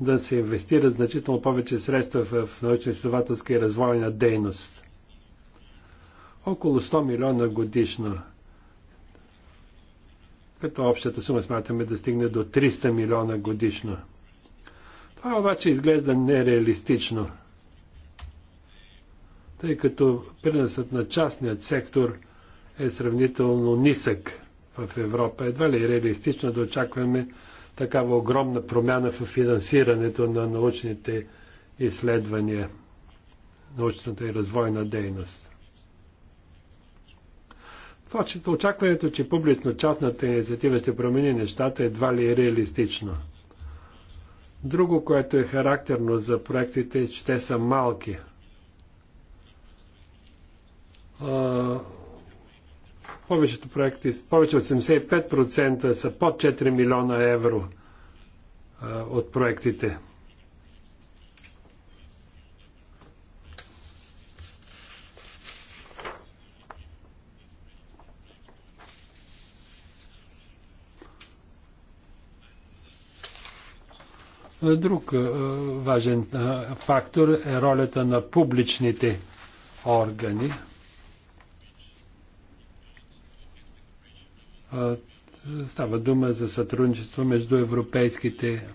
да се инвестира значително повече средства в научно-изследователска и развойна дейност. Около 100 милиона годишно като общата сума смятаме да стигне до 300 милиона годишно. Това обаче изглежда нереалистично, тъй като приносът на частният сектор е сравнително нисък в Европа. Едва ли е реалистично да очакваме такава огромна промяна в финансирането на научните изследвания, научната и развойна дейност. Това, че очакването, че публично-частната инициатива ще промени нещата, едва ли е реалистично. Друго, което е характерно за проектите, е, че те са малки. повечето проекти, повече от 75% са под 4 милиона евро от проектите. Друг е, важен е, фактор е ролята на публичните органи. Е, става дума за сътрудничество между европейските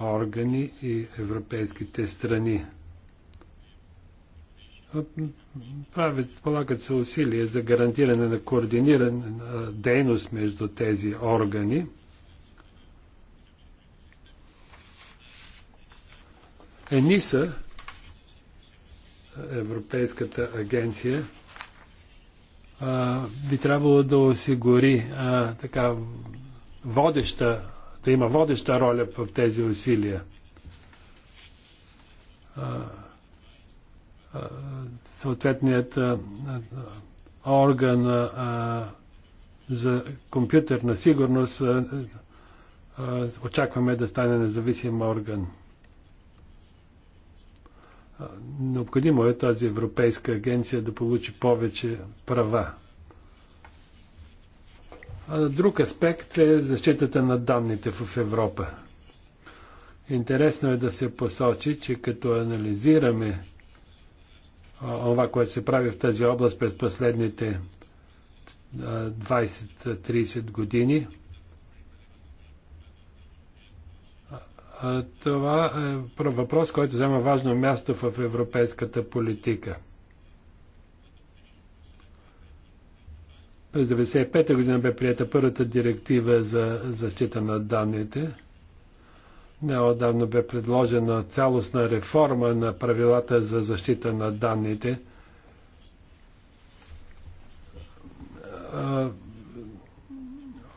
органи и европейските страни. Правят, полагат се усилия за гарантиране на координирана дейност между тези органи. ЕНИСА, Европейската агенция, би трябвало да осигури а, така водеща, да има водеща роля в тези усилия. А, а, съответният а, орган а, за компютърна сигурност а, а, очакваме да стане независим орган. Необходимо е тази Европейска агенция да получи повече права. Друг аспект е защитата на данните в Европа. Интересно е да се посочи, че като анализираме това, което се прави в тази област през последните 20-30 години, Това е въпрос, който взема важно място в европейската политика. През 1995 година бе прията първата директива за защита на данните. Неодавно бе предложена цялостна реформа на правилата за защита на данните –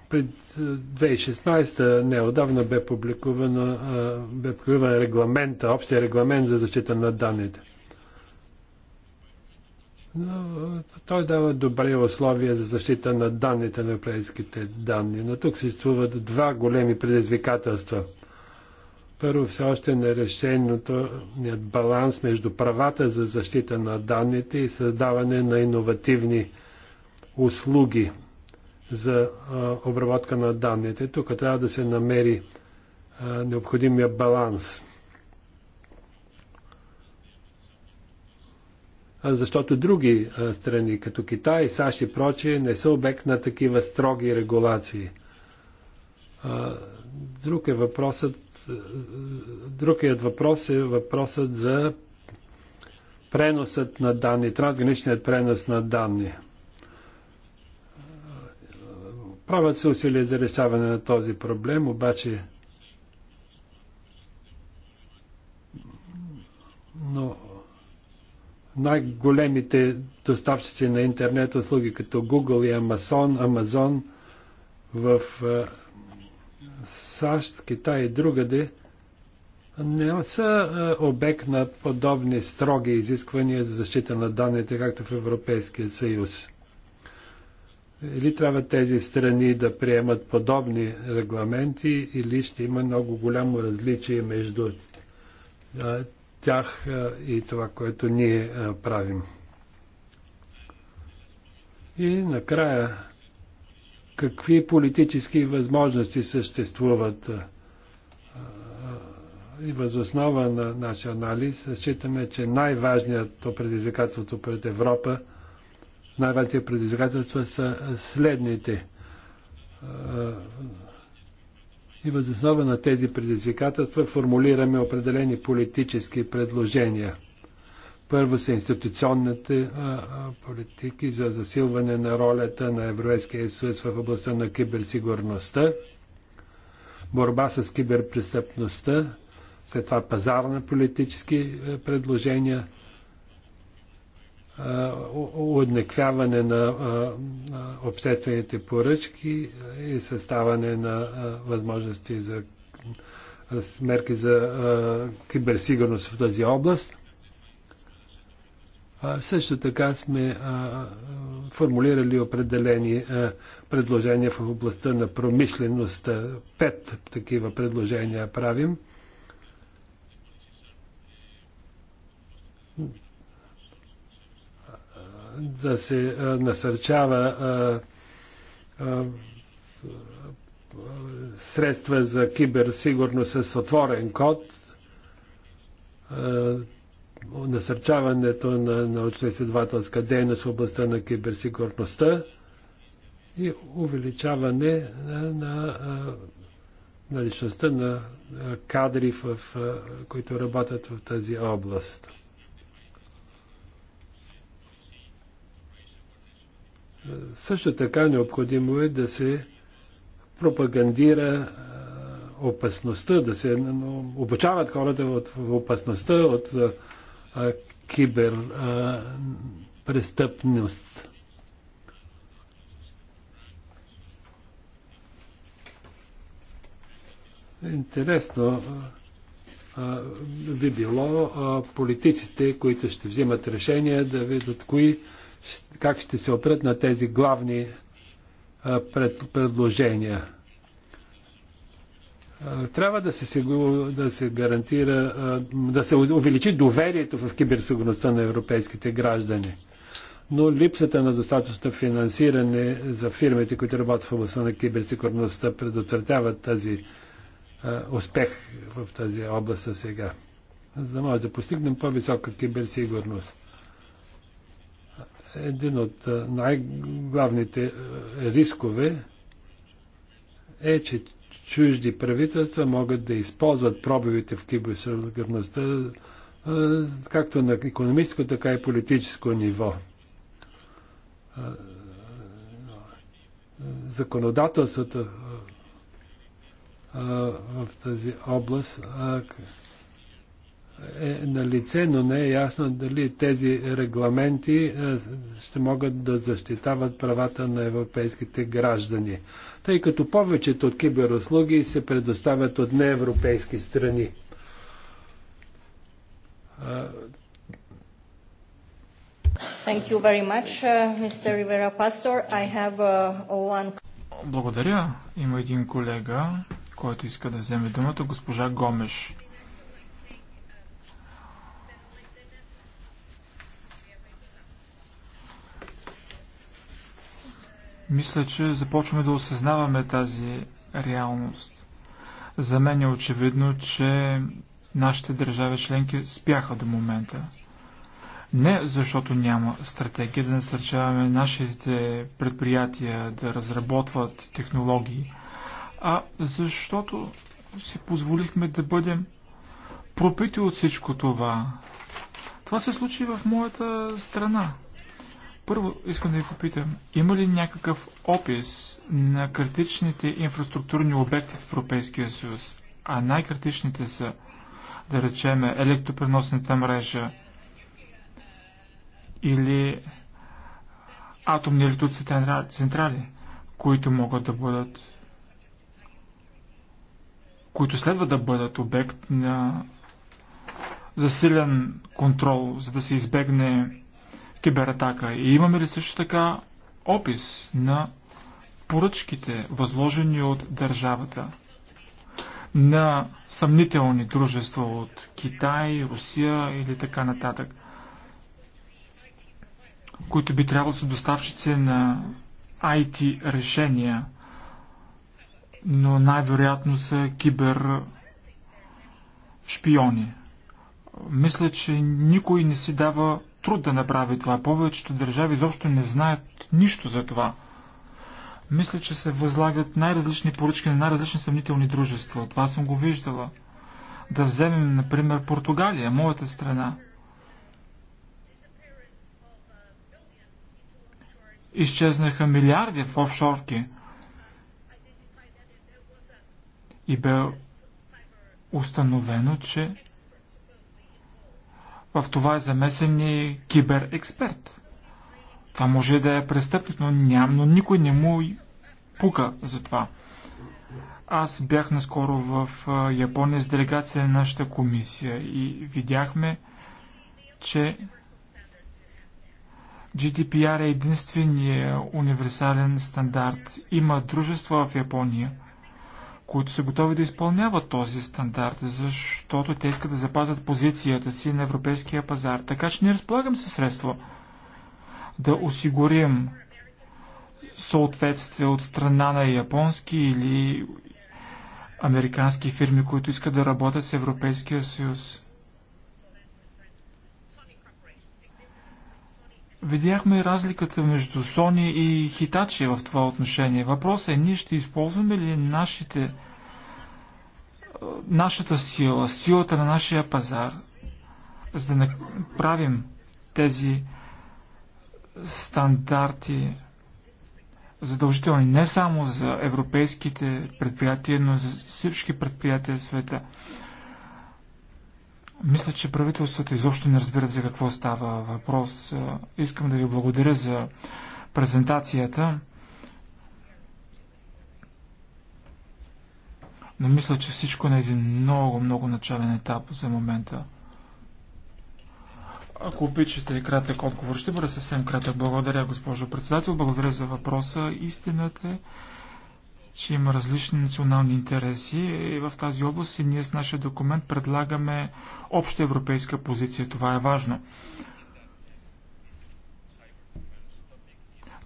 пред 2016 неодавна бе публикуван, бе публикуван регламента, общия регламент за защита на данните. Но, той дава добри условия за защита на данните на европейските данни, но тук съществуват два големи предизвикателства. Първо, все още нерешеното баланс между правата за защита на данните и създаване на иновативни услуги за обработка на данните. Тук трябва да се намери необходимия баланс. Защото други страни, като Китай, САЩ и прочие, не са обект на такива строги регулации. Друг е въпросът, другият въпрос е въпросът за преносът на данни, трансграничният пренос на данни – Правят се усилия за решаване на този проблем, обаче но най-големите доставчици на интернет услуги като Google и Amazon, Amazon в е, САЩ, Китай и другаде не са е, обект на подобни строги изисквания за защита на данните, както в Европейския съюз. Или трябва тези страни да приемат подобни регламенти, или ще има много голямо различие между тях и това, което ние правим. И накрая, какви политически възможности съществуват и възоснова на нашия анализ, считаме, че най-важният предизвикателство пред Европа – най-важните предизвикателства са следните. И възоснова на тези предизвикателства формулираме определени политически предложения. Първо са институционните политики за засилване на ролята на Европейския съюз в областта на киберсигурността, борба с киберпрестъпността, след това пазарна политически предложения – уеднаквяване на обществените поръчки и съставане на възможности за мерки за киберсигурност в тази област. Също така сме формулирали определени предложения в областта на промишлеността. Пет такива предложения правим да се насърчава средства за киберсигурност с отворен код, насърчаването на научно-изследователска дейност в областта на киберсигурността и увеличаване на, на наличността на кадри, в, които работят в тази област. Също така необходимо е да се пропагандира опасността, да се обучават хората от опасността от киберпрестъпност. Интересно а, би било а, политиците, които ще взимат решения, да видят кои как ще се опрят на тези главни пред, предложения. Трябва да се, да се гарантира, да се увеличи доверието в киберсигурността на европейските граждани. Но липсата на достатъчно финансиране за фирмите, които работят в областта на киберсигурността, предотвратяват тази успех в тази област сега, за да може да постигнем по-висока киберсигурност един от най-главните рискове е, че чужди правителства могат да използват пробивите в киберсигурността както на економическо, така и политическо ниво. Законодателството в тази област е на лице, но не е ясно дали тези регламенти е, ще могат да защитават правата на европейските граждани, тъй като повечето от киберуслуги се предоставят от неевропейски страни. Е, Thank you very much, uh, Mr. Rivera Pastor. I have uh, one... Благодаря. Има един колега, който иска да вземе думата, госпожа Гомеш. Мисля, че започваме да осъзнаваме тази реалност. За мен е очевидно, че нашите държави членки спяха до момента. Не защото няма стратегия да насърчаваме нашите предприятия да разработват технологии, а защото си позволихме да бъдем пропити от всичко това. Това се случи в моята страна. Първо искам да ви попитам, има ли някакъв опис на критичните инфраструктурни обекти в Европейския съюз? А най-критичните са, да речем, електропреносната мрежа или атомни електроцентрали, които могат да бъдат които следва да бъдат обект на засилен контрол, за да се избегне кибератака? И имаме ли също така опис на поръчките, възложени от държавата на съмнителни дружества от Китай, Русия или така нататък, които би трябвало да са доставчици на IT решения, но най-вероятно са кибер шпиони. Мисля, че никой не си дава труд да направи това. Повечето държави изобщо не знаят нищо за това. Мисля, че се възлагат най-различни поръчки на най-различни съмнителни дружества. Това съм го виждала. Да вземем, например, Португалия, моята страна. Изчезнаха милиарди в офшорки. И бе установено, че в това е замесен и киберексперт. Това може да е престъпник, но, нямам, но никой не му пука за това. Аз бях наскоро в Япония с делегация на нашата комисия и видяхме, че GDPR е единствения универсален стандарт. Има дружества в Япония – които са готови да изпълняват този стандарт, защото те искат да запазят позицията си на европейския пазар. Така че ние разполагам със средства да осигурим съответствие от страна на японски или американски фирми, които искат да работят с Европейския съюз. Видяхме разликата между Sony и Hitachi в това отношение. Въпросът е, ние ще използваме ли нашите, нашата сила, силата на нашия пазар, за да направим тези стандарти задължителни не само за европейските предприятия, но и за всички предприятия в света. Мисля, че правителството изобщо не разбира за какво става въпрос. Искам да ви благодаря за презентацията. Но мисля, че всичко е на един много, много начален етап за момента. Ако обичате и кратък отговор, ще бъде съвсем кратък. Благодаря, госпожо председател. Благодаря за въпроса. Истината е, че има различни национални интереси и в тази област и ние с нашия документ предлагаме обща европейска позиция. Това е важно.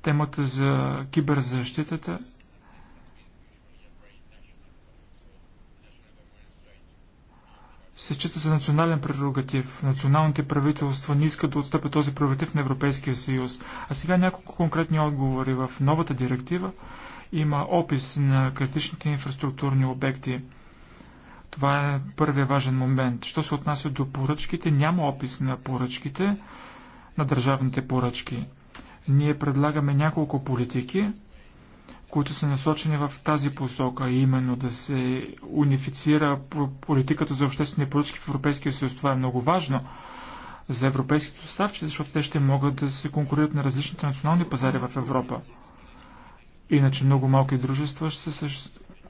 Темата за киберзащитата се счита за национален прерогатив. Националните правителства не искат да отстъпят този прерогатив на Европейския съюз. А сега няколко конкретни отговори в новата директива има опис на критичните инфраструктурни обекти. Това е първият важен момент. Що се отнася до поръчките, няма опис на поръчките, на държавните поръчки. Ние предлагаме няколко политики, които са насочени в тази посока, именно да се унифицира политиката за обществени поръчки в Европейския съюз. Това е много важно за европейските доставчици, защото те ще могат да се конкурират на различните национални пазари в Европа. Иначе много малки дружества ще се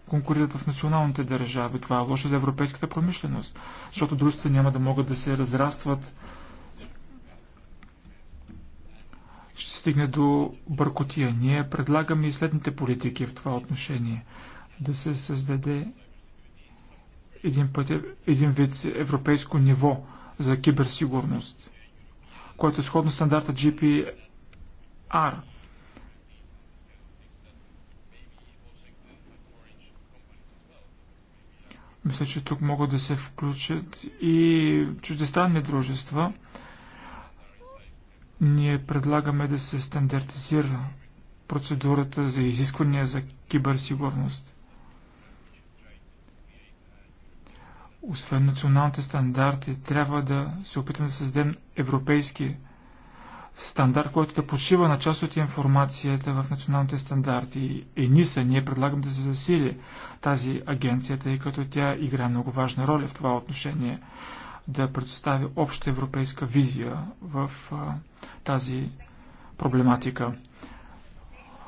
конкурират в националните държави. Това е лошо за европейската промишленост, защото дружествата няма да могат да се разрастват. Ще стигне до бъркотия. Ние предлагаме и следните политики в това отношение. Да се създаде един, път, един вид европейско ниво за киберсигурност, което е сходно стандарта GPR – Мисля, че тук могат да се включат и чуждестранни дружества. Ние предлагаме да се стандартизира процедурата за изисквания за киберсигурност. Освен националните стандарти, трябва да се опитаме да създадем европейски стандарти стандарт, който да почива на част от информацията в националните стандарти. И НИСА, ние предлагам да се засили тази агенция, тъй като тя играе много важна роля в това отношение, да предостави обща европейска визия в тази проблематика.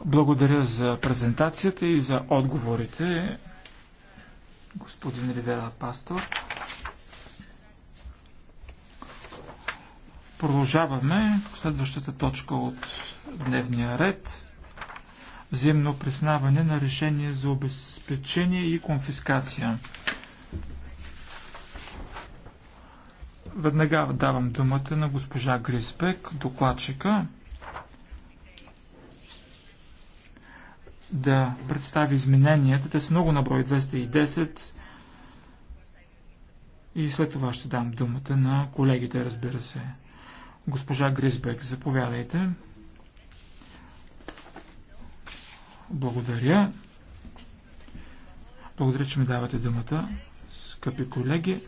Благодаря за презентацията и за отговорите, господин Ривера Пастор. Продължаваме следващата точка от дневния ред. Взаимно признаване на решение за обезпечение и конфискация. Веднага давам думата на госпожа Гриспек, докладчика, да представи измененията. Те са много на брой 210 и след това ще дам думата на колегите, разбира се. Госпожа Гризбек, заповядайте. Благодаря. Благодаря, че ми давате думата. Скъпи колеги,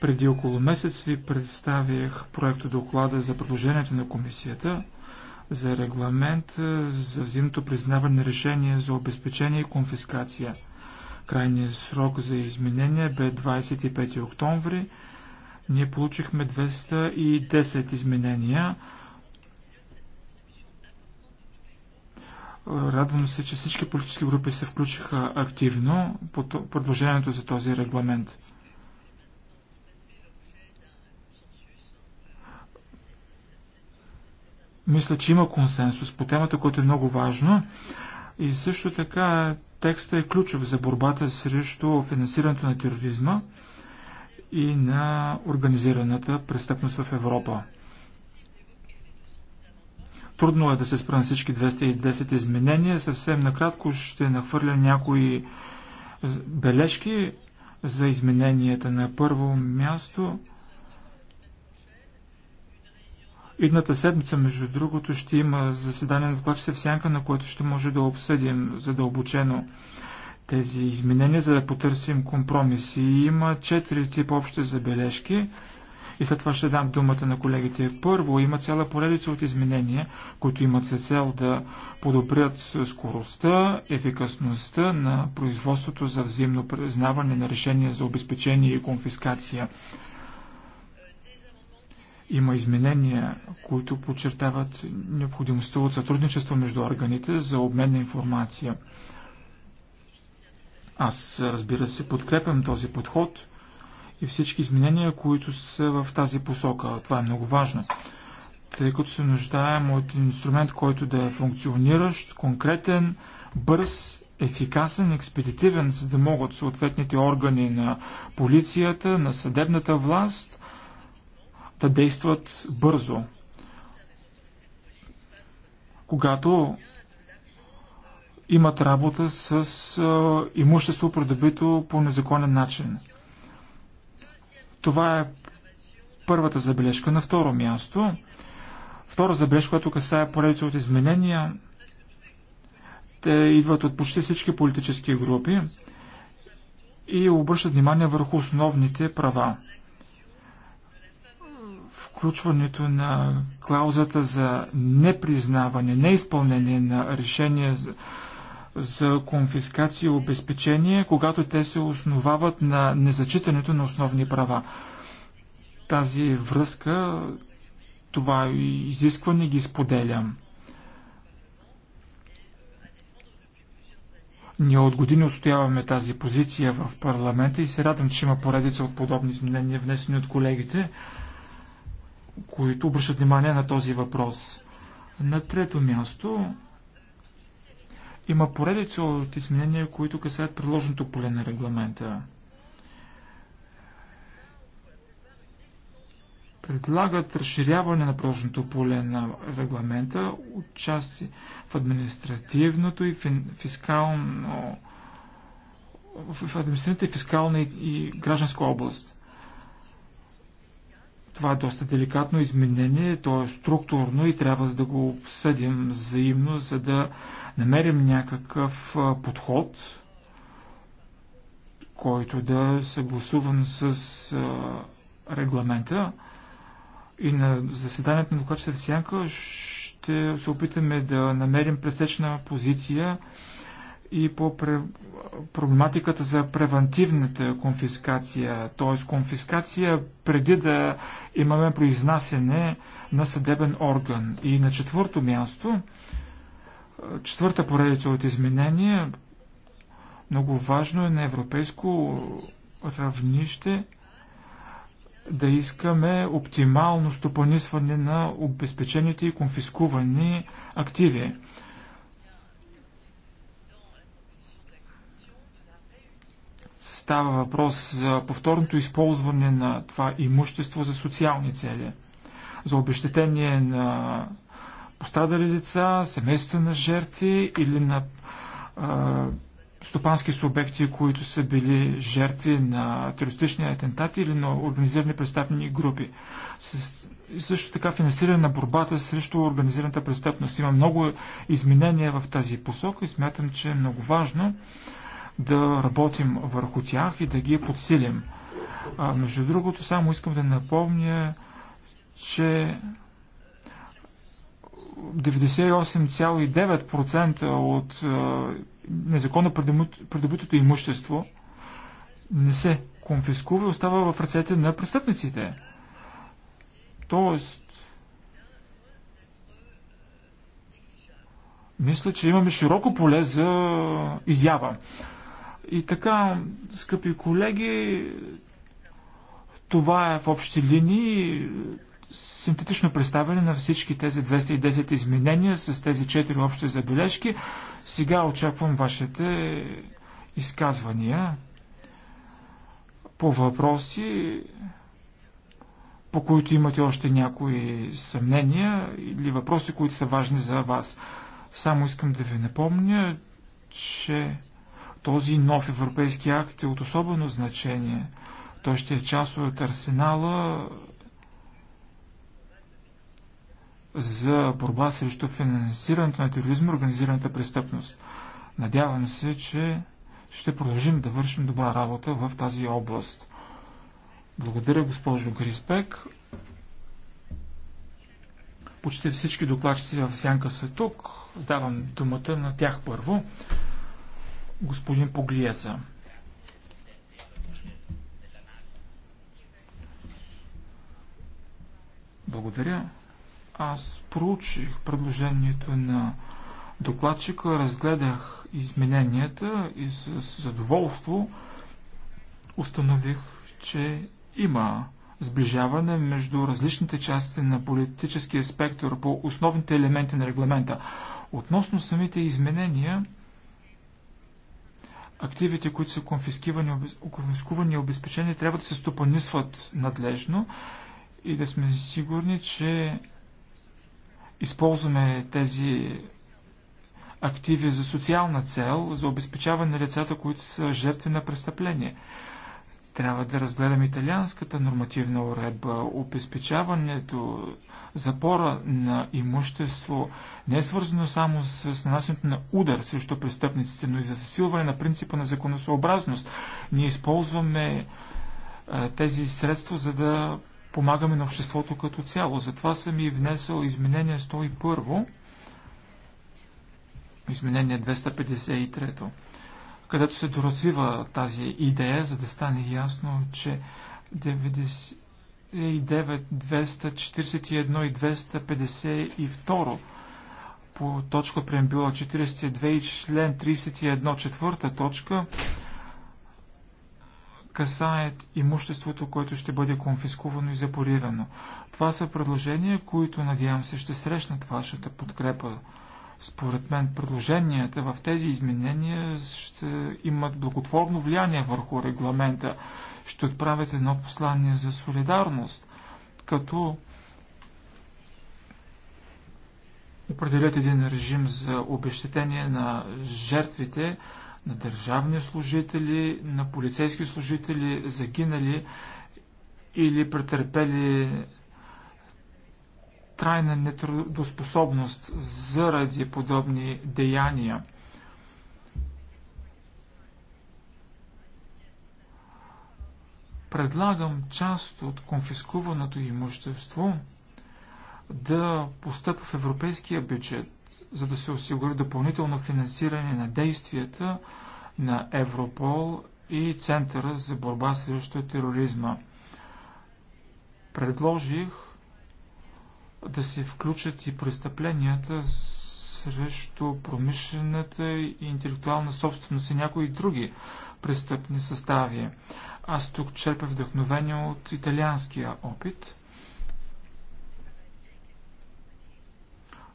преди около месец ви представих проекта доклада за предложението на комисията за регламент за взимното признаване на решение за обезпечение и конфискация. Крайният срок за изменение бе 25 октомври ние получихме 210 изменения. Радвам се, че всички политически групи се включиха активно по предложението за този регламент. Мисля, че има консенсус по темата, което е много важно. И също така текста е ключов за борбата срещу финансирането на тероризма и на организираната престъпност в Европа. Трудно е да се спра на всички 210 изменения. Съвсем накратко ще нахвърля някои бележки за измененията. На първо място Идната седмица, между другото, ще има заседание на докладчица в Сянка, на което ще може да обсъдим задълбочено тези изменения, за да потърсим компромис. И има четири типа общи забележки. И след това ще дам думата на колегите. Първо, има цяла поредица от изменения, които имат за цел да подобрят скоростта, ефикасността на производството за взаимно признаване на решения за обезпечение и конфискация. Има изменения, които подчертават необходимостта от сътрудничество между органите за обмен на информация. Аз, разбира се, подкрепям този подход и всички изменения, които са в тази посока. Това е много важно, тъй като се нуждаем от инструмент, който да е функциониращ, конкретен, бърз ефикасен, експедитивен, за да могат съответните органи на полицията, на съдебната власт да действат бързо. Когато имат работа с имущество, придобито по незаконен начин. Това е първата забележка. На второ място, втора забележка, която касае поредица от изменения, те идват от почти всички политически групи и обръщат внимание върху основните права. Включването на клаузата за непризнаване, неизпълнение на решение за конфискация и обезпечение, когато те се основават на незачитането на основни права. Тази връзка, това изискване ги споделям. Ние от години отстояваме тази позиция в парламента и се радвам, че има поредица от подобни изменения, внесени от колегите, които обръщат внимание на този въпрос. На трето място има поредица от изменения, които касаят приложното поле на регламента. предлагат разширяване на прочното поле на регламента от части в административното и фискално в административната и фискална и гражданска област. Това е доста деликатно изменение, то е структурно и трябва да го обсъдим взаимно, за да намерим някакъв подход, който да е съгласуван с регламента. И на заседанието на докладчета в Сянка ще се опитаме да намерим пресечна позиция и по проблематиката за превентивната конфискация, т.е. конфискация преди да имаме произнасяне на съдебен орган. И на четвърто място Четвърта поредица от изменения, много важно е на европейско равнище да искаме оптимално стопанисване на обезпечените и конфискувани активи. Става въпрос за повторното използване на това имущество за социални цели, за обещетение на пострадали лица, семейства на жертви или на а, стопански субекти, които са били жертви на терористични атентати или на организирани престъпни групи. С, и също така финансиране на борбата срещу организираната престъпност. Има много изменения в тази посока и смятам, че е много важно да работим върху тях и да ги подсилим. А, между другото, само искам да напомня, че 98,9% от е, незаконно придобитото имущество не се конфискува и остава в ръцете на престъпниците. Тоест, мисля, че имаме широко поле за изява. И така, скъпи колеги, това е в общи линии синтетично представяне на всички тези 210 изменения с тези 4 общи забележки. Сега очаквам вашите изказвания по въпроси, по които имате още някои съмнения или въпроси, които са важни за вас. Само искам да ви напомня, че този нов европейски акт е от особено значение. Той ще е част от арсенала за борба срещу финансирането на тероризма и организираната престъпност. Надявам се, че ще продължим да вършим добра работа в тази област. Благодаря, госпожо Гриспек. Почти всички докладчици в Сянка са тук. Давам думата на тях първо. Господин Поглиеца. Благодаря. Аз проучих предложението на докладчика, разгледах измененията и с задоволство установих, че има сближаване между различните части на политическия спектър по основните елементи на регламента. Относно самите изменения, активите, които са конфискувани и обезпечени, трябва да се стопанисват надлежно и да сме сигурни, че използваме тези активи за социална цел, за обезпечаване на лицата, които са жертви на престъпление. Трябва да разгледам италианската нормативна уредба, обезпечаването, запора на имущество не е свързано само с нанасянето на удар срещу престъпниците, но и за засилване на принципа на законосъобразност. Ние използваме тези средства, за да помагаме на обществото като цяло. Затова съм и внесъл изменение 101, изменение 253, където се доразвива тази идея, за да стане ясно, че 99, 241 и 252 по точка преамбюла 42 и член 31 четвърта точка касаят имуществото, което ще бъде конфискувано и запорирано. Това са предложения, които надявам се ще срещнат вашата подкрепа. Според мен предложенията в тези изменения ще имат благотворно влияние върху регламента. Ще отправят едно послание за солидарност, като определят един режим за обещетение на жертвите, на държавни служители, на полицейски служители, загинали или претърпели трайна нетрудоспособност заради подобни деяния. Предлагам част от конфискуваното имущество да постъпва в европейския бюджет за да се осигури допълнително финансиране на действията на Европол и Центъра за борба срещу тероризма. Предложих да се включат и престъпленията срещу промишлената и интелектуална собственост и някои други престъпни състави. Аз тук черпя вдъхновение от италианския опит –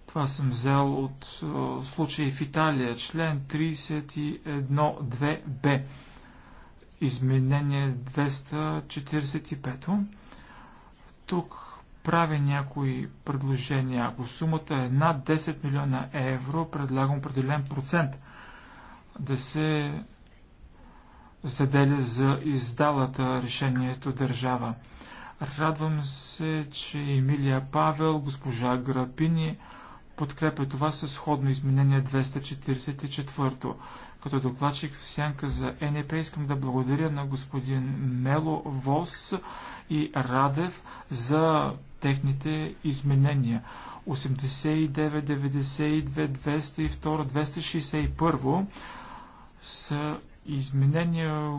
Това съм взел от случай в Италия, член 31.2b, изменение 245. Тук прави някои предложения. Ако сумата е над 10 милиона евро, предлагам определен процент да се заделя за издалата решението държава. Радвам се, че Емилия Павел, госпожа Грапини, подкрепя това със сходно изменение 244. Като докладчик в сянка за НЕП искам да благодаря на господин Мело Вос и Радев за техните изменения. 89, 92, 202, 261 са изменения,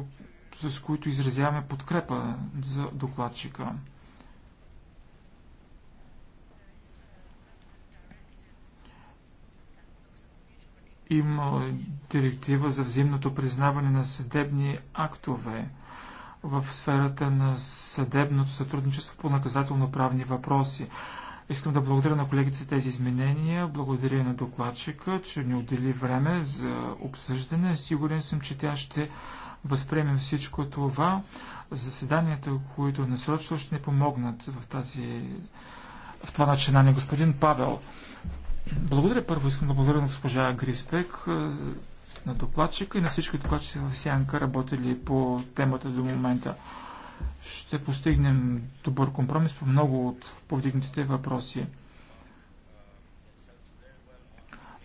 с които изразяваме подкрепа за докладчика. Има директива за взаимното признаване на съдебни актове в сферата на съдебното сътрудничество по наказателно-правни въпроси. Искам да благодаря на колегите за тези изменения, благодаря на докладчика, че ни отдели време за обсъждане. Сигурен съм, че тя ще възприеме всичко това. Заседанията, които насрочва, ще ни помогнат в, тази, в това начинание. Господин Павел, благодаря. Първо искам да благодаря на госпожа Гриспек, е, на докладчика и на всички докладчици в Сянка, работили по темата до момента. Ще постигнем добър компромис по много от повдигнатите въпроси.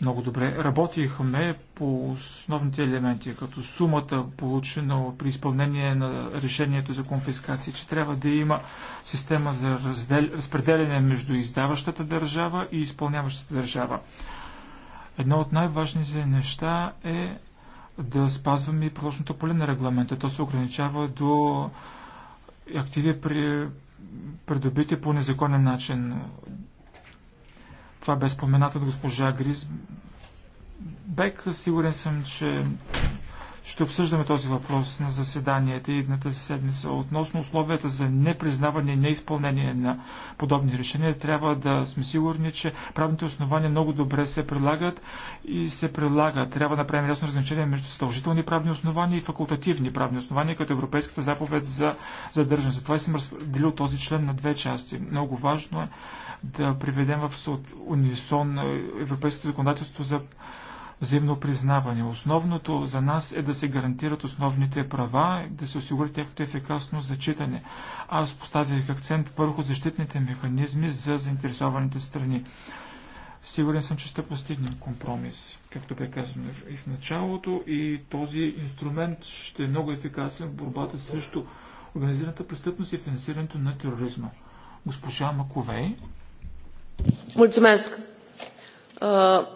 много добре. Работихме по основните елементи, като сумата получена при изпълнение на решението за конфискация, че трябва да има система за раздел... разпределение между издаващата държава и изпълняващата държава. Едно от най-важните неща е да спазваме и прочното поле на регламента. То се ограничава до активи при придобити по незаконен начин. Това бе спомената от госпожа Гриз. Бек, сигурен съм, че ще обсъждаме този въпрос на заседанията и едната седмица. Относно условията за непризнаване и неизпълнение на подобни решения, трябва да сме сигурни, че правните основания много добре се прилагат и се прилагат. Трябва да направим ясно разграничение между задължителни правни основания и факултативни правни основания, като Европейската заповед за задържане. Затова съм разделил този член на две части. Много важно е да приведем в унисон е, европейското законодателство за взаимно признаване. Основното за нас е да се гарантират основните права, да се осигури тяхното ефикасно зачитане. Аз поставях акцент върху защитните механизми за заинтересованите страни. Сигурен съм, че ще постигнем компромис, както бе казано и в началото, и този инструмент ще е много ефикасен в борбата срещу организираната престъпност и финансирането на тероризма. Госпожа Маковей. Uh,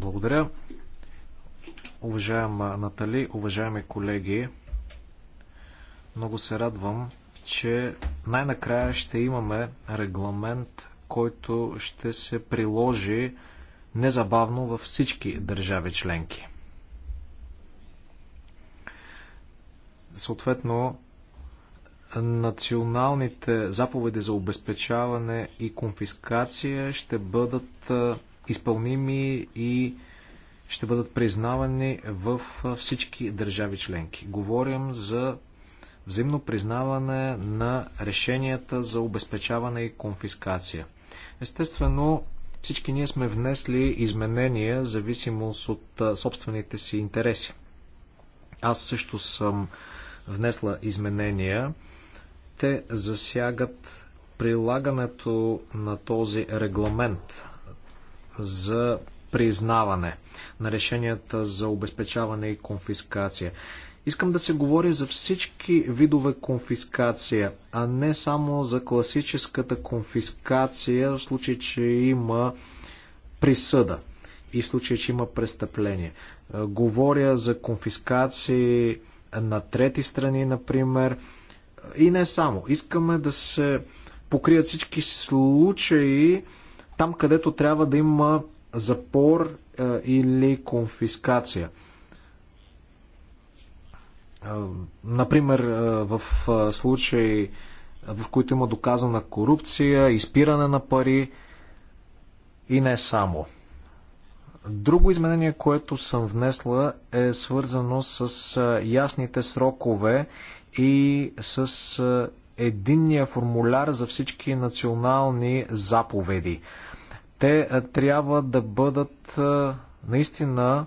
Благодаря. Уважаема Натали, уважаеми колеги, много се радвам, че най-накрая ще имаме регламент, който ще се приложи незабавно във всички държави членки. Съответно, националните заповеди за обезпечаване и конфискация ще бъдат изпълними и ще бъдат признавани в всички държави членки. Говорим за взаимно признаване на решенията за обезпечаване и конфискация. Естествено, всички ние сме внесли изменения в зависимост от собствените си интереси. Аз също съм внесла изменения. Те засягат прилагането на този регламент за признаване на решенията за обезпечаване и конфискация. Искам да се говори за всички видове конфискация, а не само за класическата конфискация в случай, че има присъда и в случай, че има престъпление. Говоря за конфискации на трети страни, например, и не само. Искаме да се покрият всички случаи там, където трябва да има запор е, или конфискация. Е, например, е, в случаи, в които има доказана корупция, изпиране на пари и не само. Друго изменение, което съм внесла е свързано с ясните срокове и с единния формуляр за всички национални заповеди. Те трябва да бъдат наистина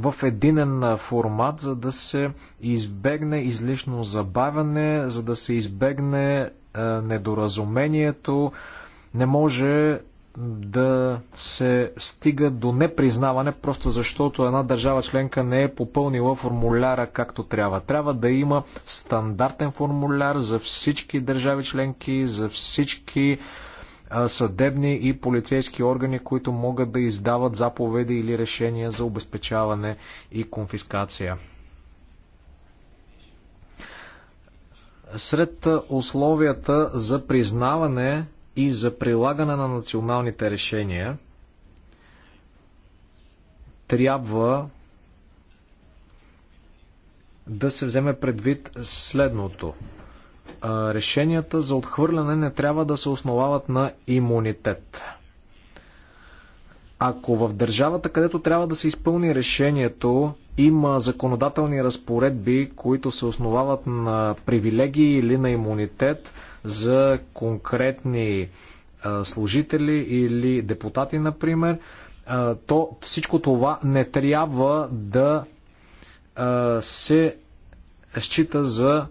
в единен формат, за да се избегне излишно забавяне, за да се избегне недоразумението. Не може да се стига до непризнаване, просто защото една държава членка не е попълнила формуляра както трябва. Трябва да има стандартен формуляр за всички държави членки, за всички съдебни и полицейски органи, които могат да издават заповеди или решения за обезпечаване и конфискация. Сред условията за признаване и за прилагане на националните решения трябва да се вземе предвид следното. Решенията за отхвърляне не трябва да се основават на имунитет. Ако в държавата, където трябва да се изпълни решението, има законодателни разпоредби, които се основават на привилегии или на имунитет, за конкретни служители или депутати, например, то всичко това не трябва да се счита за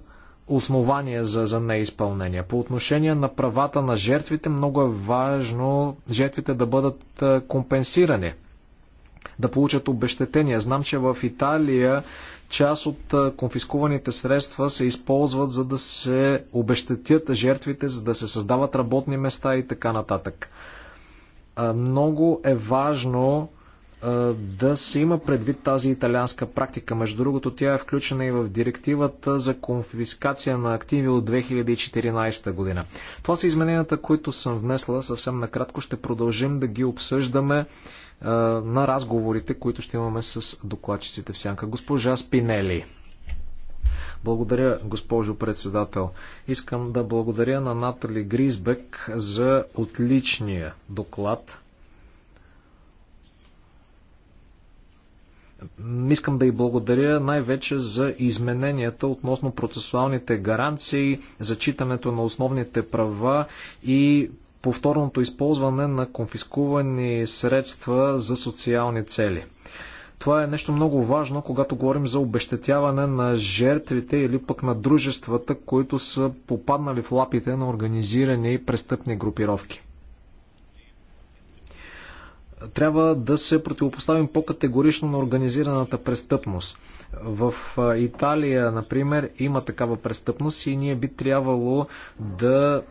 основание за, за неизпълнение. По отношение на правата на жертвите, много е важно жертвите да бъдат компенсирани, да получат обещетения. Знам, че в Италия Част от конфискуваните средства се използват за да се обещатят жертвите, за да се създават работни места и така нататък. Много е важно да се има предвид тази италианска практика. Между другото, тя е включена и в директивата за конфискация на активи от 2014 година. Това са измененията, които съм внесла съвсем накратко. Ще продължим да ги обсъждаме на разговорите, които ще имаме с докладчиците в сянка. Госпожа Спинели. Благодаря, госпожо председател. Искам да благодаря на Натали Гризбек за отличния доклад. Искам да й благодаря най-вече за измененията относно процесуалните гаранции, зачитането на основните права и повторното използване на конфискувани средства за социални цели. Това е нещо много важно, когато говорим за обещетяване на жертвите или пък на дружествата, които са попаднали в лапите на организирани престъпни групировки. Трябва да се противопоставим по-категорично на организираната престъпност. В Италия, например, има такава престъпност и ние би трябвало да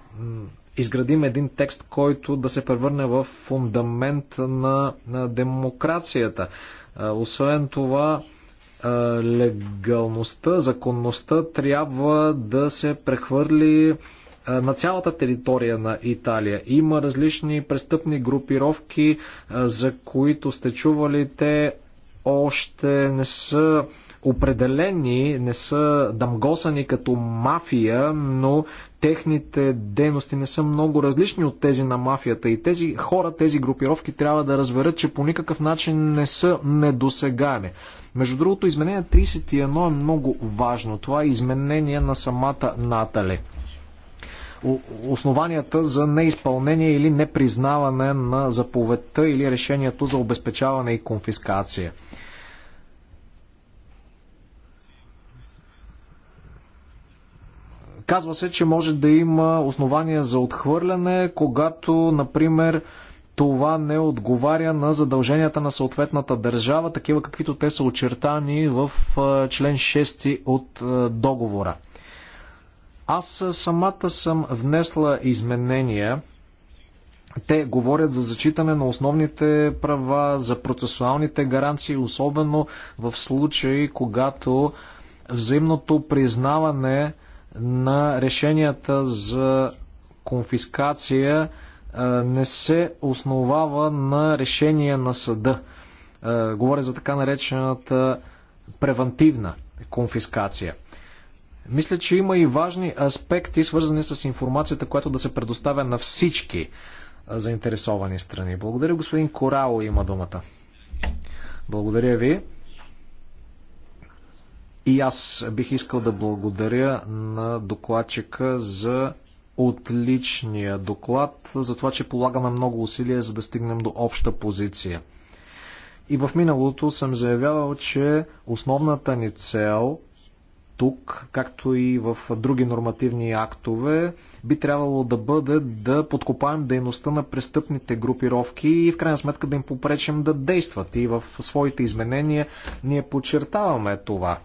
изградим един текст, който да се превърне в фундамент на, на демокрацията. Освен това, легалността, законността трябва да се прехвърли на цялата територия на Италия. Има различни престъпни групировки, за които сте чували, те още не са определени, не са дамгосани като мафия, но Техните дейности не са много различни от тези на мафията и тези хора, тези групировки трябва да разберат, че по никакъв начин не са недосегаеми. Между другото, изменение 31 е много важно. Това е изменение на самата Натали основанията за неизпълнение или непризнаване на заповедта или решението за обезпечаване и конфискация. Казва се, че може да има основания за отхвърляне, когато, например, това не отговаря на задълженията на съответната държава, такива каквито те са очертани в член 6 от договора. Аз самата съм внесла изменения. Те говорят за зачитане на основните права, за процесуалните гаранции, особено в случаи, когато взаимното признаване на решенията за конфискация не се основава на решение на съда. Говоря за така наречената превантивна конфискация. Мисля, че има и важни аспекти, свързани с информацията, която да се предоставя на всички заинтересовани страни. Благодаря, господин Корало има думата. Благодаря ви. И аз бих искал да благодаря на докладчика за отличния доклад, за това, че полагаме много усилия, за да стигнем до обща позиция. И в миналото съм заявявал, че основната ни цел тук, както и в други нормативни актове, би трябвало да бъде да подкопаем дейността на престъпните групировки и в крайна сметка да им попречим да действат. И в своите изменения ние подчертаваме това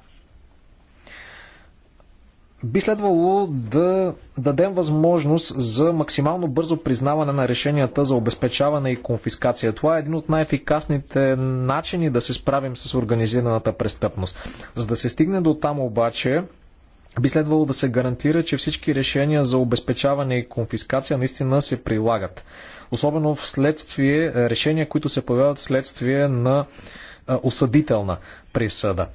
би следвало да дадем възможност за максимално бързо признаване на решенията за обезпечаване и конфискация. Това е един от най-ефикасните начини да се справим с организираната престъпност. За да се стигне до там обаче, би следвало да се гарантира, че всички решения за обезпечаване и конфискация наистина се прилагат. Особено в следствие, решения, които се появяват следствие на осъдителна присъда.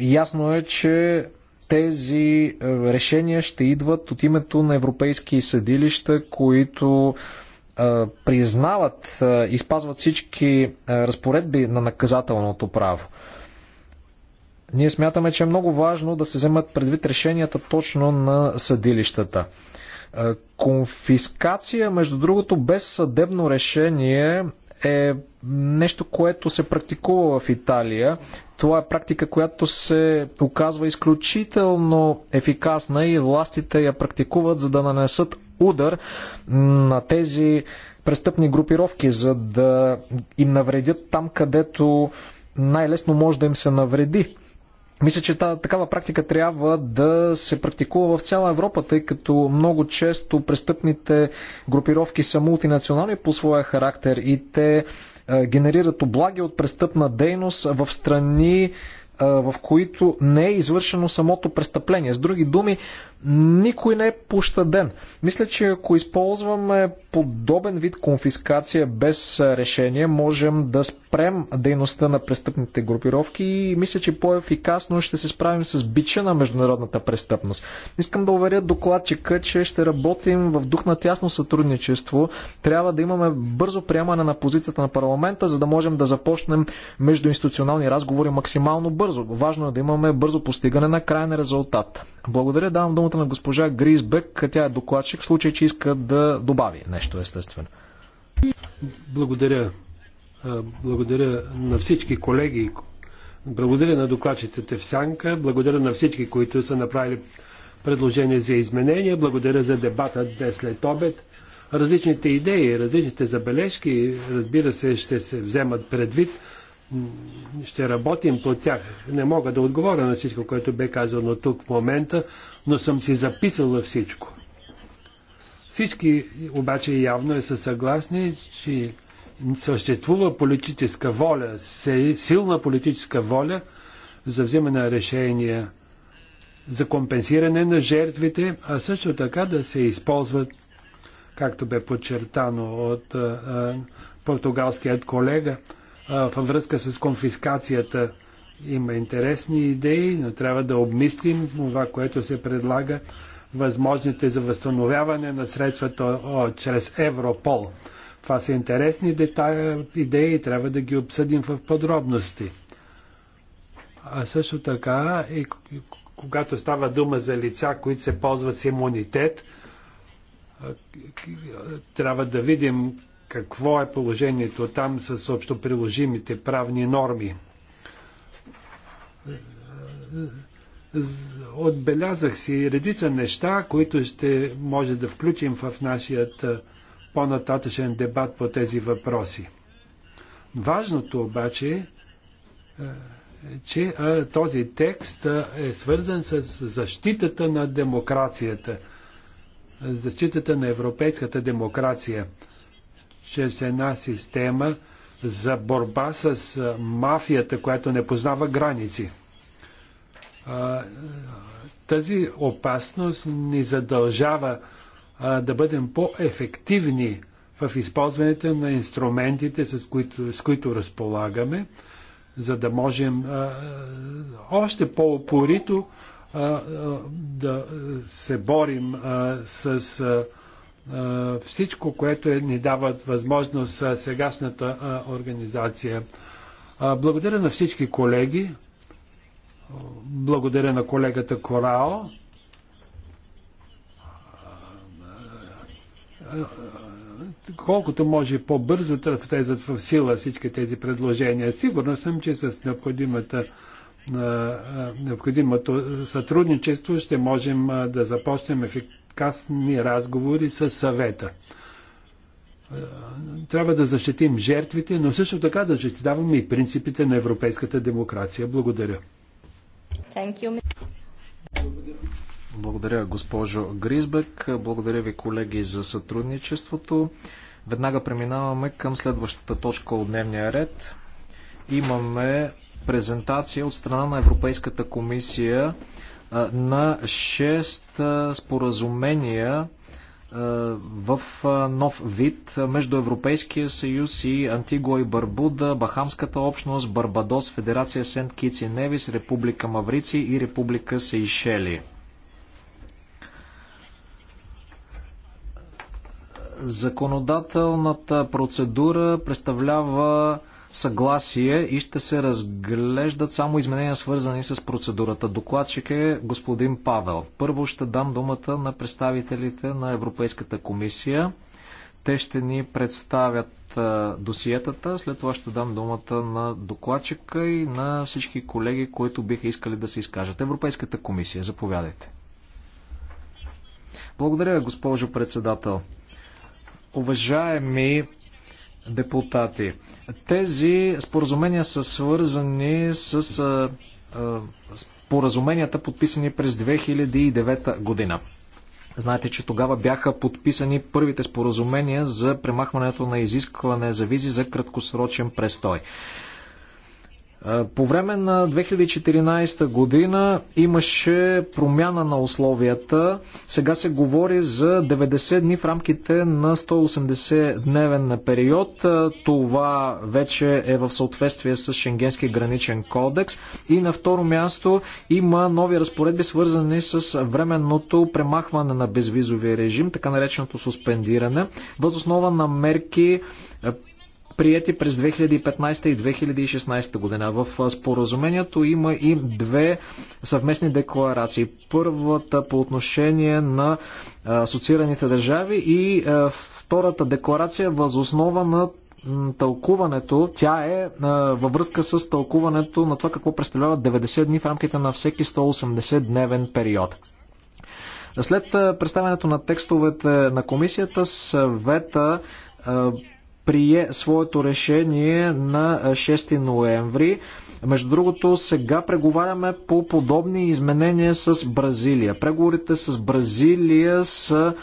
Ясно е, че тези е, решения ще идват от името на европейски съдилища, които е, признават е, и спазват всички разпоредби на наказателното право. Ние смятаме, че е много важно да се вземат предвид решенията точно на съдилищата. Конфискация, между другото, без съдебно решение е нещо, което се практикува в Италия. Това е практика, която се оказва изключително ефикасна и властите я практикуват, за да нанесат удар на тези престъпни групировки, за да им навредят там, където най-лесно може да им се навреди. Мисля, че та, такава практика трябва да се практикува в цяла Европа, тъй като много често престъпните групировки са мултинационални по своя характер и те е, генерират облаги от престъпна дейност в страни, е, в които не е извършено самото престъпление. С други думи, никой не е пощаден. Мисля, че ако използваме подобен вид конфискация без решение, можем да спрем дейността на престъпните групировки и мисля, че по-ефикасно ще се справим с бича на международната престъпност. Искам да уверя докладчика, че ще работим в дух на тясно сътрудничество. Трябва да имаме бързо приемане на позицията на парламента, за да можем да започнем междуинституционални разговори максимално бързо. Важно е да имаме бързо постигане на крайен резултат. Благодаря, давам думата думата на госпожа Гризбек. Тя е докладчик, в случай, че иска да добави нещо, естествено. Благодаря. Благодаря на всички колеги. Благодаря на докладчиците в Сянка. Благодаря на всички, които са направили предложения за изменения. Благодаря за дебата днес след обед. Различните идеи, различните забележки, разбира се, ще се вземат предвид ще работим по тях. Не мога да отговоря на всичко, което бе казано тук в момента, но съм си записал всичко. Всички обаче явно е са съгласни, че съществува политическа воля, силна политическа воля за вземане на решения за компенсиране на жертвите, а също така да се използват, както бе подчертано от а, а, португалският колега, във връзка с конфискацията има интересни идеи, но трябва да обмислим това, което се предлага, възможните за възстановяване на средствата о, чрез Европол. Това са интересни детали, идеи и трябва да ги обсъдим в подробности. А също така, и, когато става дума за лица, които се ползват с имунитет, трябва да видим какво е положението там с общоприложимите правни норми. Отбелязах си редица неща, които ще може да включим в нашият по-нататъчен дебат по тези въпроси. Важното обаче е, че този текст е свързан с защитата на демокрацията, защитата на европейската демокрация чрез една система за борба с мафията, която не познава граници. Тази опасност ни задължава да бъдем по-ефективни в използването на инструментите, с които, с които разполагаме, за да можем още по-опорито да се борим с. А, всичко, което е, ни дават възможност сегашната а, организация. А, благодаря на всички колеги. Благодаря на колегата Корао. Колкото може по-бързо тръптезат в сила всички тези предложения. Сигурно съм, че с необходимата необходимото сътрудничество ще можем да започнем ефективно подкастни разговори с съвета. Е, трябва да защитим жертвите, но също така да защитаваме и принципите на европейската демокрация. Благодаря. Благодаря, госпожо Гризбек. Благодаря ви, колеги, за сътрудничеството. Веднага преминаваме към следващата точка от дневния ред. Имаме презентация от страна на Европейската комисия на 6 споразумения в нов вид между Европейския съюз и Антигуа и Барбуда, Бахамската общност, Барбадос, Федерация Сент Китс и Невис, Република Маврици и Република Сейшели. Законодателната процедура представлява съгласие и ще се разглеждат само изменения свързани с процедурата. Докладчик е господин Павел. Първо ще дам думата на представителите на Европейската комисия. Те ще ни представят досиетата, след това ще дам думата на докладчика и на всички колеги, които биха искали да се изкажат. Европейската комисия, заповядайте. Благодаря, госпожо председател. Уважаеми депутати. Тези споразумения са свързани с споразуменията, подписани през 2009 година. Знаете, че тогава бяха подписани първите споразумения за премахването на изискване за визи за краткосрочен престой. По време на 2014 година имаше промяна на условията. Сега се говори за 90 дни в рамките на 180 дневен период. Това вече е в съответствие с Шенгенския граничен кодекс. И на второ място има нови разпоредби, свързани с временното премахване на безвизовия режим, така нареченото суспендиране, възоснова на мерки прияти през 2015 и 2016 година. В споразумението има и две съвместни декларации. Първата по отношение на асоциираните държави и втората декларация възоснова на тълкуването, тя е във връзка с тълкуването на това какво представляват 90 дни в рамките на всеки 180 дневен период. След представянето на текстовете на комисията, съвета прие своето решение на 6 ноември. Между другото, сега преговаряме по подобни изменения с Бразилия. Преговорите с Бразилия са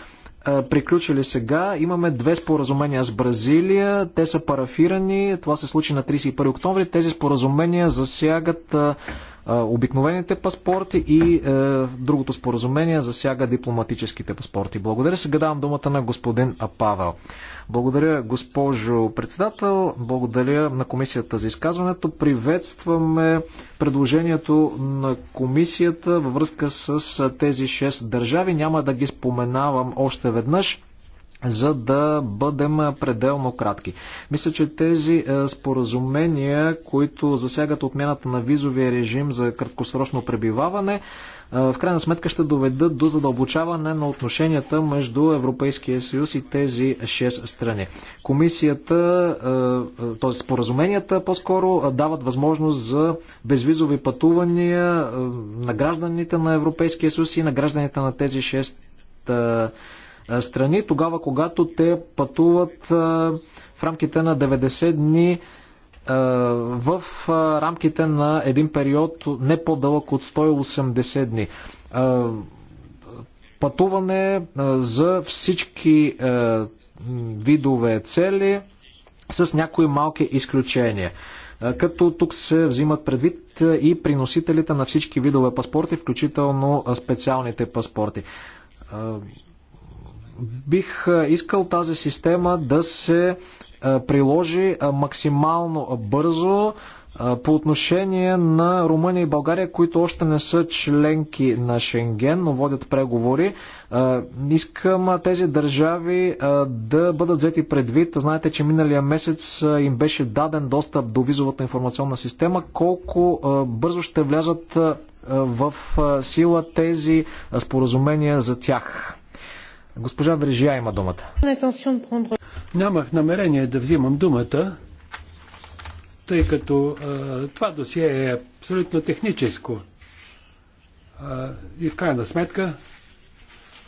приключили сега. Имаме две споразумения с Бразилия. Те са парафирани. Това се случи на 31 октомври. Тези споразумения засягат обикновените паспорти и е, другото споразумение засяга дипломатическите паспорти. Благодаря. Сега давам думата на господин Павел. Благодаря, госпожо председател. Благодаря на комисията за изказването. Приветстваме предложението на комисията във връзка с тези 6 държави. Няма да ги споменавам още веднъж за да бъдем пределно кратки. Мисля, че тези е, споразумения, които засягат отмяната на визовия режим за краткосрочно пребиваване, е, в крайна сметка ще доведат до задълбочаване на отношенията между Европейския съюз и тези 6 страни. Комисията, т.е. Е, споразуменията по-скоро дават възможност за безвизови пътувания на гражданите на Европейския съюз и на гражданите на тези 6 страни страни, тогава когато те пътуват в рамките на 90 дни в рамките на един период не по-дълъг от 180 дни. Пътуване за всички видове цели с някои малки изключения като тук се взимат предвид и приносителите на всички видове паспорти, включително специалните паспорти бих искал тази система да се приложи максимално бързо по отношение на Румъния и България, които още не са членки на Шенген, но водят преговори. Искам тези държави да бъдат взети предвид. Знаете, че миналия месец им беше даден достъп до визовата информационна система. Колко бързо ще влязат в сила тези споразумения за тях? Госпожа Брежия има думата. Нямах намерение да взимам думата, тъй като а, това досие е абсолютно техническо. А, и в крайна сметка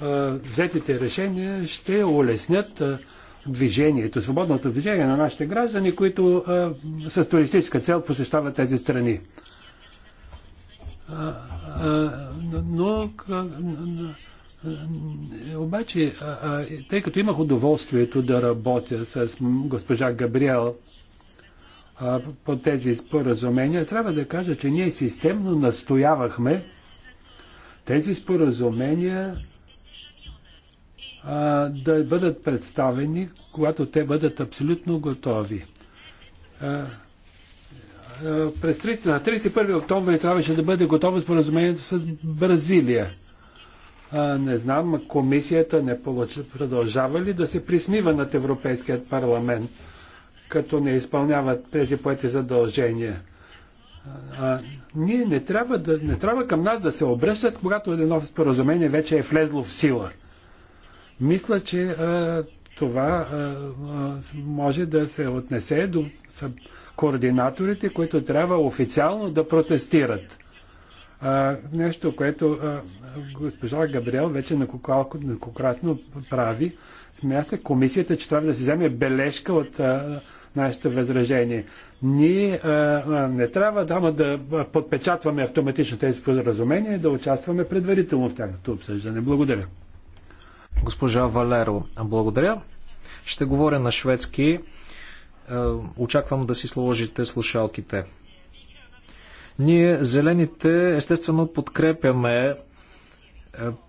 а, взетите решения ще улеснят а, движението, свободното движение на нашите граждани, които а, с туристическа цел посещават тези страни. А, а, но. А, обаче, тъй като имах удоволствието да работя с госпожа Габриел по тези споразумения, трябва да кажа, че ние системно настоявахме тези споразумения да бъдат представени, когато те бъдат абсолютно готови. през 30, на 31 октомври трябваше да бъде готово споразумението с Бразилия не знам, комисията не получи, продължава ли да се присмива над Европейският парламент, като не изпълняват тези поети задължения. А, ние не трябва, да, не трябва към нас да се обръщат, когато едно споразумение вече е влезло в сила. Мисля, че а, това а, а, може да се отнесе до са, координаторите, които трябва официално да протестират. А, нещо, което а, госпожа Габриел вече неколкократно прави, смята комисията, че трябва да се вземе бележка от а, нашите възражения. Ние а, а, не трябва дама да подпечатваме автоматично тези споразумения и да участваме предварително в тяхното обсъждане. Благодаря. Госпожа Валеро, благодаря. Ще говоря на шведски. Е, очаквам да си сложите слушалките. Ние, зелените, естествено подкрепяме е,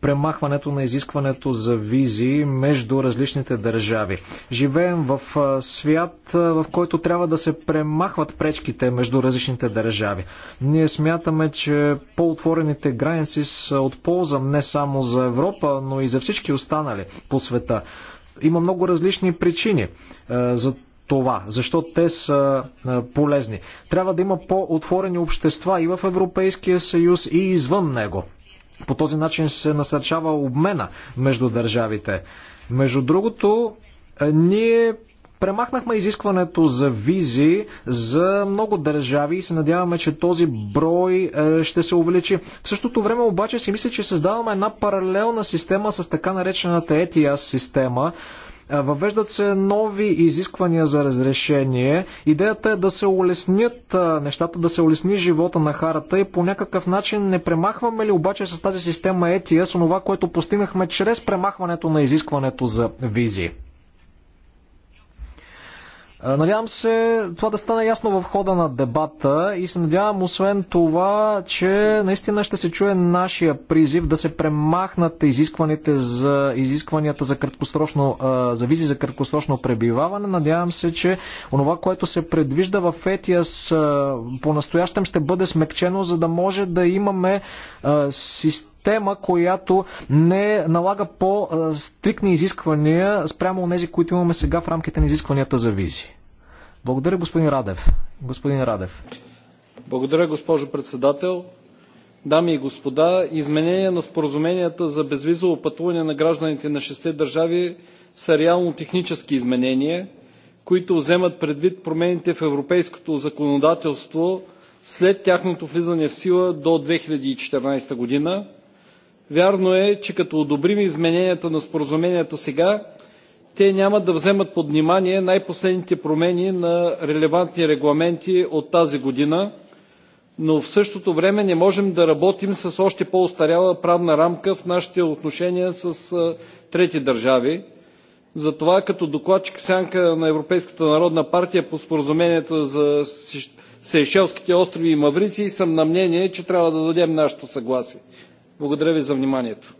премахването на изискването за визи между различните държави. Живеем в е, свят, е, в който трябва да се премахват пречките между различните държави. Ние смятаме, че по-отворените граници са от полза не само за Европа, но и за всички останали по света. Има много различни причини за това, защо те са полезни. Трябва да има по-отворени общества и в Европейския съюз, и извън него. По този начин се насърчава обмена между държавите. Между другото, ние премахнахме изискването за визи за много държави и се надяваме, че този брой ще се увеличи. В същото време обаче си мисля, че създаваме една паралелна система с така наречената ETIAS система, Въвеждат се нови изисквания за разрешение. Идеята е да се улеснят нещата, да се улесни живота на харата и по някакъв начин не премахваме ли обаче с тази система ETS онова, което постигнахме чрез премахването на изискването за визи. Е, надявам се това да стане ясно в хода на дебата и се надявам освен това, че наистина ще се чуе нашия призив да се премахнат изискваните за, изискванията за, краткосрочно, е, за визи за краткосрочно пребиваване. Надявам се, че онова, което се предвижда в ЕТИАС е, по-настоящем ще бъде смекчено, за да може да имаме система система, която не налага по-стрикни изисквания спрямо тези, които имаме сега в рамките на изискванията за визи. Благодаря, господин Радев. Господин Радев. Благодаря, госпожо председател. Дами и господа, изменения на споразуменията за безвизово пътуване на гражданите на шесте държави са реално технически изменения, които вземат предвид промените в европейското законодателство след тяхното влизане в сила до 2014 година, Вярно е, че като одобрим измененията на споразуменията сега, те няма да вземат под внимание най-последните промени на релевантни регламенти от тази година, но в същото време не можем да работим с още по-остаряла правна рамка в нашите отношения с трети държави. Затова като докладчик сянка на Европейската народна партия по споразуменията за Сейшелските острови и Маврици съм на мнение, че трябва да дадем нашето съгласие. Благодаря ви за вниманието.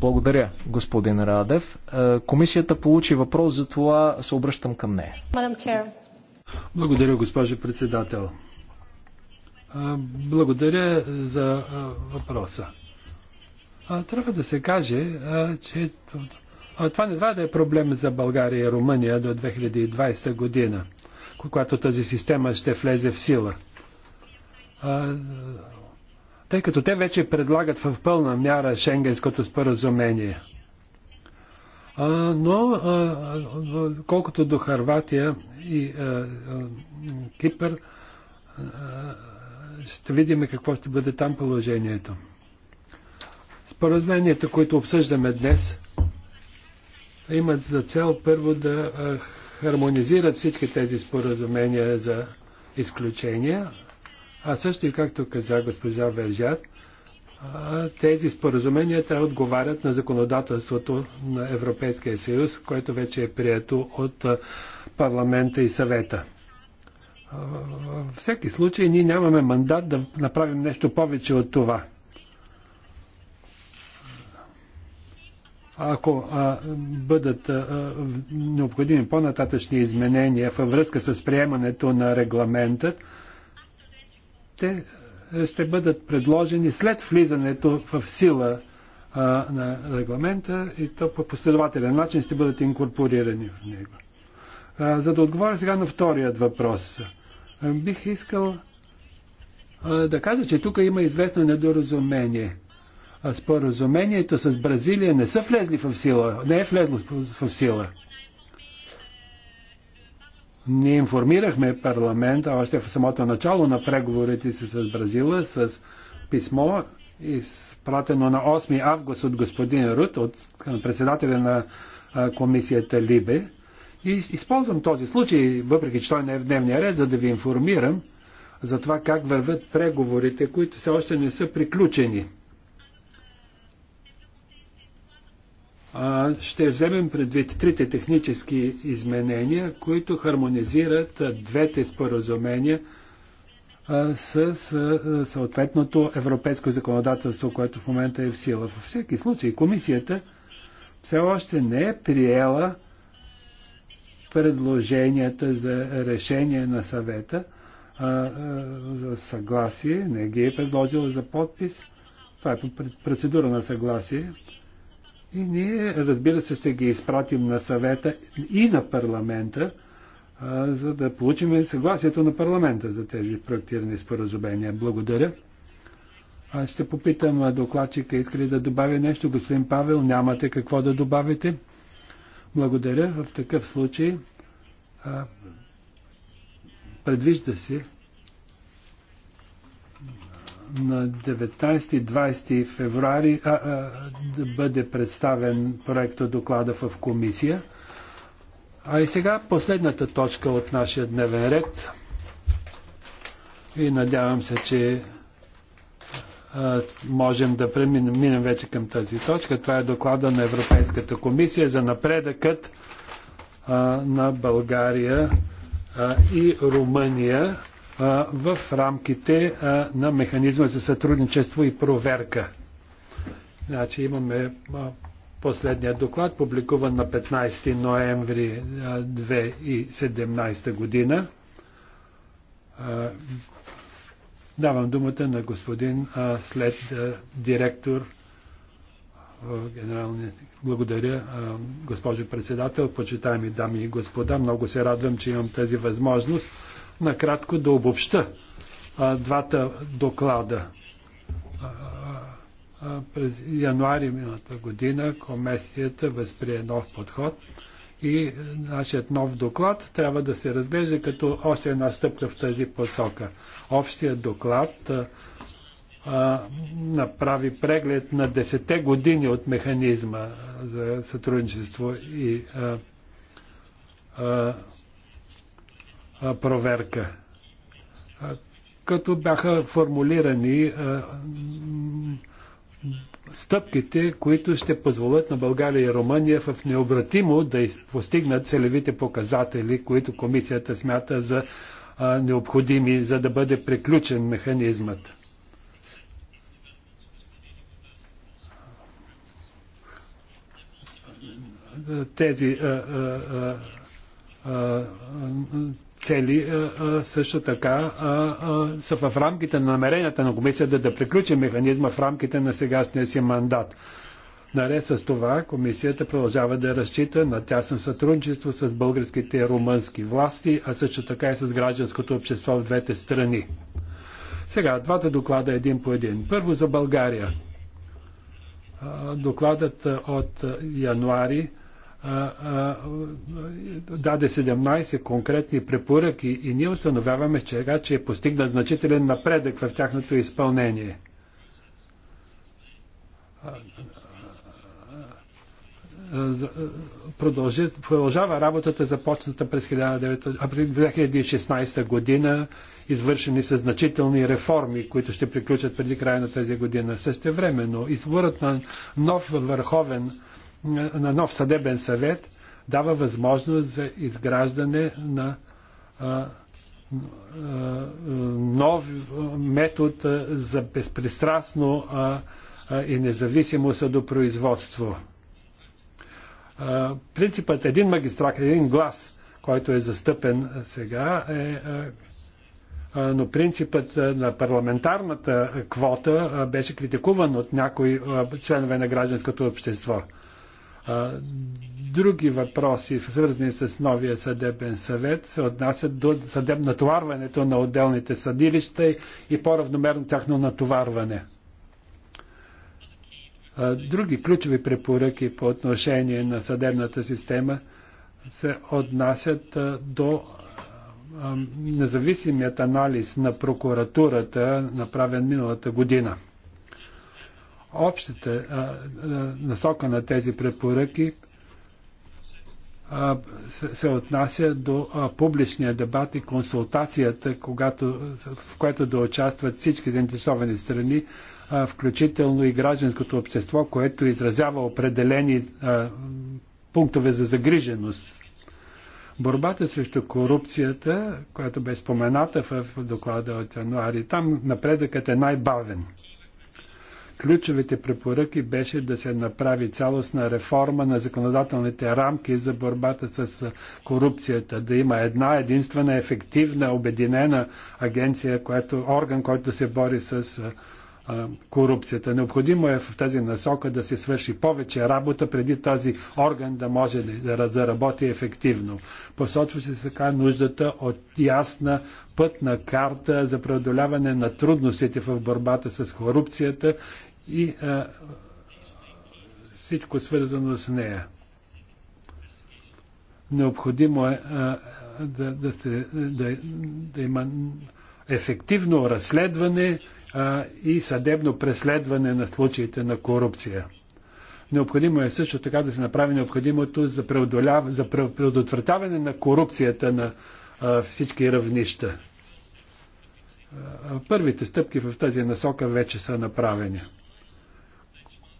Благодаря, господин Радев. Е, комисията получи въпрос, за това се обръщам към нея. Благодаря, госпожа председател. Е, благодаря за е, въпроса. Трябва да се каже, че това не трябва да е проблем за България и Румъния до 2020 година когато тази система ще влезе в сила. А, тъй като те вече предлагат в пълна мяра Шенгенското споразумение. А, но а, колкото до Харватия и а, Кипър, а, ще видим какво ще бъде там положението. Споразуменията, които обсъждаме днес, имат за цел първо да хармонизират всички тези споразумения за изключения, а също и както каза госпожа Вержат, тези споразумения трябва да отговарят на законодателството на Европейския съюз, което вече е прието от парламента и съвета. Във всеки случай ние нямаме мандат да направим нещо повече от това. ако а, бъдат а, необходими по-нататъчни изменения във връзка с приемането на регламентът, те ще бъдат предложени след влизането в сила а, на регламента и то по последователен начин ще бъдат инкорпорирани в него. А, за да отговоря сега на вторият въпрос, а, бих искал а, да кажа, че тук има известно недоразумение споразумението с Бразилия не са влезли в сила, не е влезло в сила. Ние информирахме парламента още в самото начало на преговорите си с Бразила с писмо, изпратено на 8 август от господин Рут, от председателя на комисията Либе. И използвам този случай, въпреки че той не е в дневния ред, за да ви информирам за това как вървят преговорите, които все още не са приключени. ще вземем предвид трите технически изменения, които хармонизират двете споразумения с съответното европейско законодателство, което в момента е в сила. Във всеки случай комисията все още не е приела предложенията за решение на съвета за съгласие, не ги е предложила за подпис. Това е процедура на съгласие и ние, разбира се, ще ги изпратим на съвета и на парламента, а, за да получим съгласието на парламента за тези проектирани споразумения. Благодаря. Аз ще попитам докладчика, иска ли да добави нещо. Господин Павел, нямате какво да добавите. Благодаря. В такъв случай а, предвижда се на 19 20 февруари а, а, да бъде представен проекто доклада в комисия. А и сега последната точка от нашия дневен ред. И надявам се, че а, можем да преминем минем вече към тази точка. Това е доклада на Европейската комисия за напредъкът а, на България а, и Румъния в рамките на механизма за сътрудничество и проверка. Значи имаме последния доклад, публикуван на 15 ноември 2017 година. Давам думата на господин след директор генералния. Благодаря, госпожо председател, почитаеми дами и господа. Много се радвам, че имам тази възможност накратко да обобща а, двата доклада. А, а, през януари миналата година комисията възприе нов подход и е, нашият нов доклад трябва да се разглежда като още една стъпка в тази посока. Общият доклад а, е, а, направи преглед на 10 години от механизма за сътрудничество и а, проверка. Като бяха формулирани стъпките, които ще позволят на България и Румъния в необратимо да постигнат целевите показатели, които комисията смята за необходими, за да бъде приключен механизмът. Тези цели също така са в рамките на намеренията на комисията да приключи механизма в рамките на сегашния си мандат. Наред с това, комисията продължава да разчита на тясно сътрудничество с българските и румънски власти, а също така и с гражданското общество в двете страни. Сега, двата доклада един по един. Първо за България. Докладът от януари даде 17 конкретни препоръки и ние установяваме, че, че е постигнат значителен напредък в тяхното изпълнение. Продължи, продължава работата започната през 2016 година. Извършени са значителни реформи, които ще приключат преди края на тази година. Същевременно, изборът на нов върховен на нов съдебен съвет дава възможност за изграждане на нов метод за безпристрастно и независимо съдопроизводство. Принципът един магистрат, един глас, който е застъпен сега, е, но принципът на парламентарната квота беше критикуван от някои членове на гражданското общество други въпроси, свързани с новия съдебен съвет, се отнасят до съдеб натоварването на отделните съдилища и по-равномерно тяхно натоварване. Други ключови препоръки по отношение на съдебната система се отнасят до независимият анализ на прокуратурата, направен миналата година общата насока на тези препоръки се, отнася до публичния дебат и консултацията, когато, в което да участват всички заинтересовани страни, включително и гражданското общество, което изразява определени пунктове за загриженост. Борбата срещу корупцията, която бе спомената в доклада от януари, там напредъкът е най-бавен – ключовите препоръки беше да се направи цялостна реформа на законодателните рамки за борбата с корупцията, да има една единствена ефективна, обединена агенция, която, орган, който се бори с корупцията. Необходимо е в тази насока да се свърши повече работа преди този орган да може да заработи ефективно. Посочва се така нуждата от ясна пътна карта за преодоляване на трудностите в борбата с корупцията и а, всичко е свързано с нея. Необходимо е а, да, да, се, да, да има ефективно разследване а, и съдебно преследване на случаите на корупция. Необходимо е също така да се направи необходимото за, за предотвратяване на корупцията на а, всички равнища. А, първите стъпки в тази насока вече са направени.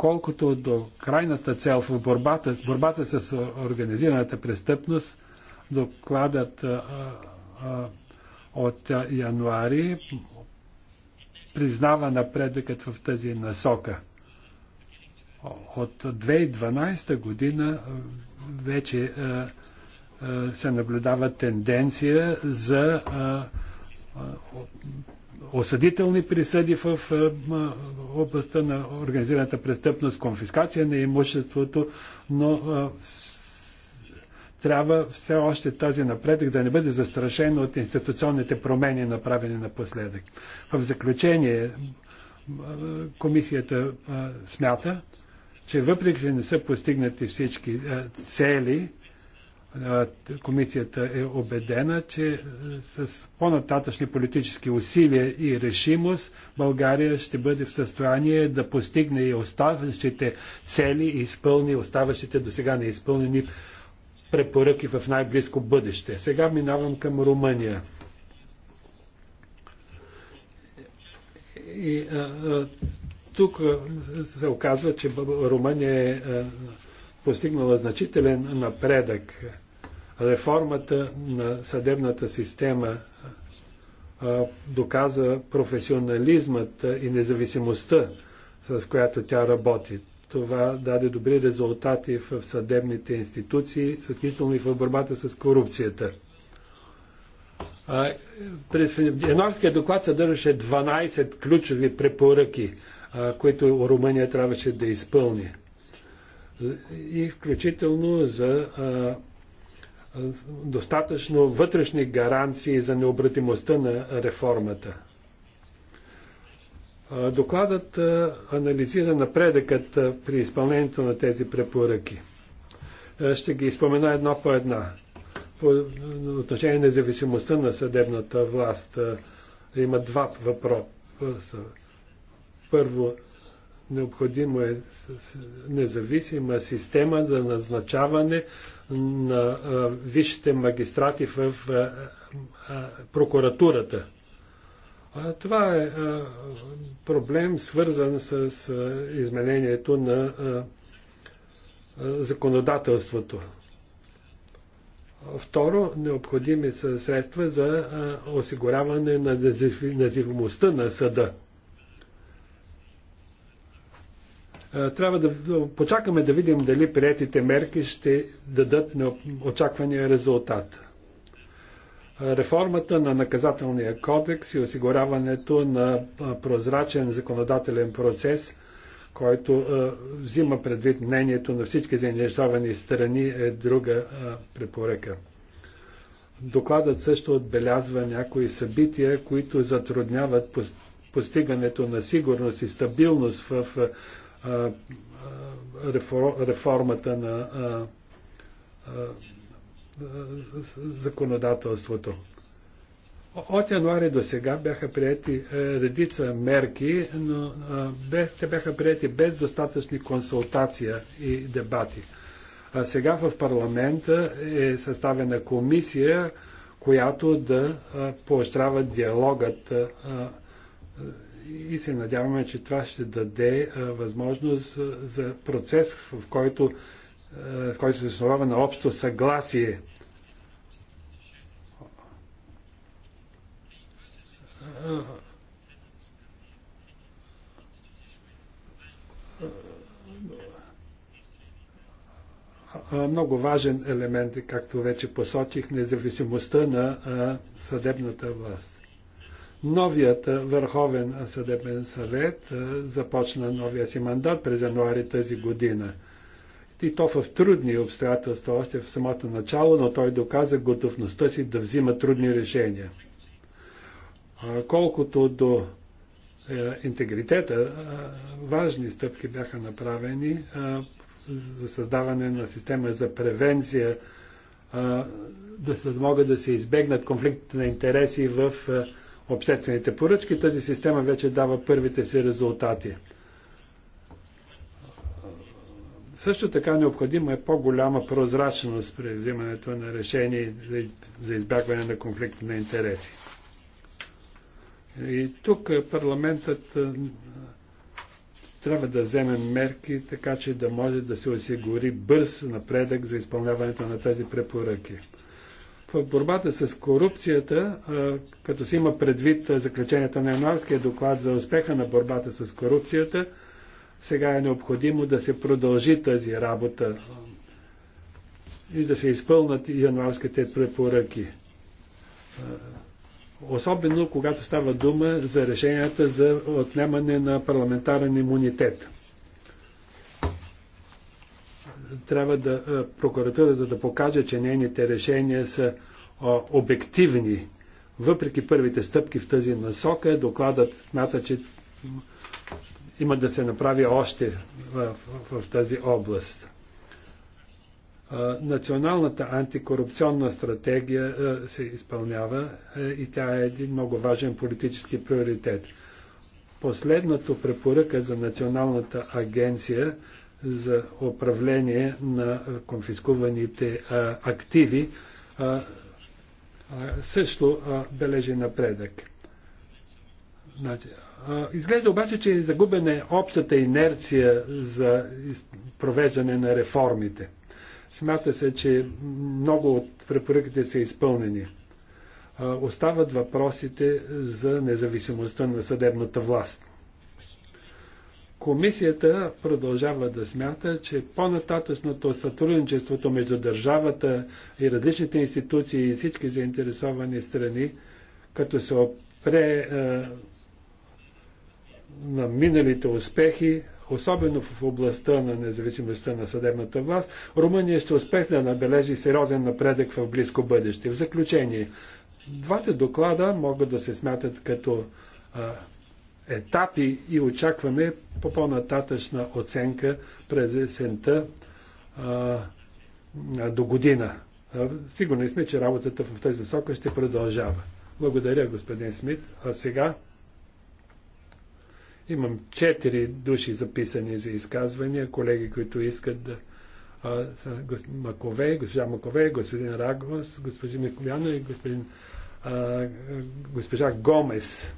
Колкото до крайната цел в борбата, борбата с организираната престъпност, докладът а, а, от януари признава напредъкът в тази насока. От 2012 година вече а, се наблюдава тенденция за осъдителни присъди в е, областта на организираната престъпност, конфискация на имуществото, но е, трябва все още тази напредък да не бъде застрашен от институционните промени, направени напоследък. В заключение, е, комисията смята, че въпреки, че не са постигнати всички цели, Комисията е убедена, че е, с по-нататъчни политически усилия и решимост България ще бъде в състояние да постигне и оставащите цели и изпълни оставащите до сега неизпълнени препоръки в най-близко бъдеще. Сега минавам към Румъния. И а, а, тук се оказва, че Румъния е а, постигнала значителен напредък. Реформата на съдебната система доказа професионализмът и независимостта, с която тя работи. Това даде добри резултати в съдебните институции, включително и в борбата с корупцията. През доклад съдържаше 12 ключови препоръки, които Румъния трябваше да изпълни и включително за достатъчно вътрешни гаранции за необратимостта на реформата. Докладът анализира напредъкът при изпълнението на тези препоръки. Ще ги спомена едно по една. По отношение на независимостта на съдебната власт има два въпроса. Първо, Необходимо е независима система за назначаване на висшите магистрати в прокуратурата. Това е проблем свързан с изменението на законодателството. Второ, необходими са средства за осигуряване на независимостта на съда. Е, трябва да почакаме да видим дали приятите мерки ще дадат очаквания резултат. Е, реформата на наказателния кодекс и осигуряването на прозрачен законодателен процес, който взима предвид мнението на всички заинтересовани страни, е друга препоръка. Докладът също отбелязва някои събития, които затрудняват постигането на сигурност и стабилност в реформата на законодателството. От януари до сега бяха прияти е, редица мерки, но без, те бяха прияти без достатъчни консултация и дебати. А сега в парламента е съставена комисия, която да поощрява диалогът и се надяваме, че това ще даде възможност за процес, в който, който се основава на общо съгласие. Много важен елемент, е, както вече посочих, независимостта на съдебната власт. Новият Върховен съдебен съвет започна новия си мандат през януари тази година. И то в трудни обстоятелства, още в самото начало, но той доказа готовността си да взима трудни решения. Колкото до е, интегритета, важни стъпки бяха направени за създаване на система за превенция, да се могат да се избегнат конфликтите на интереси в обществените поръчки. Тази система вече дава първите си резултати. Също така необходима е по-голяма прозрачност при взимането на решение за избягване на конфликт на интереси. И тук е, парламентът е, трябва да вземе мерки, така че да може да се осигури бърз напредък за изпълняването на тези препоръки в борбата с корупцията, като се има предвид заключенията на януарския доклад за успеха на борбата с корупцията, сега е необходимо да се продължи тази работа и да се изпълнат януарските препоръки. Особено когато става дума за решенията за отнемане на парламентарен имунитет трябва да прокуратурата да покаже, че нейните решения са обективни. Въпреки първите стъпки в тази насока, докладът смята, че има да се направи още в, в, в тази област. Националната антикорупционна стратегия се изпълнява и тя е един много важен политически приоритет. Последното препоръка за Националната агенция за управление на конфискуваните активи също бележи напредък. Значи, изглежда обаче, че е загубена е общата инерция за провеждане на реформите. Смята се, че много от препоръките са изпълнени. Остават въпросите за независимостта на съдебната власт. Комисията продължава да смята, че по-нататъчното сътрудничеството между държавата и различните институции и всички заинтересовани страни, като се опре е, на миналите успехи, особено в областта на независимостта на съдебната власт, Румъния ще успее да набележи сериозен напредък в близко бъдеще. В заключение, двата доклада могат да се смятат като е, етапи и очакваме по по-нататъчна оценка през есента до година. Сигурни сме, че работата в тази насока ще продължава. Благодаря, господин Смит. А сега имам четири души записани за изказвания, колеги, които искат да а, гос... Макове, госпожа Макове, господин Рагос, госпожа Микояна и господин, а, госпожа Гомес.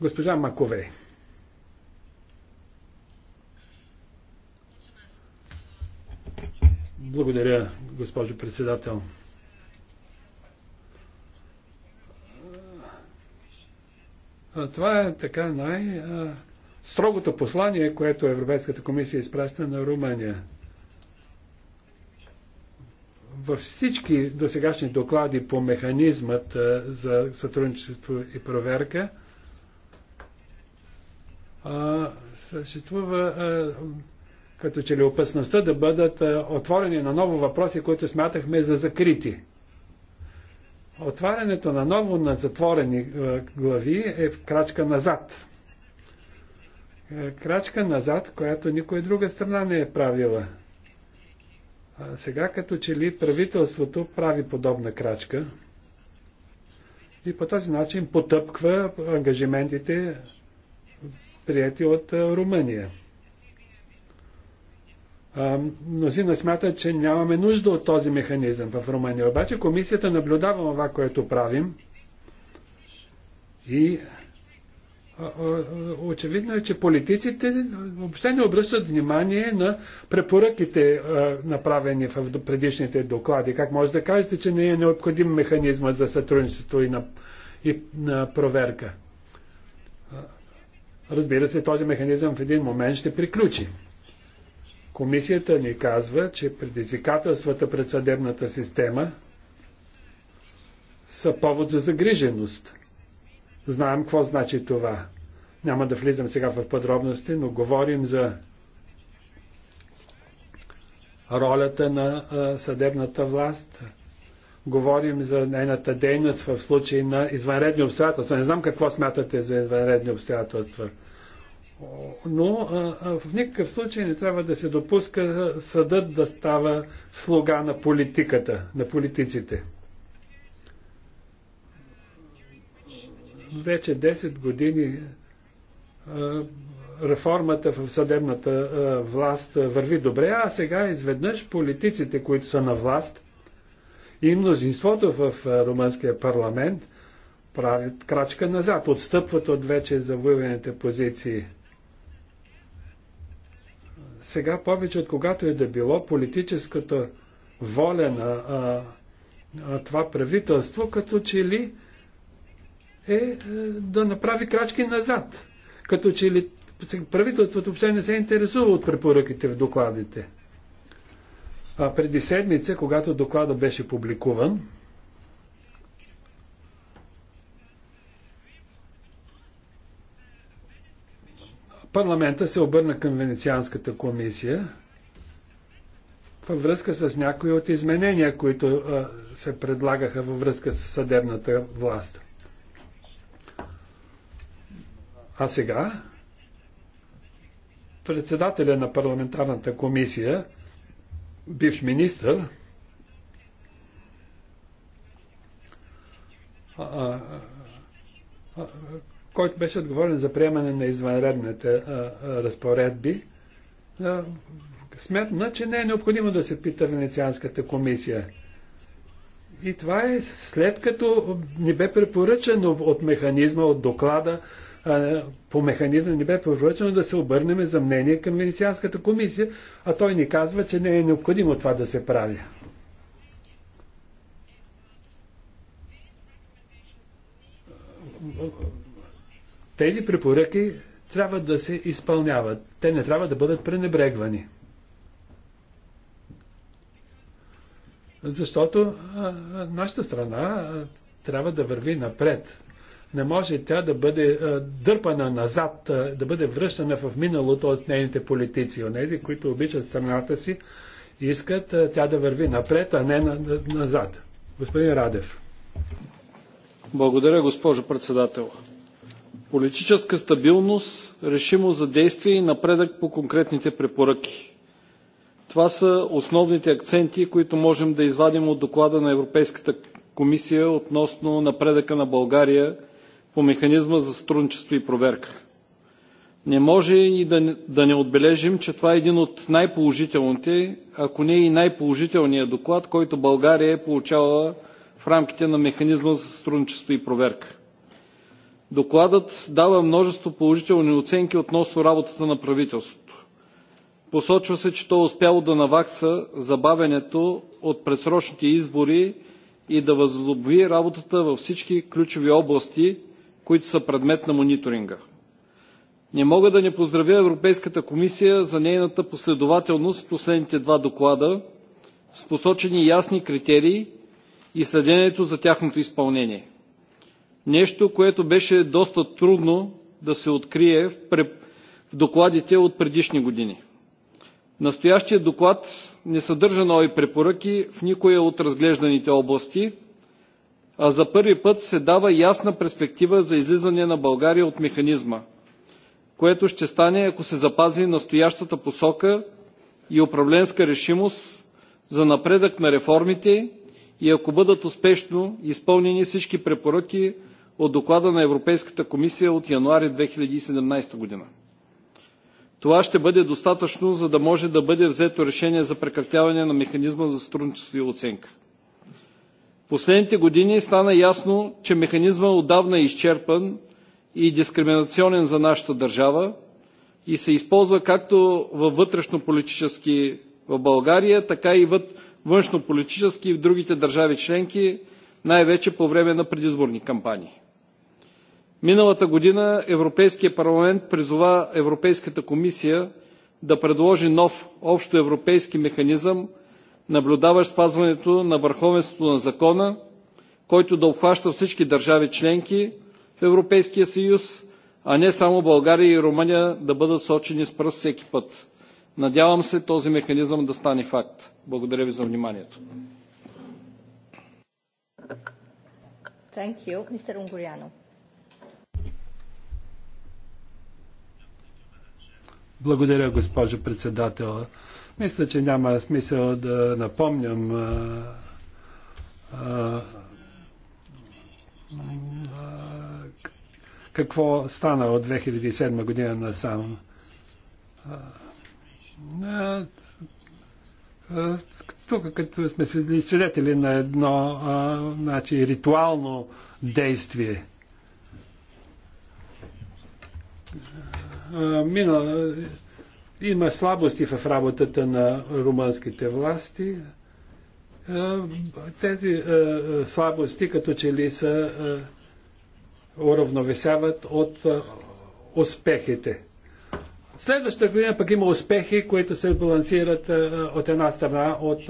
Госпожа Макове. Благодаря, госпожо председател. Това е така най-строгото послание, което Европейската комисия изпраща на Румъния. Във всички досегашни доклади по механизмът за сътрудничество и проверка – а, съществува а, като че ли опасността да бъдат а, отворени на ново въпроси, които смятахме за закрити. Отварянето на ново на затворени глави е крачка назад. Е, крачка назад, която никоя друга страна не е правила. А сега като че ли правителството прави подобна крачка и по този начин потъпква ангажиментите прияти от Румъния. Мнозина смятат, че нямаме нужда от този механизъм в Румъния. Обаче комисията наблюдава това, което правим и очевидно е, че политиците въобще не обръщат внимание на препоръките, направени в предишните доклади. Как може да кажете, че не е необходим механизма за сътрудничество и на, и на проверка? Разбира се, този механизъм в един момент ще приключи. Комисията ни казва, че предизвикателствата пред съдебната система са повод за загриженост. Знаем какво значи това. Няма да влизам сега в подробности, но говорим за ролята на съдебната власт. Говорим за нейната дейност в случай на извънредни обстоятелства. Не знам какво смятате за извънредни обстоятелства но в никакъв случай не трябва да се допуска съдът да става слуга на политиката, на политиците. Вече 10 години реформата в съдебната власт върви добре, а сега изведнъж политиците, които са на власт и мнозинството в румънския парламент правят крачка назад, отстъпват от вече завоеваните позиции – сега повече от когато и да било политическата воля на а, а, това правителство, като че ли е, е да направи крачки назад. Като че ли правителството въобще не се интересува от препоръките в докладите. А преди седмица, когато доклада беше публикуван, Парламента се обърна към Венецианската комисия във връзка с някои от изменения, които а, се предлагаха във връзка с съдебната власт. А сега председателя на парламентарната комисия, бивш министр, а, а, а, който беше отговорен за приемане на извънредните а, а, разпоредби, а, сметна, че не е необходимо да се пита Венецианската комисия. И това е след като ни бе препоръчено от механизма, от доклада, по механизма ни бе препоръчено да се обърнем за мнение към Венецианската комисия, а той ни казва, че не е необходимо това да се прави. Тези препоръки трябва да се изпълняват. Те не трябва да бъдат пренебрегвани. Защото а, нашата страна а, трябва да върви напред. Не може тя да бъде а, дърпана назад, а, да бъде връщана в миналото от нейните политици. От нези, които обичат страната си, искат а, тя да върви напред, а не на, на, назад. Господин Радев. Благодаря, госпожо председател политическа стабилност, решимост за действие и напредък по конкретните препоръки. Това са основните акценти, които можем да извадим от доклада на Европейската комисия относно напредъка на България по механизма за сътрудничество и проверка. Не може и да, да не отбележим, че това е един от най-положителните, ако не и най-положителният доклад, който България е получавала в рамките на механизма за сътрудничество и проверка. Докладът дава множество положителни оценки относно работата на правителството. Посочва се, че то е успяло да навакса забавянето от предсрочните избори и да възобнови работата във всички ключови области, които са предмет на мониторинга. Не мога да не поздравя Европейската комисия за нейната последователност в последните два доклада с посочени ясни критерии и следенето за тяхното изпълнение. Нещо, което беше доста трудно да се открие в докладите от предишни години. Настоящият доклад не съдържа нови препоръки в никоя от разглежданите области, а за първи път се дава ясна перспектива за излизане на България от механизма, което ще стане, ако се запази настоящата посока и управленска решимост за напредък на реформите и ако бъдат успешно изпълнени всички препоръки от доклада на Европейската комисия от януари 2017 година. Това ще бъде достатъчно, за да може да бъде взето решение за прекратяване на механизма за сътрудничество и оценка. В последните години стана ясно, че механизмът отдавна е изчерпан и дискриминационен за нашата държава и се използва както във вътрешнополитически в България, така и външнополитически в другите държави членки, най-вече по време на предизборни кампании. Миналата година Европейският парламент призова Европейската комисия да предложи нов общоевропейски механизъм, наблюдаващ спазването на върховенството на закона, който да обхваща всички държави членки в Европейския съюз, а не само България и Румъния да бъдат сочени с пръст всеки път. Надявам се този механизъм да стане факт. Благодаря ви за вниманието. Thank you. Mr. Благодаря, госпожо председател. Мисля, че няма смисъл да напомням а, а, а, какво стана от 2007 година насам. А, а, тук като сме свидетели на едно а, значи, ритуално действие – мина, има слабости в работата на румънските власти. Тези слабости като че ли са уравновесяват от успехите. Следващата година пък има успехи, които се балансират от една страна от,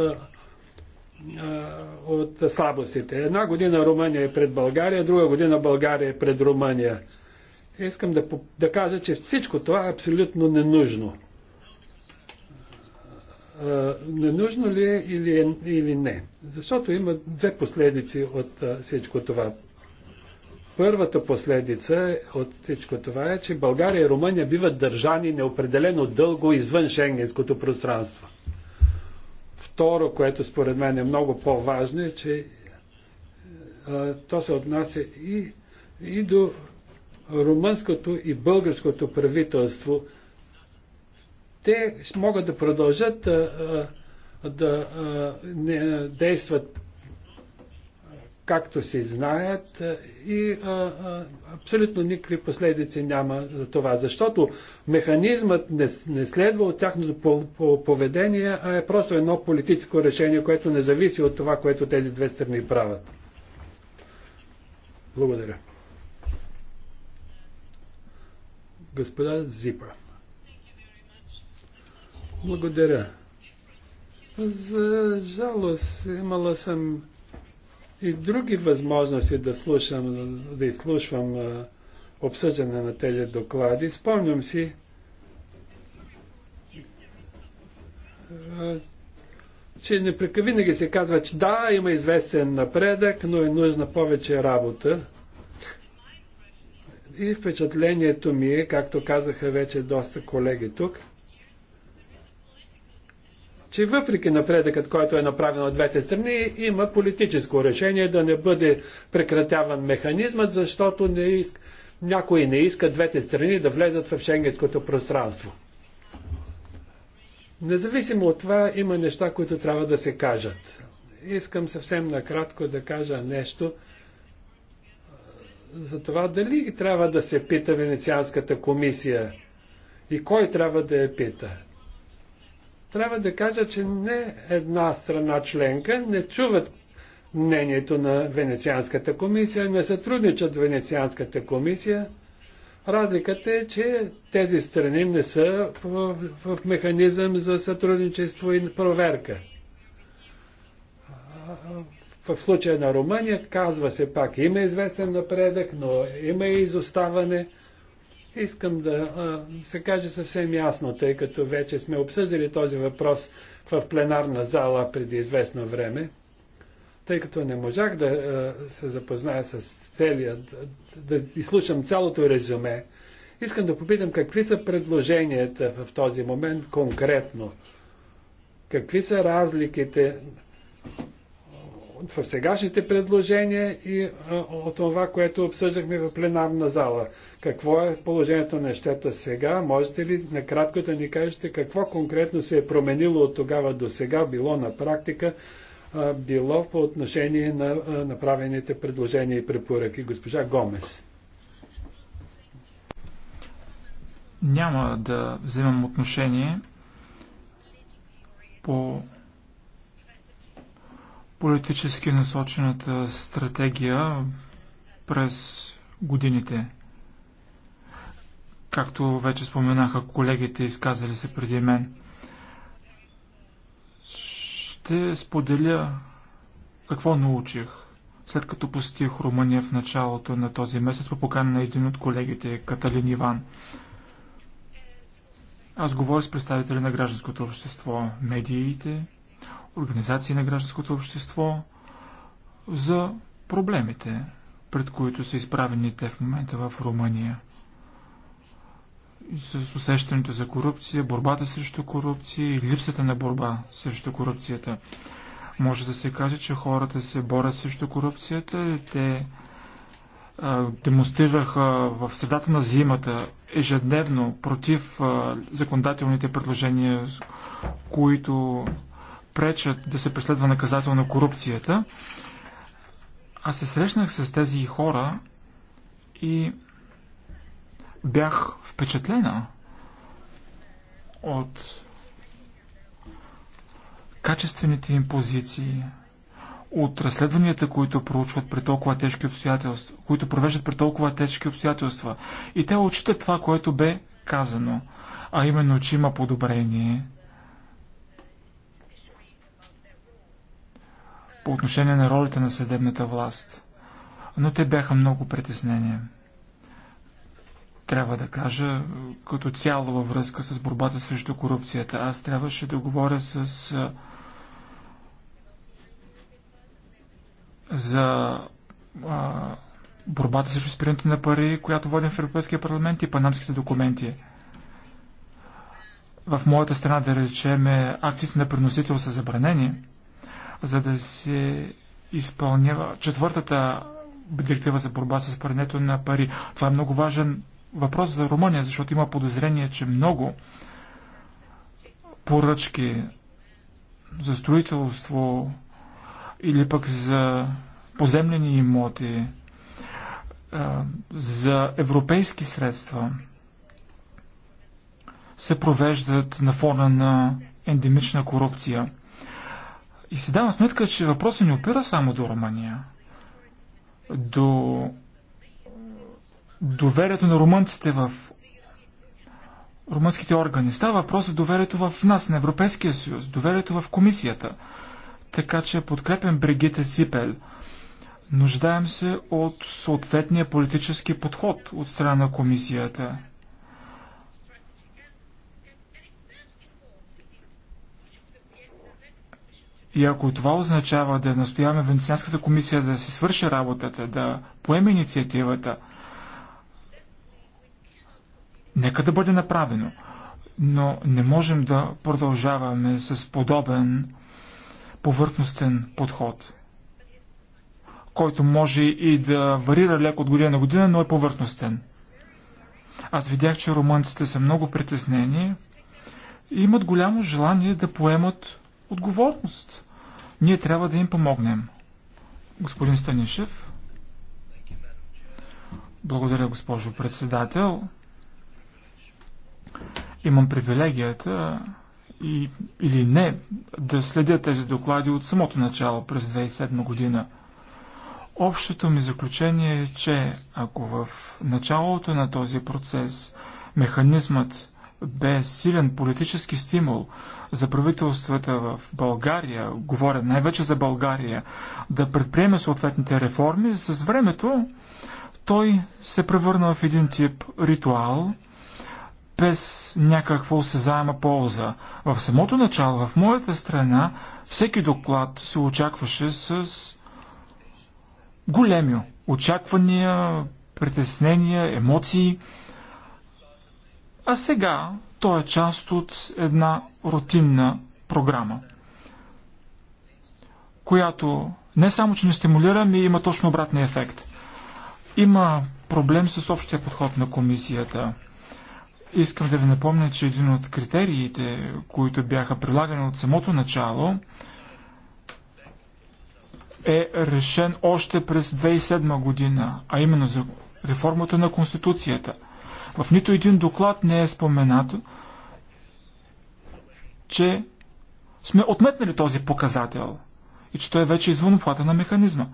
от слабостите. Една година Румъния е пред България, друга година България е пред Румъния. Искам да, да кажа, че всичко това е абсолютно ненужно. А, ненужно ли е или, е или не? Защото има две последици от а, всичко това. Първата последица от всичко това е, че България и Румъния биват държани неопределено дълго извън шенгенското пространство. Второ, което според мен е много по-важно, е, че а, то се отнася и, и до румънското и българското правителство, те могат да продължат а, да а, не, действат както си знаят и а, а, абсолютно никакви последици няма за това, защото механизмът не, не следва от тяхното по, по, поведение, а е просто едно политическо решение, което не зависи от това, което тези две страни правят. Благодаря. Господа Зипа. Благодаря. За жалост имала съм и други възможности да слушам, да изслушвам обсъждане на тези доклади. Спомням си, че непрека винаги се казва, че да, има известен напредък, но е нужна повече работа. И впечатлението ми е, както казаха вече доста колеги тук, че въпреки напредъкът, който е направен от двете страни, има политическо решение да не бъде прекратяван механизмът, защото не иск... някои не искат двете страни да влезат в шенгенското пространство. Независимо от това, има неща, които трябва да се кажат. Искам съвсем накратко да кажа нещо за това дали трябва да се пита Венецианската комисия и кой трябва да я пита. Трябва да кажа, че не една страна членка не чуват мнението на Венецианската комисия, не сътрудничат Венецианската комисия. Разликата е, че тези страни не са в, в, в механизъм за сътрудничество и проверка. В случая на Румъния казва се пак, има известен напредък, но има и изоставане. Искам да а, се каже съвсем ясно, тъй като вече сме обсъдили този въпрос в пленарна зала преди известно време, тъй като не можах да а, се запозная с целия, да, да изслушам цялото резюме, искам да попитам какви са предложенията в този момент конкретно. Какви са разликите в сегашните предложения и от това, което обсъждахме в пленарна зала. Какво е положението на нещата сега? Можете ли накратко да ни кажете какво конкретно се е променило от тогава до сега, било на практика, било по отношение на направените предложения и препоръки? Госпожа Гомес. Няма да вземам отношение по политически насочената стратегия през годините. Както вече споменаха колегите, изказали се преди мен. Ще споделя какво научих, след като посетих Румъния в началото на този месец по покана на един от колегите, Каталин Иван. Аз говоря с представители на гражданското общество, медиите, организации на гражданското общество за проблемите, пред които са изправени те в момента в Румъния. С усещането за корупция, борбата срещу корупция и липсата на борба срещу корупцията. Може да се каже, че хората се борят срещу корупцията. Те а, демонстрираха в средата на зимата ежедневно против а, законодателните предложения, които пречат да се преследва наказателно корупцията. Аз се срещнах с тези хора и бях впечатлена от качествените им позиции, от разследванията, които проучват при толкова тежки обстоятелства, които провеждат при толкова тежки обстоятелства. И те отчитат това, което бе казано, а именно, че има подобрение, по отношение на ролите на съдебната власт. Но те бяха много притеснения. Трябва да кажа, като цяло във връзка с борбата срещу корупцията. Аз трябваше да говоря с за а, борбата срещу спирането на пари, която водим в Европейския парламент и панамските документи. В моята страна, да речем, акциите на приносител са забранени за да се изпълнява четвъртата директива за борба с прането на пари. Това е много важен въпрос за Румъния, защото има подозрение, че много поръчки за строителство или пък за поземлени имоти, за европейски средства се провеждат на фона на ендемична корупция – и си давам сметка, че въпросът не опира само до Румъния, до доверието на румънците в румънските органи. Става въпрос за доверието в нас, на Европейския съюз, доверието в комисията. Така че подкрепям Бригите Сипел. Нуждаем се от съответния политически подход от страна на комисията. И ако това означава да настояваме Венецианската комисия да си свърши работата, да поеме инициативата, нека да бъде направено. Но не можем да продължаваме с подобен повърхностен подход, който може и да варира леко от година на година, но е повърхностен. Аз видях, че румънците са много притеснени и имат голямо желание да поемат отговорност. Ние трябва да им помогнем. Господин Станишев. Благодаря, госпожо председател. Имам привилегията и, или не да следя тези доклади от самото начало през 2007 година. Общото ми заключение е, че ако в началото на този процес механизмът бе силен политически стимул за правителствата в България, говоря най-вече за България, да предприеме съответните реформи, с времето той се превърна в един тип ритуал, без някаква осезаема полза. В самото начало, в моята страна, всеки доклад се очакваше с големи очаквания, притеснения, емоции – а сега той е част от една рутинна програма, която не само, че не стимулира, ми има точно обратния ефект. Има проблем с общия подход на комисията. Искам да ви напомня, че един от критериите, които бяха прилагани от самото начало, е решен още през 2007 година, а именно за реформата на Конституцията – в нито един доклад не е споменато, че сме отметнали този показател и че той е вече извън обхвата на механизма.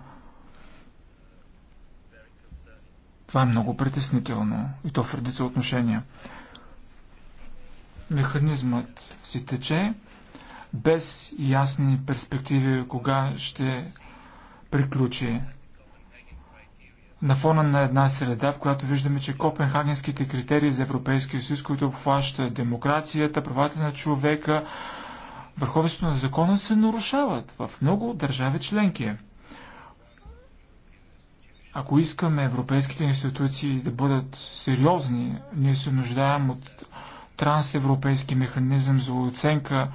Това е много притеснително и то в редица отношения. Механизмът си тече без ясни перспективи кога ще приключи на фона на една среда, в която виждаме, че копенхагенските критерии за Европейския съюз, които обхващат демокрацията, правата на човека, върховенството на закона се нарушават в много държави членки. Ако искаме европейските институции да бъдат сериозни, ние се нуждаем от трансевропейски механизъм за оценка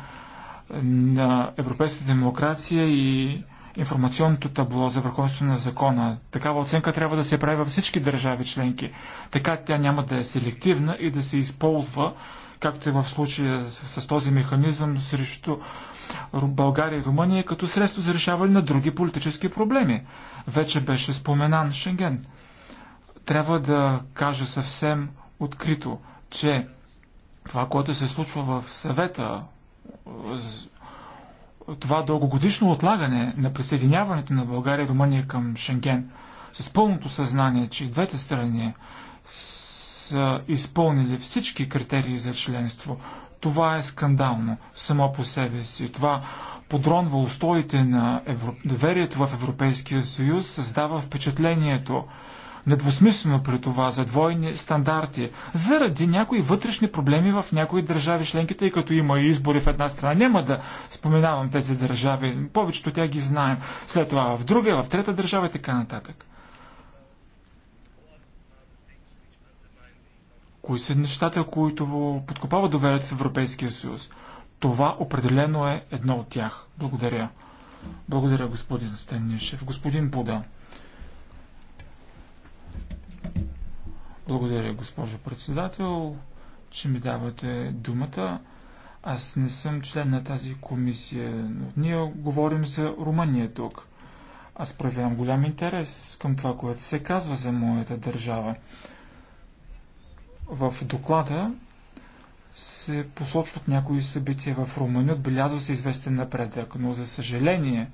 на европейската демокрация и информационното табло за върховенство на закона. Такава оценка трябва да се прави във всички държави членки. Така тя няма да е селективна и да се използва, както е в случая с, с този механизъм срещу България и Румъния, като средство за решаване на други политически проблеми. Вече беше споменан Шенген. Трябва да кажа съвсем открито, че това, което се случва в съвета това дългогодишно отлагане на присъединяването на България и Румъния към Шенген с пълното съзнание, че и двете страни са изпълнили всички критерии за членство, това е скандално само по себе си. Това подронва устоите на евро... доверието в Европейския съюз, създава впечатлението, недвусмислено при това за двойни стандарти, заради някои вътрешни проблеми в някои държави членки, тъй като има и избори в една страна. Няма да споменавам тези държави, повечето тя ги знаем. След това в друга, в трета държава и така нататък. Кои са нещата, които подкопават доверят в Европейския съюз? Това определено е едно от тях. Благодаря. Благодаря, господин Стенишев. Господин Буда. Благодаря, госпожо председател, че ми давате думата. Аз не съм член на тази комисия, но ние говорим за Румъния тук. Аз проявявам голям интерес към това, което се казва за моята държава. В доклада се посочват някои събития в Румъния, отбелязва се известен напредък, но за съжаление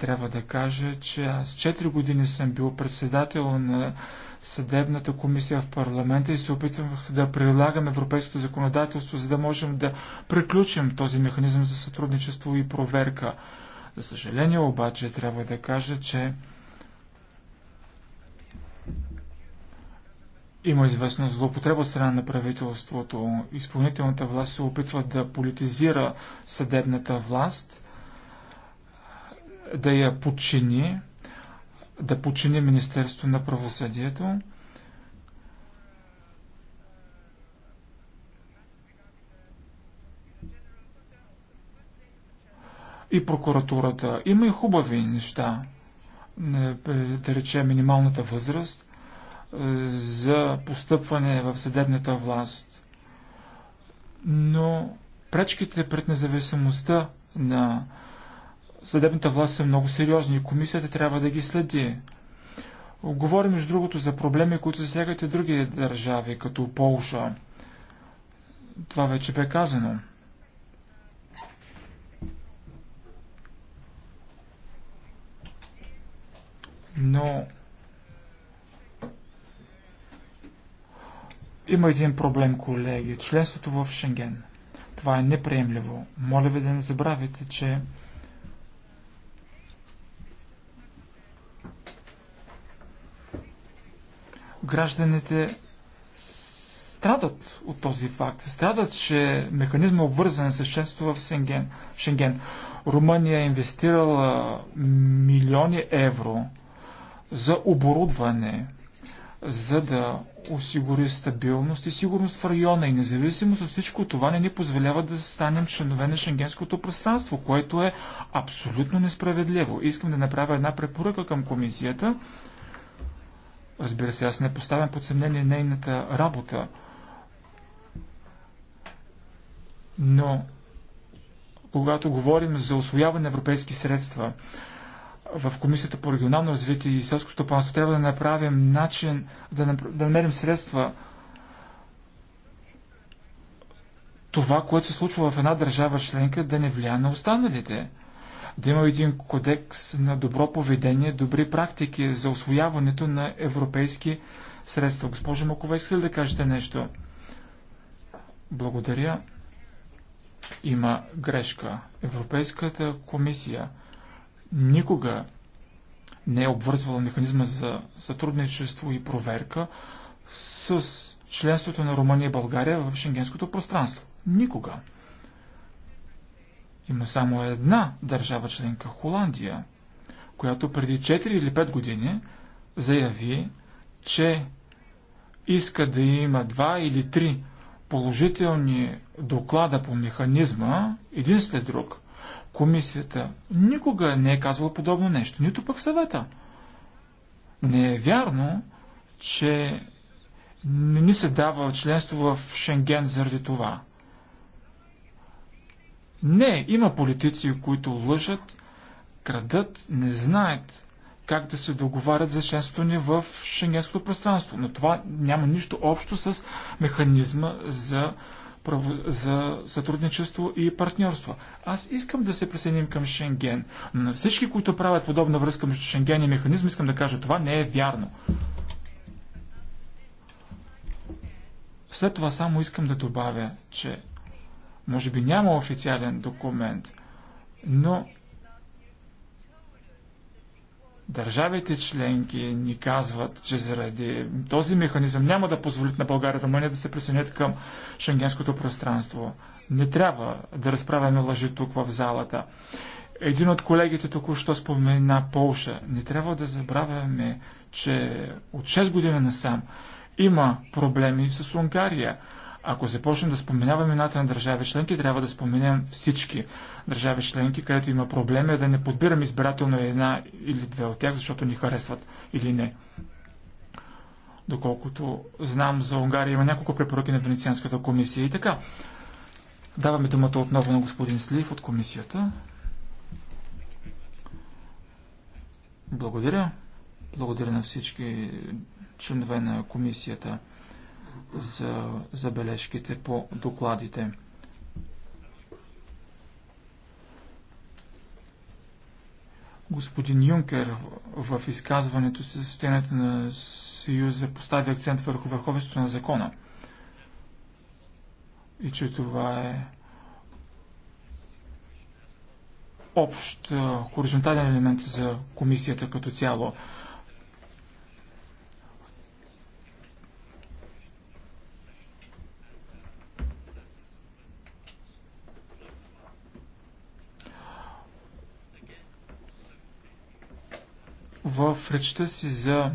трябва да кажа, че аз 4 години съм бил председател на съдебната комисия в парламента и се опитвах да прилагам европейското законодателство, за да можем да приключим този механизъм за сътрудничество и проверка. За съжаление обаче трябва да кажа, че има известна злоупотреба от страна на правителството. Изпълнителната власт се опитва да политизира съдебната власт – да я подчини, да подчини Министерство на правосъдието. И прокуратурата. Има и хубави неща. Е, да рече минималната възраст е, за постъпване в съдебната власт. Но пречките пред независимостта на съдебната власт са много сериозни и комисията трябва да ги следи. Говори между другото за проблеми, които засягат и други държави, като Полша. Това вече бе казано. Но има един проблем, колеги. Членството в Шенген. Това е неприемливо. Моля ви да не забравяйте, че гражданите страдат от този факт. Страдат, че механизма обвързан с членство в Шенген. Шенген. Румъния е инвестирала милиони евро за оборудване, за да осигури стабилност и сигурност в района и независимост от всичко това не ни позволява да станем членове на шенгенското пространство, което е абсолютно несправедливо. Искам да направя една препоръка към комисията Разбира се, аз не поставям под съмнение нейната работа, но когато говорим за освояване на европейски средства в Комисията по регионално развитие и селско стопанство, трябва да направим начин да, да намерим средства. Това, което се случва в една държава членка, да не влияе на останалите да има един кодекс на добро поведение, добри практики за освояването на европейски средства. Госпожа Макова, искате ли да кажете нещо? Благодаря. Има грешка. Европейската комисия никога не е обвързвала механизма за сътрудничество и проверка с членството на Румъния и България в шенгенското пространство. Никога. Има само една държава членка Холандия, която преди 4 или 5 години заяви, че иска да има 2 или 3 положителни доклада по механизма, един след друг. Комисията никога не е казвала подобно нещо, нито пък съвета. Не е вярно, че не ни се дава членство в Шенген заради това. Не, има политици, които лъжат, крадат, не знаят как да се договарят за членството ни в шенгенското пространство. Но това няма нищо общо с механизма за, право... за сътрудничество и партньорство. Аз искам да се присъединим към Шенген, но на всички, които правят подобна връзка между Шенген и механизъм, искам да кажа, това не е вярно. След това само искам да добавя, че може би няма официален документ, но държавите членки ни казват, че заради този механизъм няма да позволят на България и Румъния да се присъединят към шенгенското пространство. Не трябва да разправяме лъжи тук в залата. Един от колегите току-що спомена Полша. Не трябва да забравяме, че от 6 години насам има проблеми с Унгария. Ако започнем да споменаваме имената на държави членки, трябва да споменем всички държави членки, където има проблеми, е да не подбираме избирателно една или две от тях, защото ни харесват или не. Доколкото знам, за Унгария има няколко препоръки на Венецианската комисия и така. Даваме думата отново на господин Слив от комисията. Благодаря. Благодаря на всички членове на комисията за забележките по докладите. Господин Юнкер в изказването си за състоянието на Съюза постави акцент върху върховенството на закона и че това е общ хоризонтален елемент за комисията като цяло. В речта си за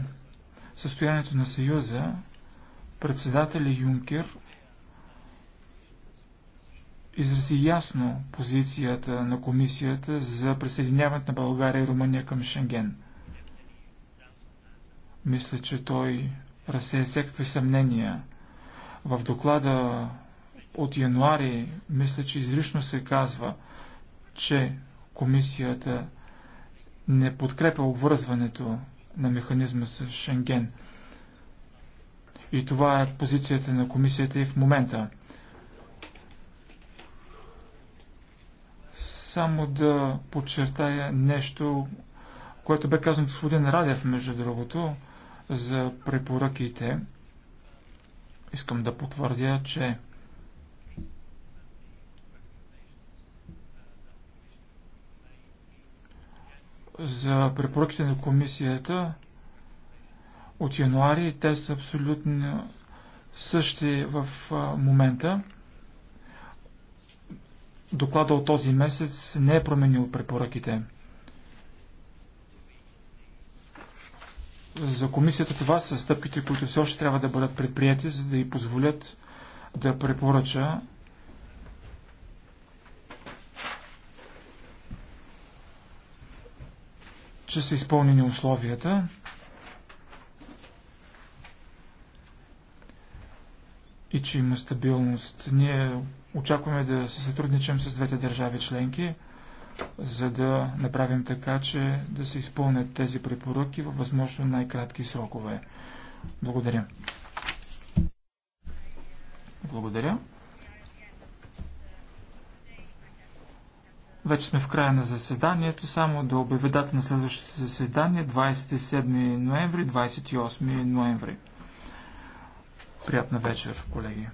състоянието на Съюза, председателя Юнкер изрази ясно позицията на комисията за присъединяването на България и Румъния към Шенген. Мисля, че той разсея всякакви съмнения. В доклада от януари, мисля, че изрично се казва, че комисията не подкрепя обвързването на механизма с Шенген. И това е позицията на комисията и в момента. Само да подчертая нещо, което бе казано господин Радев, между другото, за препоръките. Искам да потвърдя, че за препоръките на комисията от януари. Те са абсолютно същи в момента. Доклада от този месец не е променил препоръките. За комисията това са стъпките, които все още трябва да бъдат предприяти, за да й позволят да препоръча че са изпълнени условията. и че има стабилност. Ние очакваме да се сътрудничим с двете държави членки, за да направим така, че да се изпълнят тези препоръки във възможно най-кратки срокове. Благодаря. Благодаря. Вече сме в края на заседанието, само да обявя дата на следващото заседание 27 ноември, 28 ноември. Приятна вечер, колеги.